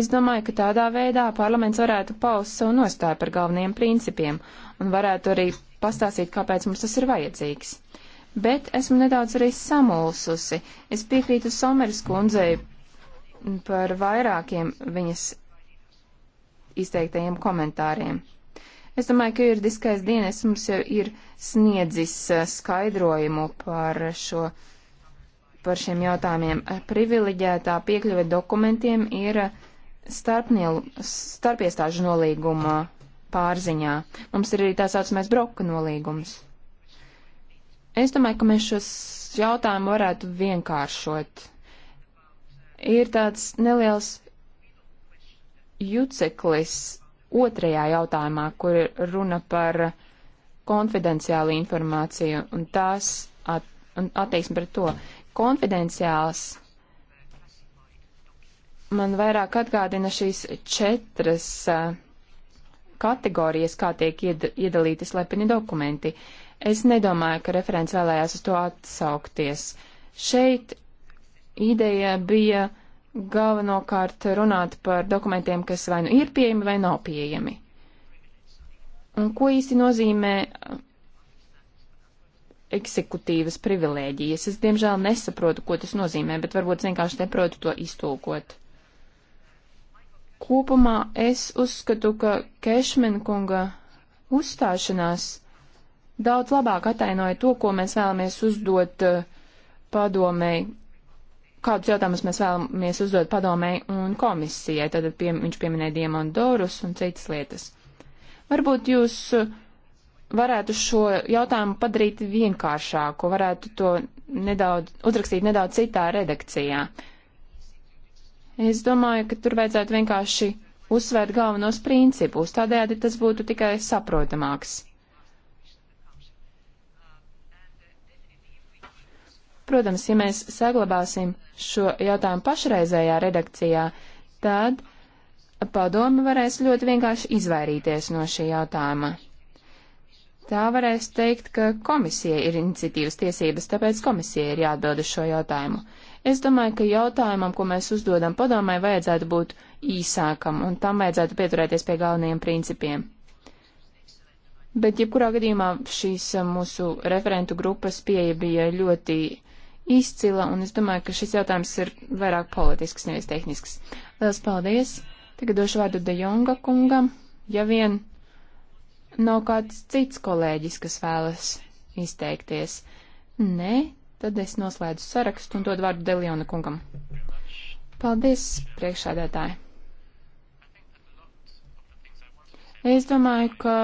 Es domāju, ka tādā veidā parlaments varētu paust savu nostāju par galvenajiem principiem un varētu arī pastāstīt, kāpēc mums tas ir vajadzīgs. Bet esmu nedaudz arī samulsusi. Es piekrītu Someras kundzei par vairākiem viņas izteiktajiem komentāriem. Es domāju, ka juridiskais dienas mums jau ir sniedzis eh, skaidrojumu par, šo, par šiem jautājumiem. Privileģētā piekļuve dokumentiem ir starpiestāžu nolīguma pārziņā. Mums ir arī tā saucamais broka nolīgums. Es domāju, ka mēs šos jautājumu varētu vienkāršot ir tāds neliels juceklis otrajā jautājumā, kur runa par konfidenciālu informāciju un tās at, un attieksmi pret to. Konfidenciāls man vairāk atgādina šīs četras kategorijas, kā tiek iedalīti slepeni dokumenti. Es nedomāju, ka referents vēlējās uz to atsaukties. Šeit ideja bija galvenokārt runāt par dokumentiem, kas vai nu ir pieejami, vai nav pieejami. Un ko īsti nozīmē eksekutīvas privilēģijas? Es, diemžēl, nesaprotu, ko tas nozīmē, bet varbūt vienkārši neprotu to iztūkot. Kopumā es uzskatu, ka Kešmenkunga uzstāšanās daudz labāk atainoja to, ko mēs vēlamies uzdot eh, padomēji kādus jautājumus mēs vēlamies uzdot padomēji un komisijai. Tad pie, viņš pieminēja Diemondorus un citas lietas. Varbūt jūs uh, varētu šo jautājumu padarīt vienkāršāku, varētu to nedaudz, uzrakstīt nedaudz citā redakcijā. Es domāju, ka tur vajadzētu vienkārši uzsvērt galvenos principus, tādējādi tas būtu tikai saprotamāks. Protams, ja mēs saglabāsim šo jautājumu pašreizējā redakcijā, tad padoma varēs ļoti vienkārši izvairīties no šī jautājuma. Tā varēs teikt, ka komisija ir iniciatīvas tiesības, tāpēc komisija ir jāatbild uz šo jautājumu. Es domāju, ka jautājumam, ko mēs uzdodam padomai, vajadzētu būt īsākam, un tam vajadzētu pieturēties pie galvenajiem principiem. Bet, jebkurā gadījumā, šīs mūsu referentu grupas pieeja bija ļoti uh, izcila, un es domāju, ka šis jautājums ir vairāk politisks, nevis tehnisks. Lielas paldies! Tagad došu vārdu De Jonga kungam, ja vien nav kāds cits kolēģis, kas vēlas izteikties. Nē, tad es noslēdzu sarakstu un dodu vārdu Deliona kungam. Paldies, priekšādētāji! Es domāju, ka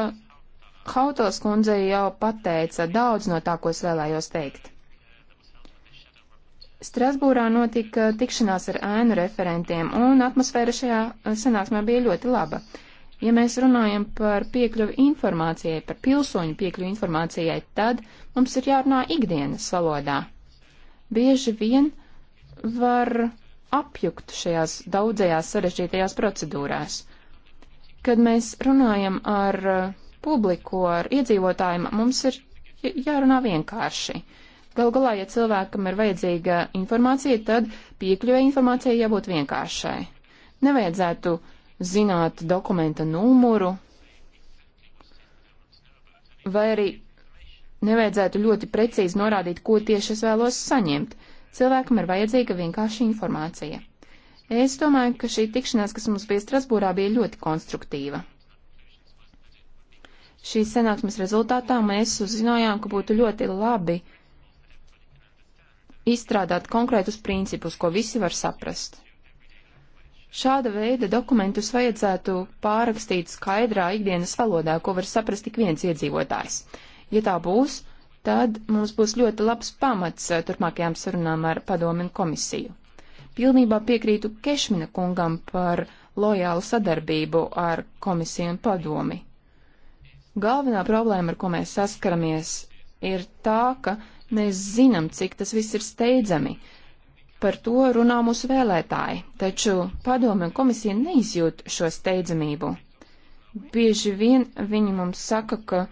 Hautals kundze jau pateica daudz no tā, ko es vēlējos teikt. Strasbūrā notika tikšanās ar ēnu referentiem, un atmosfēra šajā eh, sanāksmē bija ļoti laba. Ja mēs runājam par piekļuvi informācijai, par pilsoņu piekļuvi informācijai, tad mums ir jārunā ikdienas valodā. Bieži vien var apjukt šajās daudzajās sarežģītajās procedūrās. Kad mēs runājam ar publiku, ar iedzīvotājiem, mums ir jārunā vienkārši. Uh, Galu galā, ja cilvēkam ir vajadzīga informācija, tad piekļuve informācijai jābūt vienkāršai. Nevajadzētu zināt dokumenta numuru, vai arī nevajadzētu ļoti precīzi norādīt, ko tieši es vēlos saņemt. Cilvēkam ir vajadzīga vienkārša informācija. Es domāju, ka šī tikšanās, kas mums bija Strasbūrā, bija ļoti konstruktīva. Šīs sanāksmes rezultātā mēs uzzinājām, ka būtu ļoti labi uh, izstrādāt konkrētus principus, ko visi var saprast. Šāda veida dokumentus vajadzētu pārrakstīt skaidrā ikdienas valodā, ko var saprast tik viens iedzīvotājs. Ja tā būs, tad mums būs ļoti labs pamats eh, turpmākajām sarunām ar padomu un komisiju. Pilnībā piekrītu Kešmina kungam par lojālu sadarbību ar komisiju un padomi. Galvenā problēma, ar ko mēs saskaramies, ir tā, ka Mēs zinām, cik tas viss ir steidzami. Par to runā mūsu vēlētāji, taču padome un komisija neizjūt šo steidzamību. Bieži vien viņi mums saka, ka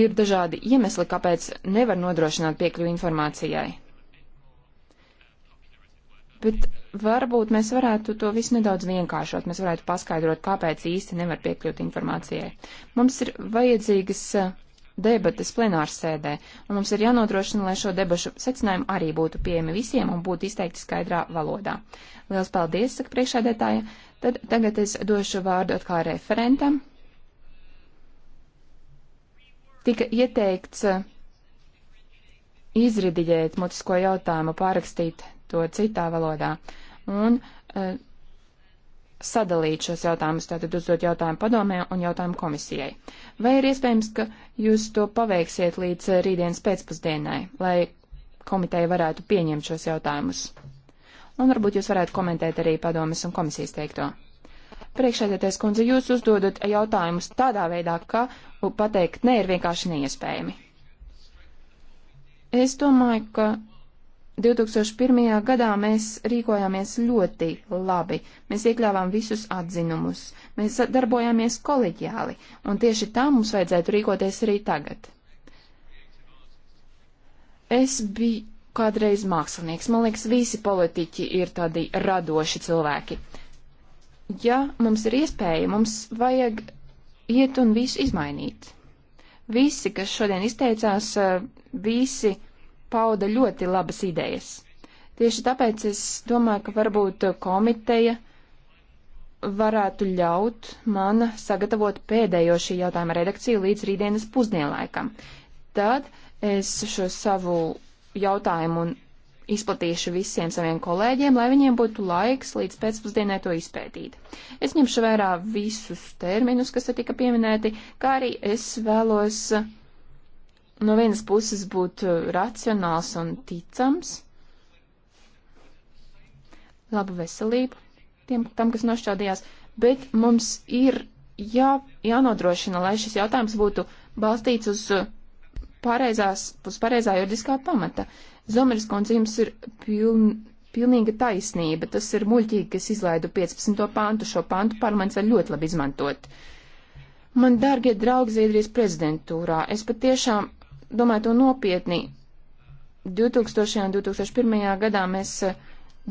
ir dažādi iemesli, kāpēc nevar nodrošināt piekļuvi informācijai. Bet varbūt mēs varētu to visu nedaudz vienkāršot. Mēs varētu paskaidrot, kāpēc īsti nevar piekļūt informācijai. Mums ir vajadzīgas debatas plenārsēdē, un mums ir jānodrošina, lai šo debašu secinājumu arī būtu pieejami visiem un būtu izteikti skaidrā valodā. Liels paldies, saka priekšādētāja. Tad tagad es došu vārdu atkal referentam. Tika ieteikts uh, izridiģēt mutisko jautājumu, pārrakstīt to citā valodā. Un uh, sadalīt šos jautājumus, tātad uzdot jautājumu padomē un jautājumu komisijai. Vai ir iespējams, ka jūs to paveiksiet līdz eh, rītdienas pēcpusdienai, lai komiteja varētu pieņemt šos jautājumus? Un varbūt jūs varētu komentēt arī padomas un komisijas teikto. Priekšēdētais kundze, jūs uzdodat jautājumus tādā veidā, ka pateikt ne ir vienkārši neiespējami. Es domāju, ka 2001. gadā mēs rīkojāmies ļoti labi. Mēs iekļāvām visus atzinumus, mēs darbojāmies koleģiāli, un tieši tā mums vajadzētu rīkoties arī tagad. Es biju kādreiz mākslinieks, man liekas, visi politiķi ir tādi radoši cilvēki. Ja mums ir iespēja, mums vajag iet un visu izmainīt. Visi, kas šodien izteicās, visi pauda ļoti labas idejas. Tieši tāpēc es domāju, ka varbūt komiteja varētu ļaut man sagatavot pēdējo šī jautājuma redakciju līdz rītdienas pusdienlaikam. Tad es šo savu jautājumu izplatīšu visiem saviem kolēģiem, lai viņiem būtu laiks līdz pēcpusdienai to izpētīt. Es ņemšu vērā visus terminus, kas te tika pieminēti, kā arī es vēlos uh, no vienas puses būt eh, racionāls un ticams, labu veselību tiem, tam, kas nošķaudījās, bet mums ir jā, jānodrošina, lai šis jautājums būtu balstīts uz eh, pareizās, uz pareizā juridiskā pamata. Zomeris kundze, jums ir piln, pilnīga taisnība, tas ir muļķīgi, ka es izlaidu 15. pantu, šo pantu parlaments var ļoti labi izmantot. Man, dārgie draugi, Zviedrijas prezidentūrā, es patiešām domāju to nopietni. 2000. un 2001. gadā mēs eh,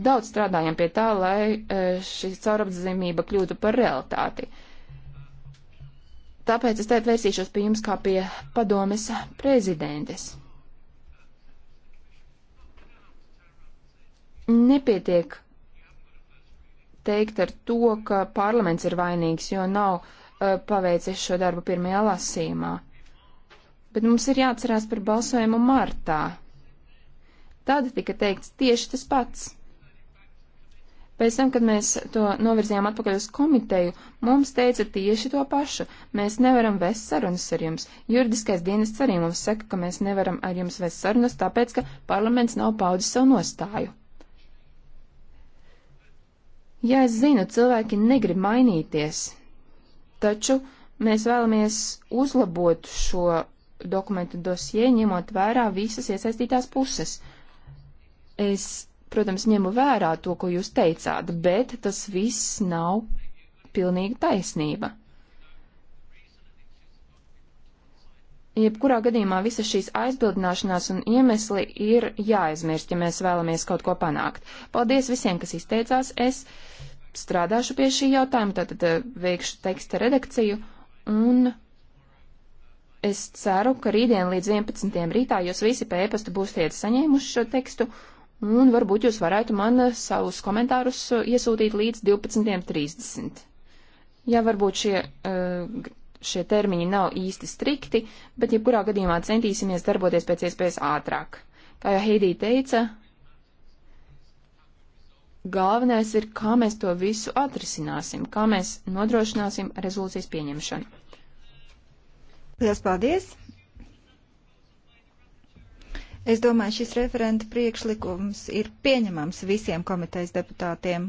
daudz strādājam pie tā, lai eh, šī caurapzīmība kļūtu par realitāti. Tāpēc es tagad vērsīšos pie jums kā pie padomes prezidentes. Nepietiek teikt ar to, ka parlaments ir vainīgs, jo nav uh, eh, paveicis šo darbu pirmajā lasīmā. Uh, bet mums ir jāatcerās par balsojumu martā. Tad tika teikts tieši tas pats. Pēc tam, kad mēs to novirzījām atpakaļ uz komiteju, mums teica tieši to pašu. Mēs nevaram vest sarunas ar jums. Juridiskais dienests arī mums saka, ka mēs nevaram ar jums vest sarunas, tāpēc, ka parlaments nav paudis savu nostāju. Jā, es zinu, cilvēki negrib mainīties, taču mēs vēlamies uzlabot šo dokumentu dosie, ņemot vērā visas iesaistītās puses. Es, protams, ņemu vērā to, ko jūs teicāt, bet tas viss nav pilnīga taisnība. Jebkurā gadījumā visas šīs aizbildināšanās un iemesli ir jāaizmirst, ja mēs vēlamies kaut ko panākt. Paldies visiem, kas izteicās. Es strādāšu pie šī jautājuma, tātad eh, veikšu teksta redakciju un Es ceru, ka rītdien līdz 11. rītā jūs visi pa e-pastu būsiet saņēmuši šo tekstu, un varbūt jūs varētu man savus komentārus uh, iesūtīt līdz 12.30. Ja varbūt šie, uh, šie termiņi nav īsti strikti, bet jebkurā gadījumā centīsimies darboties pēc iespējas ātrāk. Kā jau Heidī teica, Galvenais ir, kā mēs to visu atrisināsim, kā mēs nodrošināsim rezolūcijas pieņemšanu. Lielas paldies! Es domāju, šis referenta priekšlikums ir pieņemams visiem komitejas deputātiem.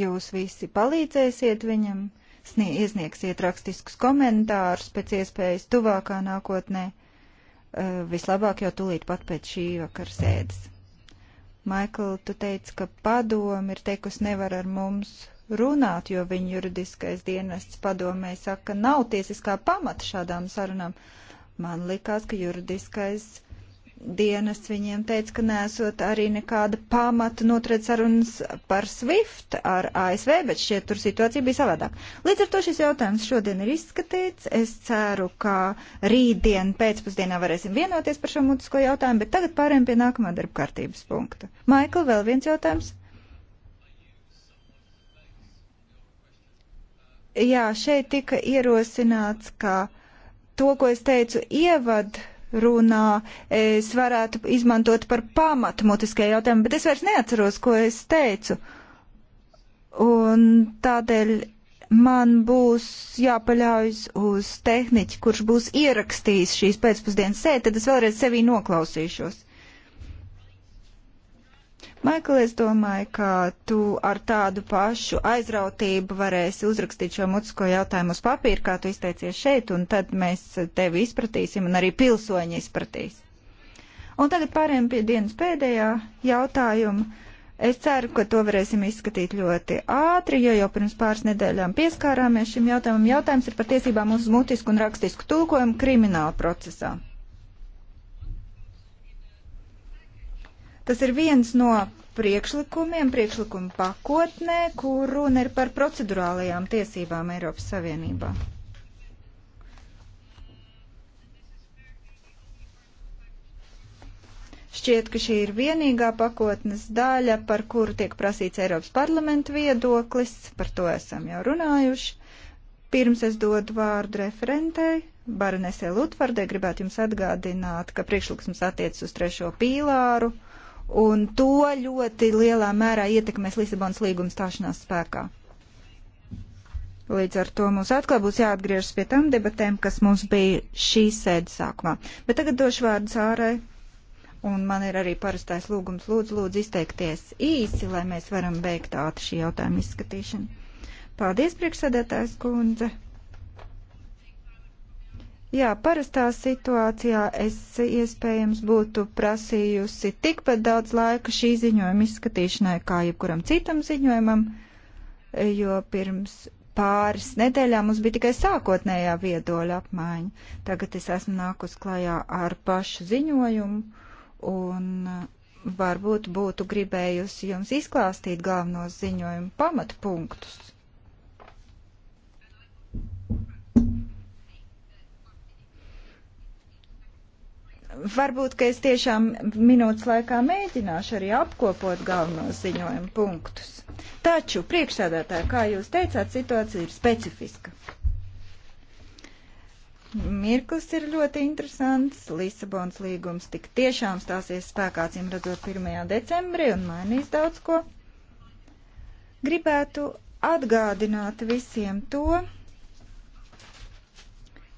Jūs visi palīdzēsiet viņam, snie, iesniegsiet rakstiskus komentārus pēc iespējas tuvākā nākotnē eh, vislabāk jau tūlīt pat pēc šī vakara sēdes. Maikl, tu teici, ka padomi ir teikusi nevar ar mums runāt, jo viņa juridiskais dienests padomē saka, ka nav tiesiskā pamata šādām sarunām. Man likās, ka juridiskais dienests viņiem teica, ka nesot arī nekāda pamata noturēt sarunas par SWIFT ar ASV, bet šķiet tur situācija bija savādāk. Līdz ar to šis jautājums šodien ir izskatīts. Es ceru, ka rītdien pēcpusdienā varēsim vienoties par šo mutisko jautājumu, bet tagad pārējām pie nākamā darba kārtības punkta. Maikl, vēl viens jautājums? Jā, šeit tika ierosināts, ka to, ko es teicu ievad runā, es varētu izmantot par pamatu mutiskajai jautājumam, bet es vairs neatceros, ko es teicu. Un tādēļ man būs jāpaļaujas uz tehniķi, kurš būs ierakstījis šīs pēcpusdienas sēdi, tad es vēlreiz sevī noklausīšos. Maikl, es domāju, ka tu ar tādu pašu aizrautību varēsi uzrakstīt šo mutisko jautājumu uz papīra, kā tu izteicies šeit, un tad mēs tevi izpratīsim un arī pilsoņi izpratīs. Un tagad pārējām pie dienas pēdējā jautājuma. Es ceru, ka to varēsim izskatīt ļoti ātri, jo jau pirms pāris nedēļām pieskārāmies šim jautājumam. Jautājums ir par tiesībām uz mutisku un rakstisku tulkojumu krimināla procesā. Tas ir viens no priekšlikumiem, priekšlikumu pakotnē, kur runa ir par procedurālajām tiesībām Eiropas Savienībā. Šķiet, ka šī ir vienīgā pakotnes daļa, par kuru tiek prasīts Eiropas parlamenta viedoklis, par to esam jau runājuši. Pirms es dodu vārdu referentei, Baronesē Lutvardē, gribētu jums atgādināt, ka priekšlikums attiecas uz trešo pīlāru un to ļoti lielā mērā ietekmēs Lisabonas līguma stāšanās spēkā. Līdz ar to mums atkal būs jāatgriežas pie tām debatēm, kas mums bija šīs sēdes sākumā. Bet tagad došu vārdu Zārai, un man ir arī parastais lūgums lūdzu, lūdzu izteikties īsi, lai mēs varam beigt ātri šī jautājuma izskatīšanu. Paldies, priekšsēdētājs kundze! Jā, parastā situācijā es iespējams būtu prasījusi tikpat daudz laika šī ziņojuma izskatīšanai kā jebkuram citam ziņojumam, jo pirms pāris nedēļām mums bija tikai sākotnējā viedoļa apmaiņa. Tagad es esmu nākus klajā ar pašu ziņojumu un varbūt būtu gribējusi jums izklāstīt galvenos ziņojumu pamatpunktus. varbūt, ka es tiešām minūtes laikā mēģināšu arī apkopot galvenos ziņojuma punktus. Taču, priekšsēdētāji, kā jūs teicāt, situācija ir specifiska. Mirklis ir ļoti interesants. Lisabons līgums tik tiešām stāsies spēkā, cim redzot, 1. decembrī un mainīs daudz ko. Gribētu atgādināt visiem to,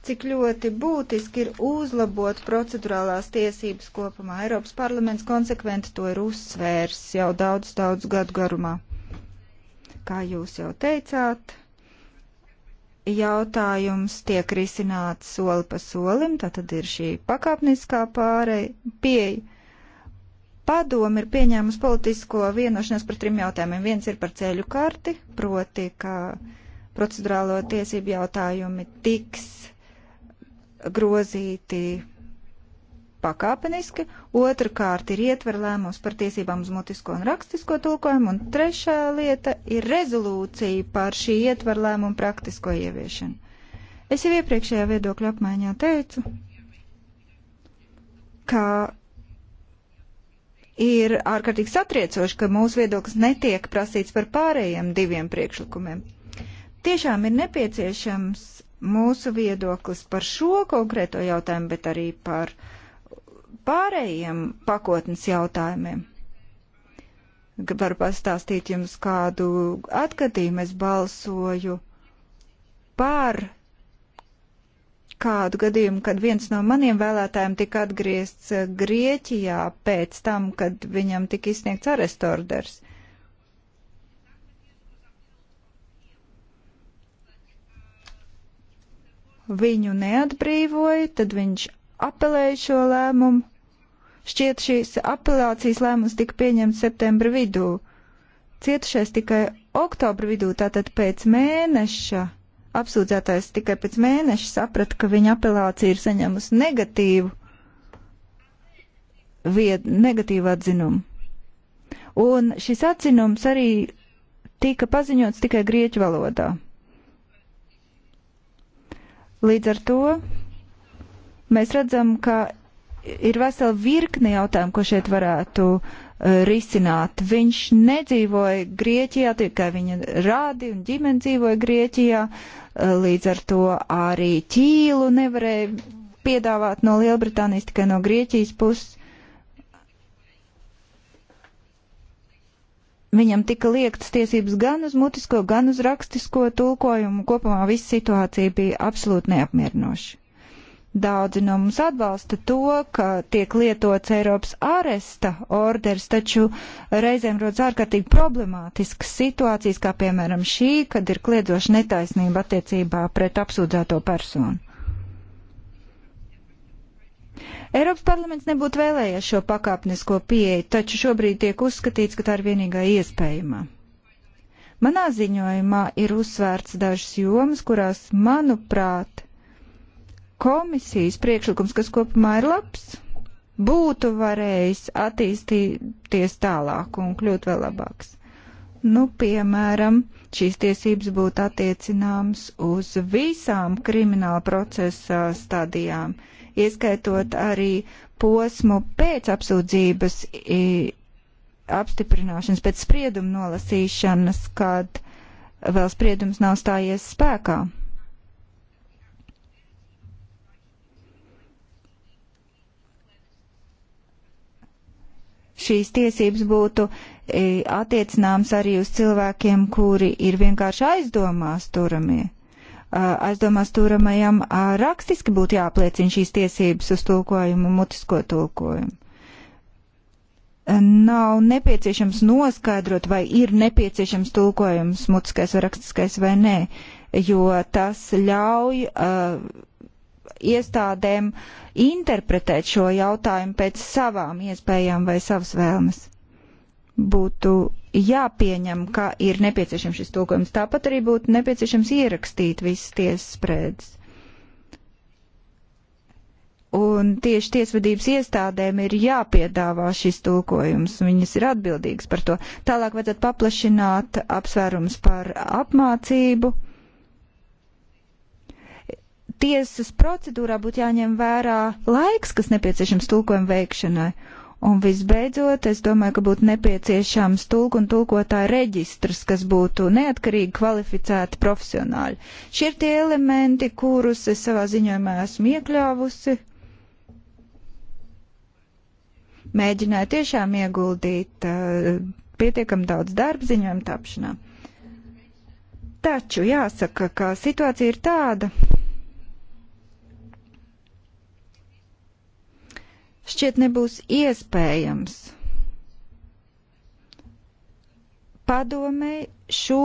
cik ļoti būtiski ir uzlabot procedurālās tiesības kopumā. Eiropas parlaments konsekventi to ir uzsvērs jau daudz, daudz gadu garumā. Kā jūs jau teicāt, jautājums tiek risināts soli pa solim, tātad ir šī pakāpniskā pāreja pieeja. Padomi ir pieņēmusi politisko vienošanos par trim jautājumiem. Viens ir par ceļu karti, proti, ka procedurālo tiesību jautājumi tiks grozīti pakāpeniski, otrkārt ir ietver lēmums par tiesībām uz mutisko un rakstisko tulkojumu, un trešā lieta ir rezolūcija par šī ietver lēmumu praktisko ieviešanu. Es jau iepriekšējā viedokļa apmaiņā teicu, ka ir ārkārtīgi satriecoši, ka mūsu viedoklis netiek prasīts par pārējiem diviem priekšlikumiem. Tiešām ir nepieciešams mūsu viedoklis par šo konkrēto jautājumu, bet arī par pārējiem pakotnes jautājumiem. Varu pastāstīt jums kādu atgadījumu. Es balsoju par kādu gadījumu, kad viens no maniem vēlētājiem tika atgriezts eh, Grieķijā pēc tam, kad viņam tika izsniegts arestorders. viņu neatbrīvoja, tad viņš apelēja šo lēmumu. Šķiet, šīs apelācijas lēmums tika pieņemts septembra vidū. Cietušais tikai oktobra vidū, tātad pēc mēneša. Apsūdzētais tikai pēc mēneša saprata, ka viņa apelācija ir saņēmusi negatīvu, vied, negatīvu atzinumu. Un šis atzinums arī tika paziņots tikai grieķu valodā. Līdz ar to mēs redzam, ka ir vesela virkne jautājumu, ko šeit varētu uh, risināt. Viņš nedzīvoja Grieķijā, tikai viņa rādi un ģimene dzīvoja Grieķijā, uh, līdz ar to arī ķīlu nevarēja piedāvāt no Lielbritānijas, tikai no Grieķijas puses. Viņam tika liektas tiesības gan uz mutisko, gan uz rakstisko tulkojumu. Kopumā viss situācija bija absolūti neapmierinoša. Daudzi no mums atbalsta to, ka tiek lietots Eiropas aresta orders, taču reizēm rodas ārkārtīgi problemātiskas situācijas, kā piemēram šī, kad ir kliedzoša netaisnība attiecībā pret apsūdzēto personu. Eiropas parlaments nebūtu vēlējies šo pakāpenisko pieeju, taču šobrīd tiek uzskatīts, ka tā ir vienīgā iespējamā. Manā ziņojumā ir uzsvērts dažas jomas, kurās, manuprāt, komisijas priekšlikums, kas kopumā ir labs, būtu varējis attīstīties tālāk un kļūt vēl labāks. Nu, piemēram, šīs tiesības būtu attiecināmas uz visām krimināla procesa stadijām. Uh, ieskaitot arī posmu pēc apsūdzības apstiprināšanas, pēc sprieduma nolasīšanas, kad vēl spriedums nav stājies spēkā. šīs tiesības būtu attiecināmas arī uz cilvēkiem, kuri ir vienkārši aizdomās turamie aizdomās turamajam rakstiski būtu jāpliecina šīs tiesības uz tulkojumu, mutisko tulkojumu. Nav nepieciešams noskaidrot, vai ir nepieciešams tulkojums, mutiskais vai rakstiskais vai nē, jo tas ļauj uh, iestādēm interpretēt šo jautājumu pēc savām iespējām vai savas vēlmes. Būtu jāpieņem, ka ir nepieciešams šis tulkojums. Tāpat arī būtu nepieciešams ierakstīt visas tiesas sprēdes. Un tieši tiesvedības iestādēm ir jāpiedāvā šis tulkojums, viņas ir atbildīgas par to. Tālāk vajadzētu paplašināt apsvērums par apmācību. Tiesas procedūrā būtu jāņem vērā laiks, kas nepieciešams tulkojuma veikšanai Un visbeidzot, es domāju, ka būtu nepieciešams tulku un tulkotāju reģistrs, kas būtu neatkarīgi kvalificēti profesionāļi. Šie ir tie elementi, kurus es savā ziņojumā esmu iekļāvusi. Mēģināju tiešām ieguldīt uh, pietiekam daudz darba ziņojuma tapšanā. Taču jāsaka, ka situācija ir tāda, šķiet nebūs iespējams padomei šo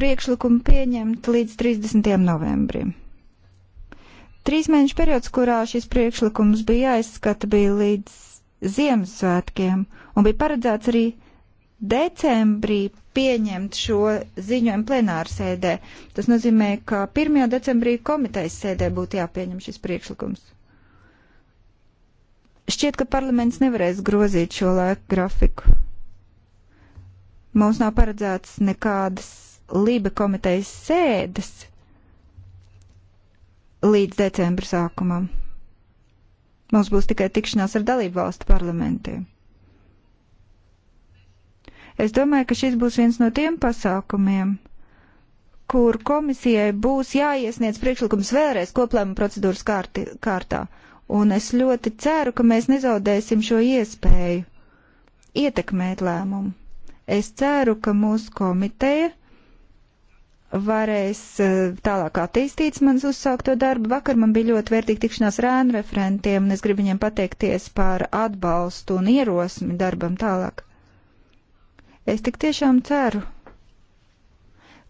priekšlikumu pieņemt līdz 30. novembrim. Trīs mēnešu periods, kurā šis priekšlikums bija jāizskata, bija līdz Ziemassvētkiem un bija paredzēts arī decembrī pieņemt šo ziņojumu plenāru sēdē. Tas nozīmē, ka 1. decembrī komitejas sēdē būtu jāpieņem šis priekšlikums. Šķiet, ka parlaments nevarēs grozīt šo laiku grafiku. Mums nav paredzēts nekādas Lība komitejas sēdes līdz decembra sākumam. Mums būs tikai tikšanās ar dalību valstu parlamentiem. Es domāju, ka šis būs viens no tiem pasākumiem, kur komisijai būs jāiesniedz priekšlikums vēlreiz koplēma procedūras kārti, kārtā un es ļoti ceru, ka mēs nezaudēsim šo iespēju ietekmēt lēmumu. Es ceru, ka mūsu komiteja varēs eh, tālāk attīstīt manas uzsākto darbu. Vakar man bija ļoti vērtīga tikšanās ar ēnu referentiem, un es gribu viņiem pateikties par atbalstu un ierosmi darbam tālāk. Es tik tiešām ceru,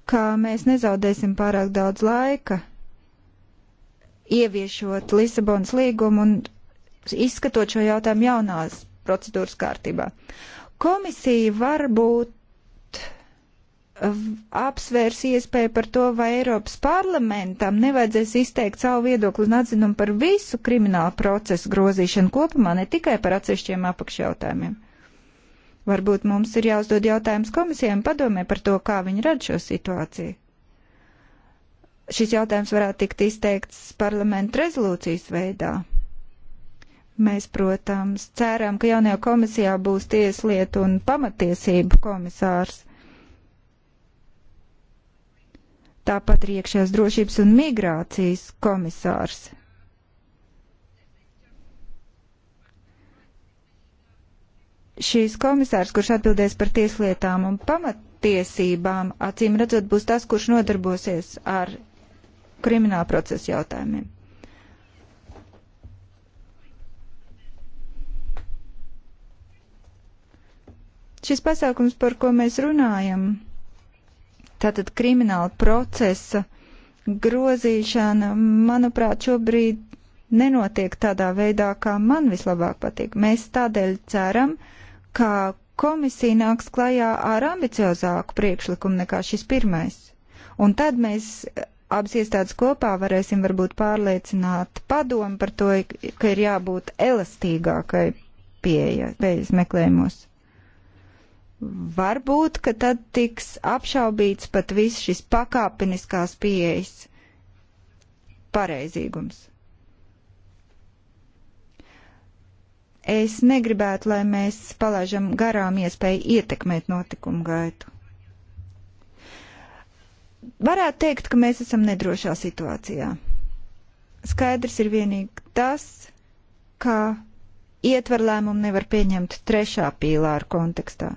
ka mēs nezaudēsim pārāk daudz laika ieviešot Lisabonas līgumu un izskatot šo jautājumu jaunās procedūras kārtībā. Komisija varbūt eh, apsvērs iespēju par to, vai Eiropas parlamentam nevajadzēs izteikt savu viedokli un atzinumu par visu kriminālu procesu grozīšanu kopumā, ne tikai par atsevišķiem apakšjautājumiem. Varbūt mums ir jāuzdod jautājums komisijām padomē par to, kā viņi redz šo situāciju šis jautājums varētu tikt izteikts parlamentu rezolūcijas veidā. Mēs, protams, ceram, ka jaunajā komisijā būs tieslietu un pamatiesību komisārs. Tāpat ir iekšējās drošības un migrācijas komisārs. šīs komisārs, kurš atbildēs par tieslietām un pamattiesībām, acīm redzot, būs tas, kurš nodarbosies ar krimināla procesa jautājumiem. Šis pasākums, par ko mēs runājam, tātad krimināla procesa grozīšana, manuprāt, šobrīd nenotiek tādā veidā, kā man vislabāk patīk. Mēs tādēļ ceram, ka komisija nāks klajā ar ambiciozāku priekšlikumu nekā šis pirmais. Un tad mēs abas iestādes kopā varēsim varbūt pārliecināt padomu par to, ka ir jābūt elastīgākai pieejas meklējumos. Varbūt, ka tad tiks apšaubīts pat viss šis pakāpeniskās pieejas pareizīgums. Es negribētu, lai mēs palaižam garām iespēju ietekmēt notikumu gaitu varētu teikt, ka mēs esam nedrošā situācijā. Skaidrs ir vienīgi tas, ka ietver lēmumu nevar pieņemt trešā pīlāra kontekstā.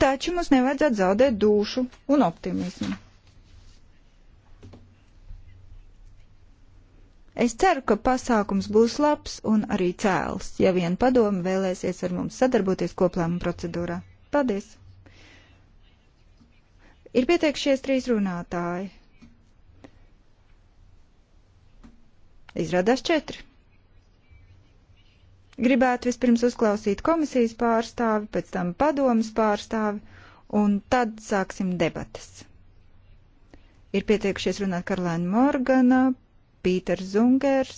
Taču mums nevajadzētu zaudēt dušu un optimismu. Es ceru, ka pasākums būs labs un arī cēls, ja vien padomi vēlēsies ar mums sadarboties koplēmu procedūrā. Paldies! Ir pieteikšies trīs runātāji. Izrādās četri. Gribētu vispirms uzklausīt komisijas pārstāvi, pēc tam padomas pārstāvi, un tad sāksim debatas. Ir pieteikšies runāt Karlēna Morgana, Pīters Zungers.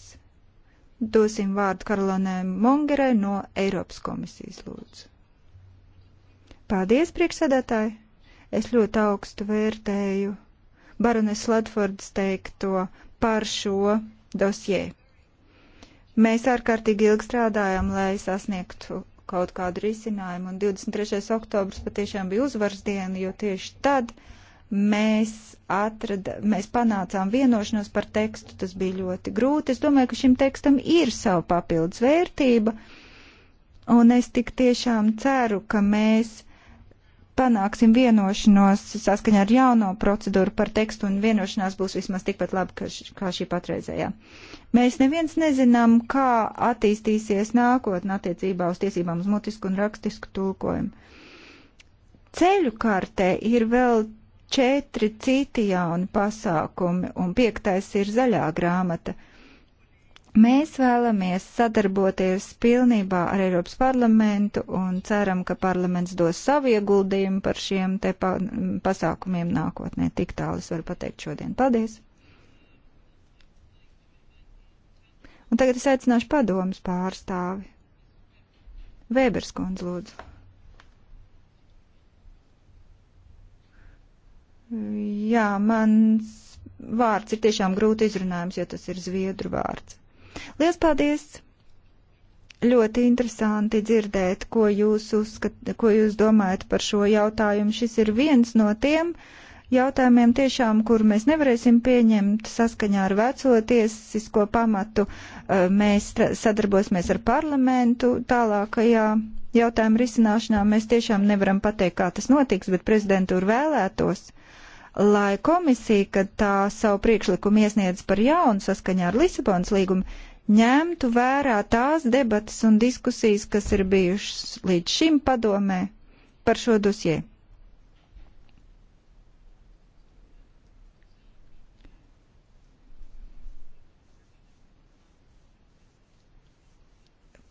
Dosim vārdu Karolonē Mongerai no Eiropas komisijas lūdzu. Paldies, priekšsēdētāji! Es ļoti augstu vērtēju Barones Ledfordas teikto par šo dosjē. Mēs ārkārtīgi ilgi strādājam, lai sasniegtu kaut kādu risinājumu, un 23. oktobrs patiešām bija uzvaras diena, jo tieši tad uh, mēs, atrada, mēs panācām vienošanos par tekstu. Tas bija ļoti grūti. Es domāju, ka šim tekstam ir sava papildus vērtība. Un es tik tiešām ceru, ka mēs panāksim vienošanos saskaņā ar jauno procedūru par tekstu un vienošanās būs vismaz tikpat labi, ka š, kā šī patreizējā. Mēs neviens nezinām, kā attīstīsies nākotnē attiecībā uz tiesībām uz mutisku un rakstisku tulkojumu. Ceļu kartē ir vēl četri citi jauni pasākumi, un piektais ir zaļā grāmata. Mēs vēlamies sadarboties pilnībā ar Eiropas parlamentu un ceram, ka parlaments dos savu ieguldījumu par šiem te pa pasākumiem nākotnē. Tik tālu es varu pateikt šodien. Paldies! Un tagad es aicināšu padomus pārstāvi. Vēberskundz lūdzu. Jā, mans vārds ir tiešām grūti izrunājams, jo tas ir zviedru vārds. Lielas paldies! Ļoti interesanti dzirdēt, ko jūs, uzskat, ko jūs domājat par šo jautājumu. Šis ir viens no tiem jautājumiem, tiešām, kur mēs nevarēsim pieņemt saskaņā ar veco tiesisko pamatu. Uh, mēs sadarbosimies ar parlamentu tālākajā jautājuma risināšanā. Mēs tiešām nevaram pateikt, kā tas notiks, bet prezidentūra vēlētos lai komisija, kad tā savu priekšlikumu iesniedz par jaunu saskaņā ar Lisabonas līgumu, ņemtu vērā tās debatas un diskusijas, kas ir bijušas līdz šim padomē par šo dosieru.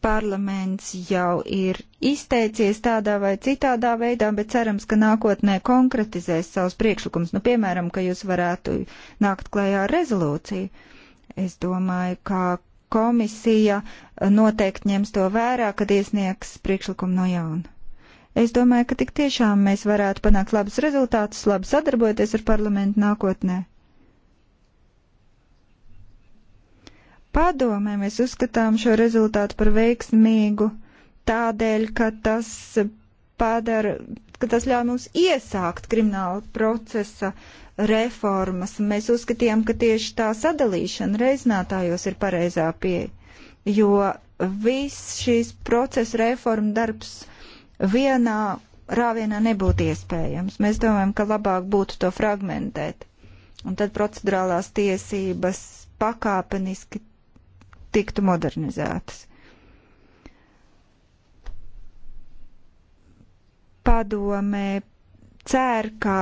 parlaments jau ir izteicies tādā vai citādā veidā, bet cerams, ka nākotnē konkretizēs savus priekšlikumus. Nu, piemēram, ka jūs varētu nākt klajā ar rezolūciju. Es domāju, ka komisija noteikti ņems to vērā, kad iesniegs priekšlikumu no jauna. Es domāju, ka tik tiešām mēs varētu panākt labus rezultātus, labi sadarbojoties ar parlamentu nākotnē. Padomē mēs uzskatām šo rezultātu par veiksmīgu tādēļ, ka tas padara, ka tas ļauj mums iesākt krimināla procesa reformas. Mēs uzskatījām, ka tieši tā sadalīšana reizinātājos ir pareizā pieeja, jo viss šīs procesa reforma darbs vienā rāvienā nebūtu iespējams. Mēs domājam, ka labāk būtu to fragmentēt. Un tad procedurālās tiesības pakāpeniski tiktu modernizētas. Padomē cer, ka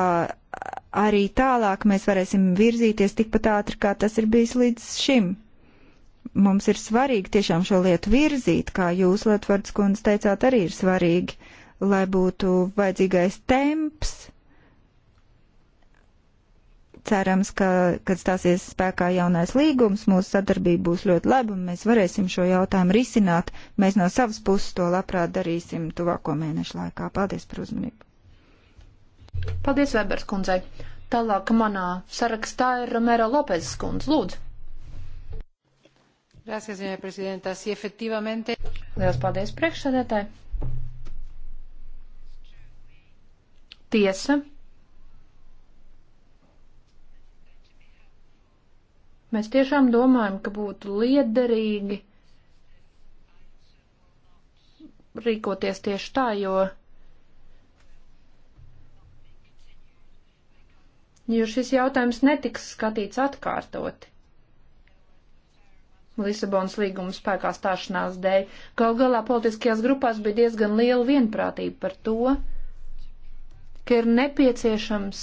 arī tālāk mēs varēsim virzīties tikpat ātri, kā tas ir bijis līdz šim. Mums ir svarīgi tiešām šo lietu virzīt, kā jūs, Lietvards kundze, teicāt, arī ir svarīgi, lai būtu vajadzīgais temps Cerams, ka, kad stāsies spēkā jaunais līgums, mūsu sadarbība būs ļoti laba un mēs varēsim šo jautājumu risināt. Mēs no savas puses to labprāt darīsim tuvāko mēnešu laikā. Paldies par uzmanību. Paldies, Vēbers kundzei. Tālāk manā sarakstā ir Romero Lopezes kundze. Lūdzu. Gracias, señora presidenta. Sí, efectivamente. Lielas paldies priekšsēdētāji. Tiesa Mēs tiešām domājam, ka būtu liederīgi rīkoties tieši tā, jo, jo šis jautājums netiks skatīts atkārtoti. Lisabonas līguma spēkā stāšanās dēļ. Gal galā politiskajās grupās bija diezgan liela vienprātība par to, ka ir nepieciešams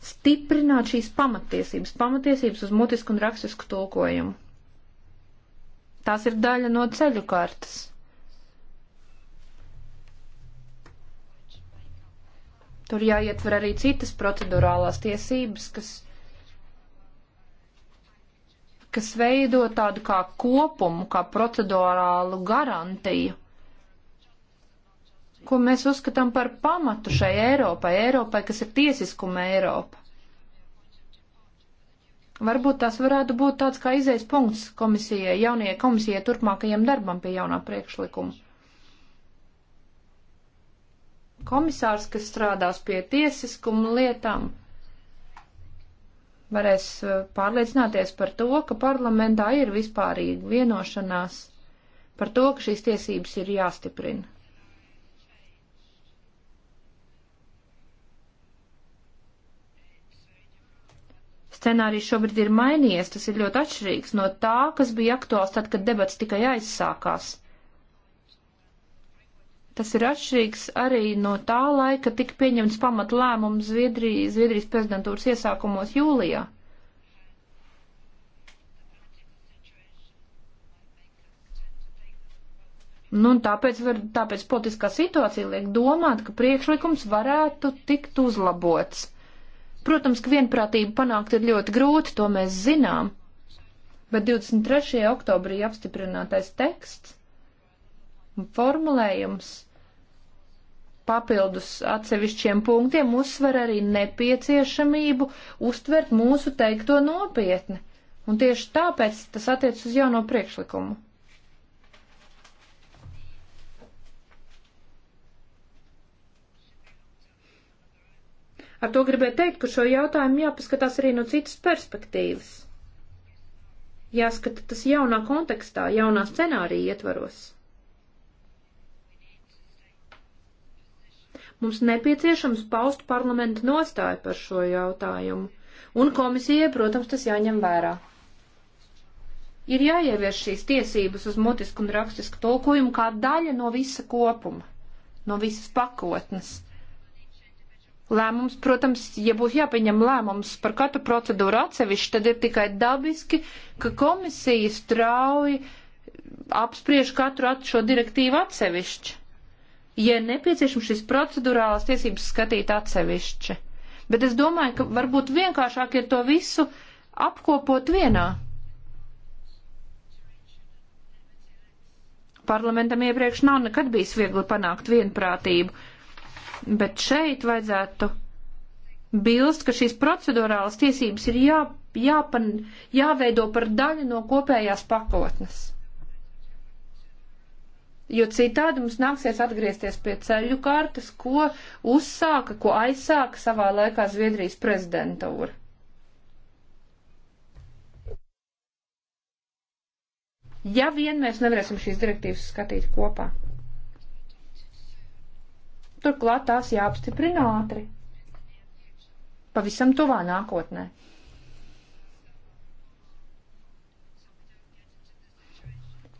stiprināt šīs pamatiesības, pamatiesības uz mutisku un rakstisku tulkojumu. Tās ir daļa no ceļu kartas. Tur jāietver arī citas procedurālās tiesības, kas, kas veido tādu kā kopumu, kā procedurālu garantiju ko mēs uzskatām par pamatu šai Eiropai, Eiropai, kas ir tiesiskuma Eiropa. Varbūt tās varētu būt tāds kā izējas punkts komisijai, jaunajai komisijai turpmākajam darbam pie jaunā priekšlikuma. Komisārs, kas strādās pie tiesiskuma lietām, varēs eh, pārliecināties par to, ka parlamentā ir vispārīga vienošanās par to, ka šīs tiesības ir jāstiprina. scenārijs šobrīd ir mainījies, tas ir ļoti atšķirīgs no tā, kas bija aktuāls tad, kad debats tikai aizsākās. Tas ir atšķirīgs arī no tā laika, tika pieņemts pamat lēmums Zviedrij, Zviedrijas prezidentūras iesākumos jūlijā. Nu, tāpēc, var, tāpēc politiskā situācija liek domāt, ka priekšlikums varētu tikt uzlabots Protams, ka vienprātību panākt ir ļoti grūti, to mēs zinām, bet 23. oktobrī apstiprinātais teksts un formulējums papildus atsevišķiem punktiem uzsver arī nepieciešamību uztvert mūsu teikto nopietni. Un tieši tāpēc tas attiec uz jauno priekšlikumu. Ar to gribēju teikt, ka šo jautājumu jāpaskatās arī no citas perspektīvas. Jāskata tas jaunā kontekstā, jaunā scenārija ietvaros. Mums nepieciešams paust parlamentu nostāju par šo jautājumu, un komisijai, protams, tas jāņem vērā ir jāievieš šīs tiesības uz mutisku un rakstisku tulkojumu kā daļa no visa kopuma, no visas pakotnes. Lēmums, protams, ja būs jāpieņem lēmums par katru procedūru atsevišķi, tad ir tikai dabiski, ka komisija strauji apspriež katru šo direktīvu atsevišķi. Ja nepieciešams šīs procedurālās tiesības skatīt atsevišķi. Bet es domāju, ka varbūt vienkāršāk ir to visu apkopot vienā. Parlamentam iepriekš nav nekad bijis viegli panākt vienprātību Bet šeit vajadzētu bilst, ka šīs procedurālas tiesības ir jā, jāpan, jāveido par daļu no kopējās pakotnes. Jo citādi mums nāksies atgriezties pie ceļu kartes, ko uzsāka, ko aizsāka savā laikā Zviedrijas prezidentūra. Ja vien mēs nevarēsim šīs direktīvas skatīt kopā. Turklāt tās jāapstiprina ātri. Pavisam tuvā nākotnē.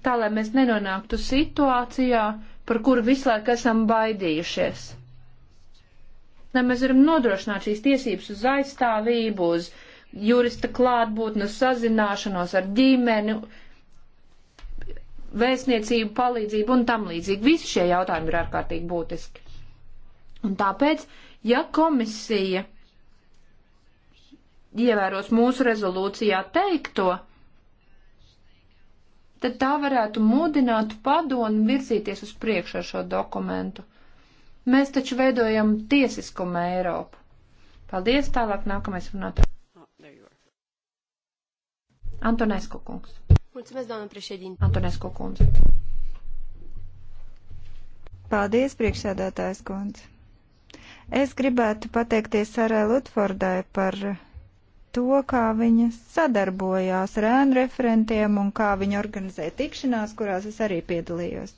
Tā, lai mēs nenonāktu situācijā, par kuru visu laiku esam baidījušies. Lai mēs varam nodrošināt šīs tiesības uz aizstāvību, uz jurista klātbūtni, uz sazināšanos ar ģimeni, vēstniecību palīdzību un tam līdzīgi. Visi šie jautājumi ir ārkārtīgi būtiski. Un tāpēc, ja komisija ievēros mūsu rezolūcijā teikto, tad tā varētu mudināt padomu virzīties uz priekšu ar šo dokumentu. Mēs taču veidojam tiesiskumu Eiropu. Paldies, tālāk nākamais runātājs. Oh, Antonescu kungs. Mulțumesc, doamnă președinte. Antonescu kungs. Paldies, priekšsēdētājs kungs. Es gribētu pateikties Sarai Lutfordai par to, kā viņa sadarbojās ar ēnu referentiem un kā viņa organizēja tikšanās, kurās es arī piedalījos.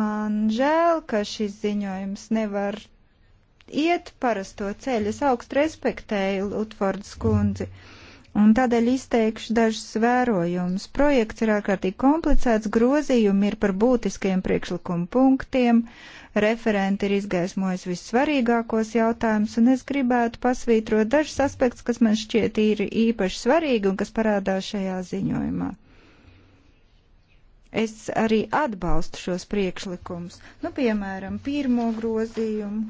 Man žēl, ka šis ziņojums nevar iet parasto ceļu. Es augstu respektēju Lutfordas kundzi. Un tādēļ izteikšu dažus vērojumus. Projekts ir ārkārtīgi komplicēts, grozījumi ir par būtiskiem priekšlikumu punktiem, Referenti ir izgaismojis vissvarīgākos jautājumus, un es gribētu pasvītrot dažus aspektus, kas man šķiet ir īpaši svarīgi un kas parādās šajā ziņojumā. Es arī atbalstu šos priekšlikumus, nu, piemēram, pirmo grozījumu,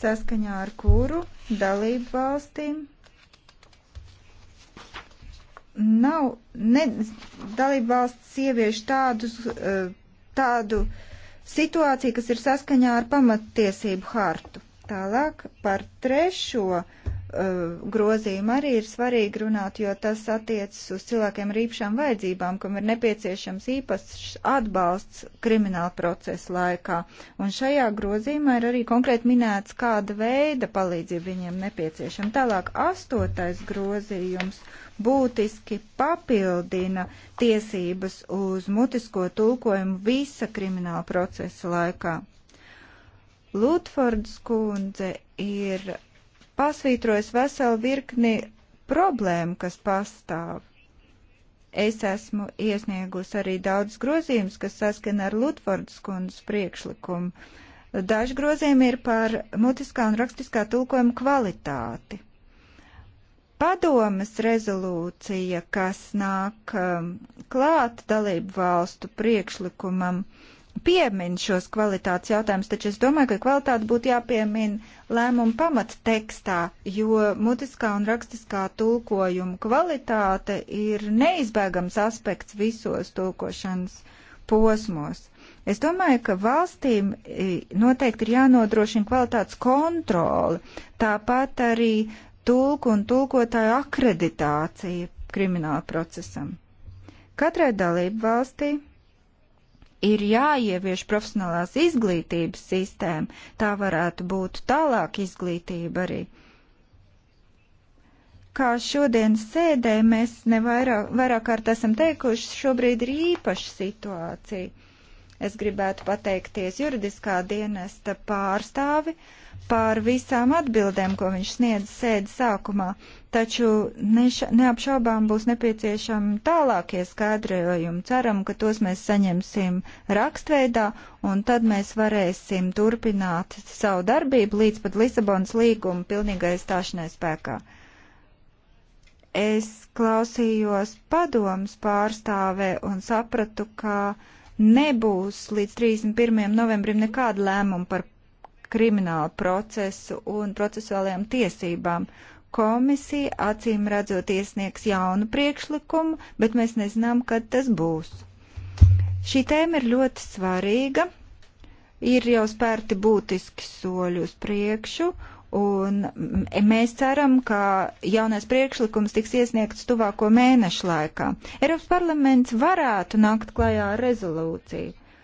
saskaņā ar kuru dalību valstīm nav, ne, dalību valsts ievieš tādus, eh, tādu, uh, tādu situācija, kas ir saskaņā ar pamattiesību hartu. Tālāk par trešo Eh, grozījumu arī ir svarīgi runāt, jo tas attiecas uz cilvēkiem ar īpašām vajadzībām, kam ir nepieciešams īpašs atbalsts krimināla procesa laikā. Un šajā grozījumā ir arī konkrēti minēts, kāda veida palīdzība viņiem nepieciešama. Tālāk astotais grozījums būtiski papildina tiesības uz mutisko tulkojumu visa krimināla procesa laikā. Lutfords kundze ir pasvītrojas vesela virkni problēmu, kas pastāv. Es esmu iesniegusi arī daudz grozījumus, kas saskana ar Lutfordas kundas priekšlikumu. Daži grozījumi ir par mutiskā un rakstiskā tulkojuma kvalitāti. Padomas rezolūcija, kas nāk um, klāt dalību valstu priekšlikumam, uh, piemin šos kvalitātes jautājumus, taču es domāju, ka kvalitāte būtu jāpiemin lēmuma pamattekstā, jo mutiskā un rakstiskā tulkojuma kvalitāte ir neizbēgams aspekts visos tulkošanas posmos. Es domāju, ka valstīm e, noteikti ir jānodrošina kvalitātes kontroli, tāpat arī tulku un tulkotāju akreditācija krimināla procesam. Katrai dalību valstī ir jāievieš profesionālās izglītības sistēma. Tā varētu būt tālāk izglītība arī. Kā šodienas sēdē mēs nevairāk vairāk kārt esam teikuši, šobrīd ir īpaša situācija. Es gribētu pateikties juridiskā dienesta pārstāvi par visām atbildēm, ko viņš sniedz sēdes sākumā taču neša, neapšaubām būs nepieciešami tālākie skaidrojumi. Ceram, ka tos mēs saņemsim rakstveidā, un tad mēs varēsim turpināt savu darbību līdz pat Lisabonas līguma pilnīgai stāšanai spēkā. Es klausījos padomus pārstāvē un sapratu, ka nebūs līdz 31. novembrim nekāda lēmuma par kriminālu procesu un procesuālajām tiesībām. Komisija acīm redzot iesniegs jaunu priekšlikumu, bet mēs nezinām, kad tas būs. Šī tēma ir ļoti svarīga, ir jau spērti būtiski soļi uz priekšu, un mēs ceram, ka jaunais priekšlikums tiks iesniegts tuvāko mēnešu laikā. Eiropas parlaments varētu nākt klajā ar rezolūciju,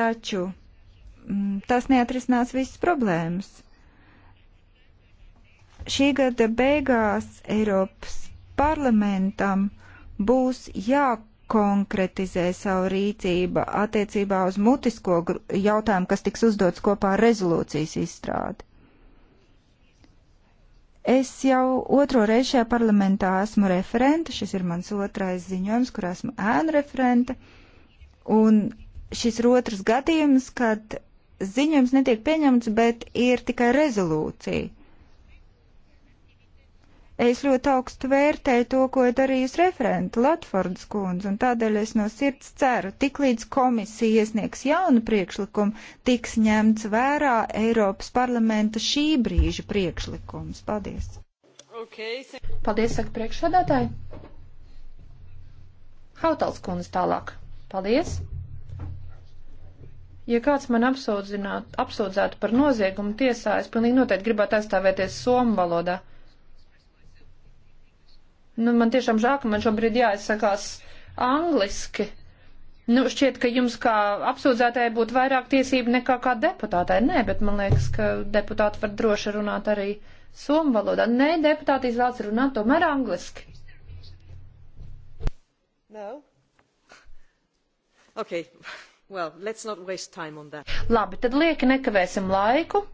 taču tas neatrisinās visas problēmas. Šī gada beigās Eiropas parlamentam būs jākonkretizē savu rīcību attiecībā uz mutisko jautājumu, kas tiks uzdots kopā ar rezolūcijas izstrādi. Es jau otro reizi šajā parlamentā esmu referente, šis ir mans otrais ziņojums, kur esmu ēnu referente, un šis ir otrs gadījums, kad ziņojums netiek pieņemts, bet ir tikai rezolūcija Es ļoti augstu vērtēju to, ko ir darījusi referenta Latfordas kundze, un tādēļ es no sirds ceru, tiklīdz komisija iesniegs jaunu priekšlikumu, tiks ņemts vērā Eiropas parlamenta šī brīža priekšlikums. Paldies! Okay, Paldies, saka priekšsādātāji! Hautals kundze tālāk. Paldies! Ja kāds man apsūdzētu par noziegumu tiesā, es pilnīgi noteikti gribētu aizstāvēties somu valodā. Nu, man tiešām žēl, ka man šobrīd jāizsakās angliski. Nu, šķiet, ka jums kā apsūdzētāji būtu vairāk tiesību nekā kā deputātai. Nē, bet man liekas, ka deputāti var droši runāt arī somu valodā. Nē, deputāti izvēlas runāt tomēr angliski. No? Okay. Well, let's not waste time on that. Labi, tad lieki nekavēsim laiku.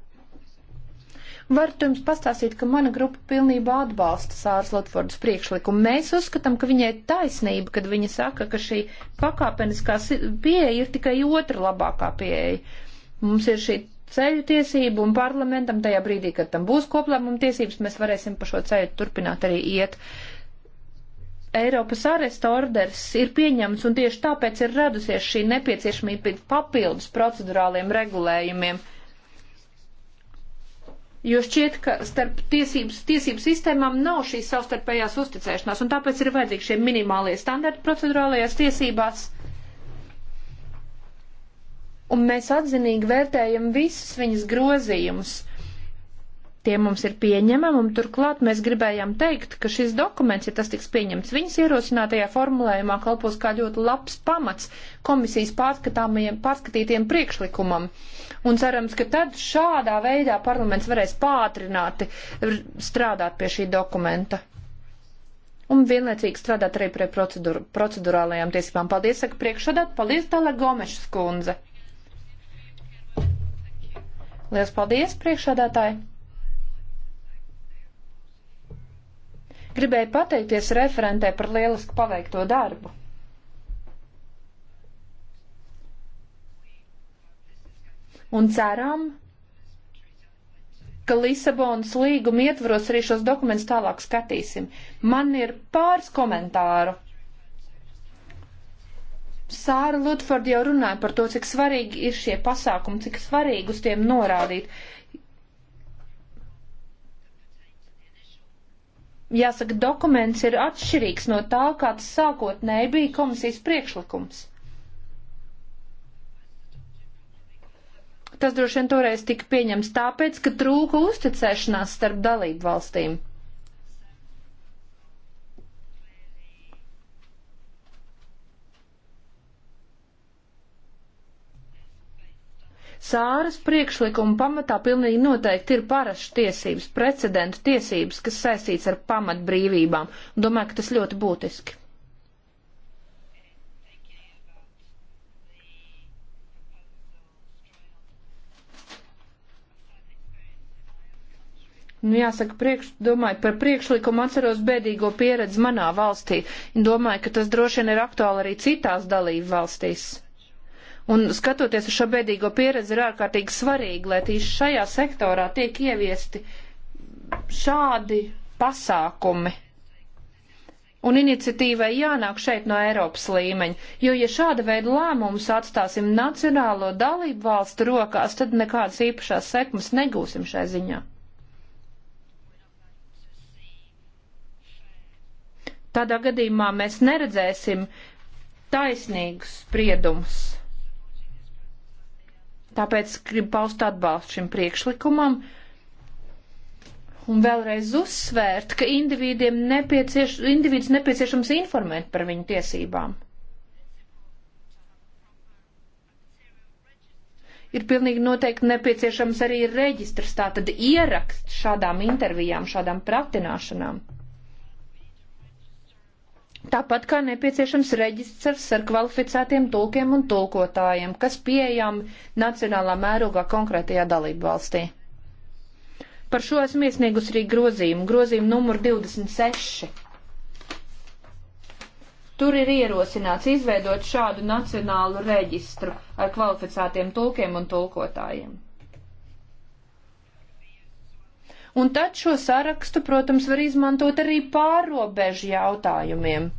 Varat jums pastāstīt, ka mana grupa pilnībā atbalsta Sāras Lotfordas priekšlikumu. Mēs uzskatām, ka viņai taisnība, kad viņa saka, ka šī pakāpeniskā pieeja ir tikai otra labākā pieeja. Mums ir šī ceļu tiesību un parlamentam tajā brīdī, kad tam būs koplēmuma tiesības, mēs varēsim pa šo ceļu turpināt arī iet. Eiropas aresta orders ir pieņemts un tieši tāpēc ir radusies šī nepieciešamība pēc papildus procedurāliem regulējumiem. Jo šķiet, ka starp tiesības, tiesības sistēmām nav šīs savstarpējās uzticēšanās, un tāpēc ir vajadzīgi šie minimālie standarti procedurālajās tiesībās. Un mēs atzinīgi vērtējam visus viņas grozījumus, tie mums ir pieņemami, un turklāt mēs gribējām teikt, ka šis dokuments, ja tas tiks pieņemts viņas ierosinātajā formulējumā, kalpos kā ļoti labs pamats komisijas pārskatītiem priekšlikumam. Un cerams, ka tad šādā veidā parlaments varēs pātrināti strādāt pie šī dokumenta. Un vienlaicīgi strādāt arī pie procedūr, procedurālajām tiesībām. Paldies, saka priekšsādāt, paldies, Tele Gomešas kundze. Lielas paldies, priekšsādātāji! Gribēju pateikties referentē par lielisku paveikto darbu. Un ceram, ka Lisabonas līguma ietvaros arī šos dokumentus tālāk skatīsim. Man ir pāris komentāru. Sāra Lutford jau runāja par to, cik svarīgi ir šie pasākumi, cik svarīgi uz tiem norādīt. jāsaka, dokuments ir atšķirīgs no tā, kāds sākotnēji bija komisijas priekšlikums. Tas droši vien toreiz tika pieņems tāpēc, ka trūka uzticēšanās starp dalību valstīm. Sāras priekšlikuma pamatā pilnīgi noteikti ir parašas tiesības, precedentu tiesības, kas saistīts ar pamatbrīvībām. Domāju, ka tas ļoti būtiski. Nu, jāsaka, priekš, domāju, par priekšlikumu atceros bēdīgo pieredzi manā valstī. Domāju, ka tas droši vien ir aktuāli arī citās dalību valstīs. Un skatoties uz šo bēdīgo pieredzi, ir ārkārtīgi svarīgi, lai tieši šajā sektorā tiek ieviesti šādi pasākumi. Un iniciatīvai jānāk šeit no Eiropas līmeņa, jo ja šāda veida lēmumus atstāsim nacionālo dalību valstu rokās, tad nekādas īpašās sekmes negūsim šai ziņā. Tādā gadījumā mēs neredzēsim taisnīgus spriedumus. Tāpēc gribu paust atbalstu šim priekšlikumam un vēlreiz uzsvērt, ka individiem nepiecieš, individs nepieciešams informēt par viņu tiesībām. Ir pilnīgi noteikti nepieciešams arī reģistrs, tātad ieraksts šādām intervijām, šādām praktināšanām. Tāpat kā nepieciešams reģistrs ar kvalificētiem tulkiem un tulkotājiem, kas pieejami nacionālā mērogā konkrētajā dalību valstī. Par šo esmu iesniegus arī grozījumu, grozījumu numuru 26. Tur ir ierosināts izveidot šādu nacionālu reģistru ar kvalificētiem tulkiem un tulkotājiem. un tad šo sarakstu, protams, var izmantot arī pārobežu jautājumiem.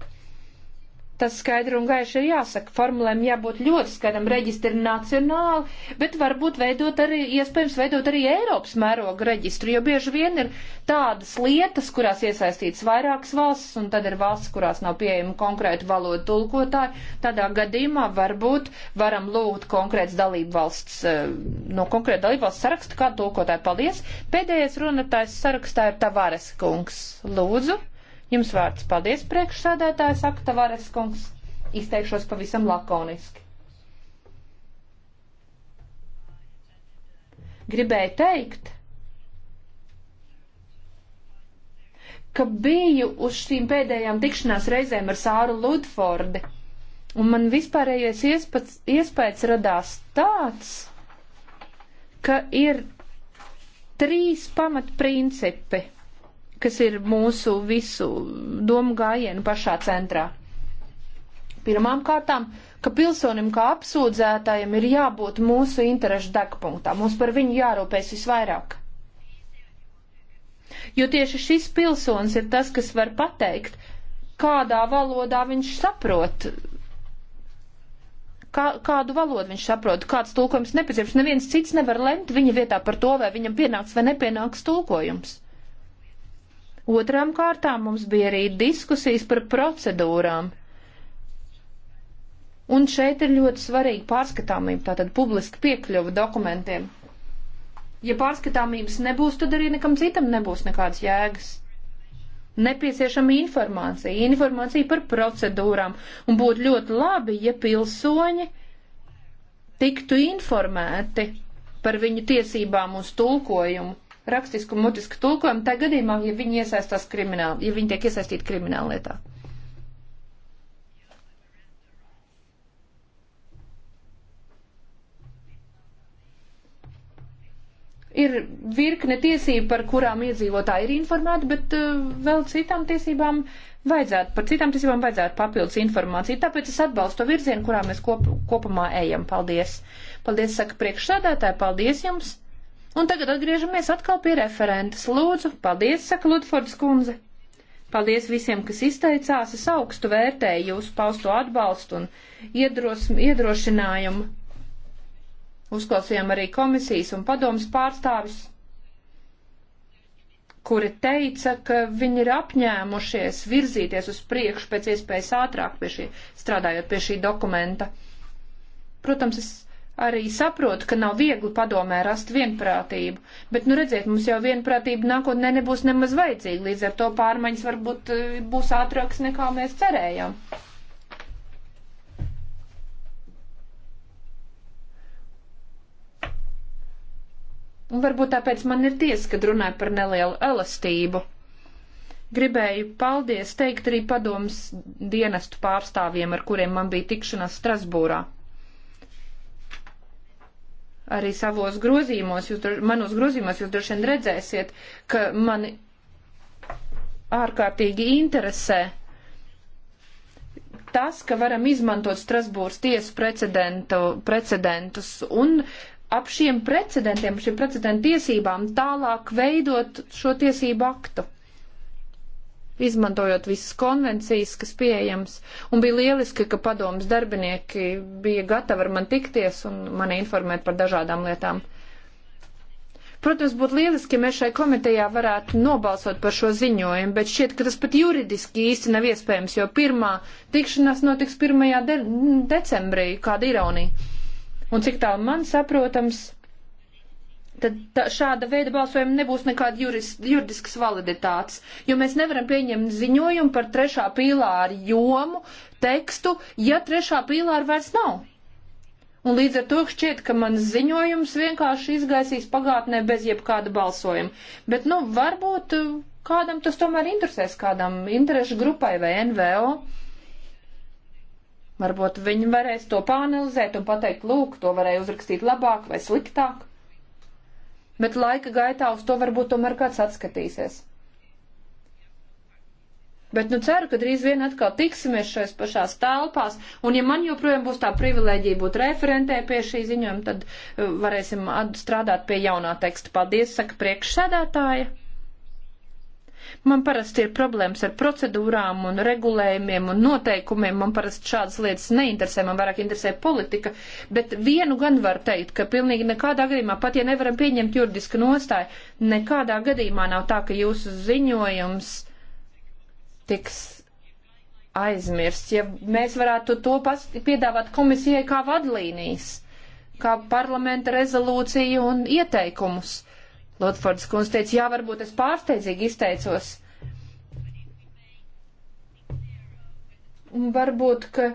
Tas skaidri un gaiši ir jāsaka. Formulēm jābūt ļoti skaidram. Reģistri ir nacionāli, bet varbūt veidot arī, iespējams, veidot arī Eiropas mēroga reģistru, jo bieži vien ir tādas lietas, kurās iesaistīts vairākas valsts, un tad ir valsts, kurās nav pieejama konkrēta valoda tulkotāja. Tādā gadījumā varbūt varam lūgt konkrēts dalību valsts, eh, no konkrēta dalību valsts saraksta kādu tulkotāju. Paldies! Pēdējais runātājs sarakstā ir Tavares kungs. Lūdzu! Jums vārds paldies priekšsēdētājs Aktavares kungs. Izteikšos pavisam lakoniski. Gribēju teikt, ka biju uz šīm pēdējām tikšanās reizēm ar Sāru Ludfordi, un man vispārējais iespats, iespējas radās tāds, ka ir trīs pamatprincipi kas ir mūsu visu domu gājienu pašā centrā. Pirmām kārtām, ka pilsonim kā apsūdzētājiem ir jābūt mūsu interešu degpunktā, mums par viņu jārūpēs visvairāk. Jo tieši šis pilsonis ir tas, kas var pateikt, kādā valodā viņš saprot kā, kādu valodu viņš saprot, kāds tulkojums nepieciešams. Neviens cits nevar lemt viņa vietā par to, vai viņam pienāks vai nepienāks tulkojums. Otrām kārtām mums bija arī diskusijas par procedūrām. Un šeit ir ļoti svarīga pārskatāmība, tātad publiska piekļuva dokumentiem. Ja pārskatāmības nebūs, tad arī nekam citam nebūs nekādas jēgas. Nepieciešama informācija, informācija par procedūrām, un būtu ļoti labi, ja pilsoņi tiktu informēti par viņu tiesībām uz tulkojumu rakstisku mutisku tulkojumu, tā gadījumā, ja viņi iesaistās krimināli, ja viņi tiek iesaistīti krimināla lietā. Ir virkne tiesību, par kurām iedzīvotāji ir informēti, bet uh, vēl citām tiesībām vajadzētu, par citām tiesībām vajadzētu papildus informāciju. Tāpēc es atbalstu to virzienu, kurā mēs kop, kopumā ejam. Paldies! Paldies, saka priekšsādātāji, paldies jums! Un tagad atgriežamies atkal pie referentes. Lūdzu, paldies, saka Lutfords kundze. Paldies visiem, kas izteicās. Es augstu vērtēju jūsu pausto atbalstu un iedros, iedrošinājumu. Uzklausījām arī komisijas un padomas pārstāvis, kuri teica, ka viņi ir apņēmušies virzīties uz priekšu pēc iespējas ātrāk pie šī, strādājot pie šī dokumenta. Protams, es arī saprotu, ka nav viegli padomē rast vienprātību, bet, nu redziet, mums jau vienprātība nākotnē nebūs nemaz vajadzīga, līdz ar to pārmaiņas varbūt eh, būs ātrākas nekā mēs cerējām. Un varbūt tāpēc man ir tiesa, kad runāju par nelielu elastību. Gribēju paldies teikt arī padomus dienestu pārstāvjiem, ar kuriem man bija tikšanās Strasbūrā arī savos grozīmos, jūs, manos grozīmos jūs droši vien redzēsiet, ka mani ārkārtīgi interesē tas, ka varam izmantot Strasbūras tiesu precedentu, precedentus un ap šiem precedentiem, šiem precedentu tiesībām tālāk veidot šo tiesību aktu izmantojot visas konvencijas, kas pieejams, un bija lieliski, ka padomas darbinieki bija gatavi ar man tikties un mani informēt par dažādām lietām. Protams, būtu lieliski, ja mēs šai komitejā varētu nobalsot par šo ziņojumu, bet šķiet, ka tas pat juridiski īsti nav iespējams, jo pirmā tikšanās notiks 1. De decembrī, kāda ironija. Un cik tālu man saprotams, tad tā, šāda veida balsojuma nebūs nekāda juris, juridiskas validitātes, jo mēs nevaram pieņemt ziņojumu par trešā pīlāra jomu, tekstu, ja trešā pīlāra vairs nav. Un līdz ar to šķiet, ka mans ziņojums vienkārši izgaisīs pagātnē bez jebkāda balsojuma. Bet, nu, varbūt uh, kādam tas tomēr interesēs, kādam interešu grupai vai NVO. Varbūt viņi varēs to pāanalizēt un pateikt, lūk, to varēja uzrakstīt labāk vai sliktāk bet laika gaitā uz to varbūt tomēr kāds atskatīsies. Bet nu ceru, ka drīz vien atkal tiksimies šajās pašās telpās, un ja man joprojām būs tā privilēģija būt referentē pie šī ziņojuma, tad uh, varēsim strādāt pie jaunā teksta. Paldies, saka priekšsēdētāja. Man parasti ir problēmas ar procedūrām un regulējumiem un noteikumiem. Man parasti šādas lietas neinteresē, man vairāk interesē politika. Bet vienu gan var teikt, ka pilnīgi nekādā gadījumā, pat ja nevaram pieņemt juridisku nostāju, nekādā gadījumā nav tā, ka jūsu ziņojums tiks aizmirsts. Ja mēs varētu to piedāvāt komisijai kā vadlīnijas, kā parlamenta rezolūciju un ieteikumus Lotfords kundze teica, jā, varbūt es pārsteidzīgi izteicos. Varbūt, ka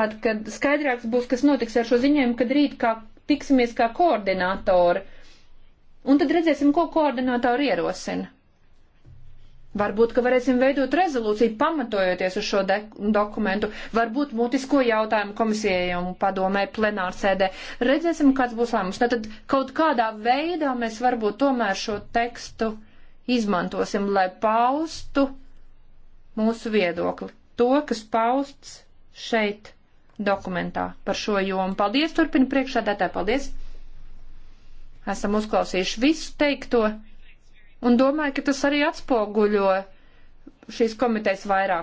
tad, kad skaidrāks būs, kas notiks ar šo ziņojumu, kad rīt kā tiksimies kā koordinātori. Un tad redzēsim, ko koordinātori ierosina. Varbūt, ka varēsim veidot rezolūciju pamatojoties uz šo dokumentu, varbūt mutisko jautājumu komisijai un padomē plenārsēdē. Redzēsim, kāds būs lēmums. Tad kaut kādā veidā mēs varbūt tomēr šo tekstu izmantosim, lai paustu mūsu viedokli. To, kas pausts šeit dokumentā par šo jomu. Paldies, turpina priekšādātāji, paldies. Esam uzklausījuši visu teikto. Un domāju, ka tas arī atspoguļo šīs komitejas vairāk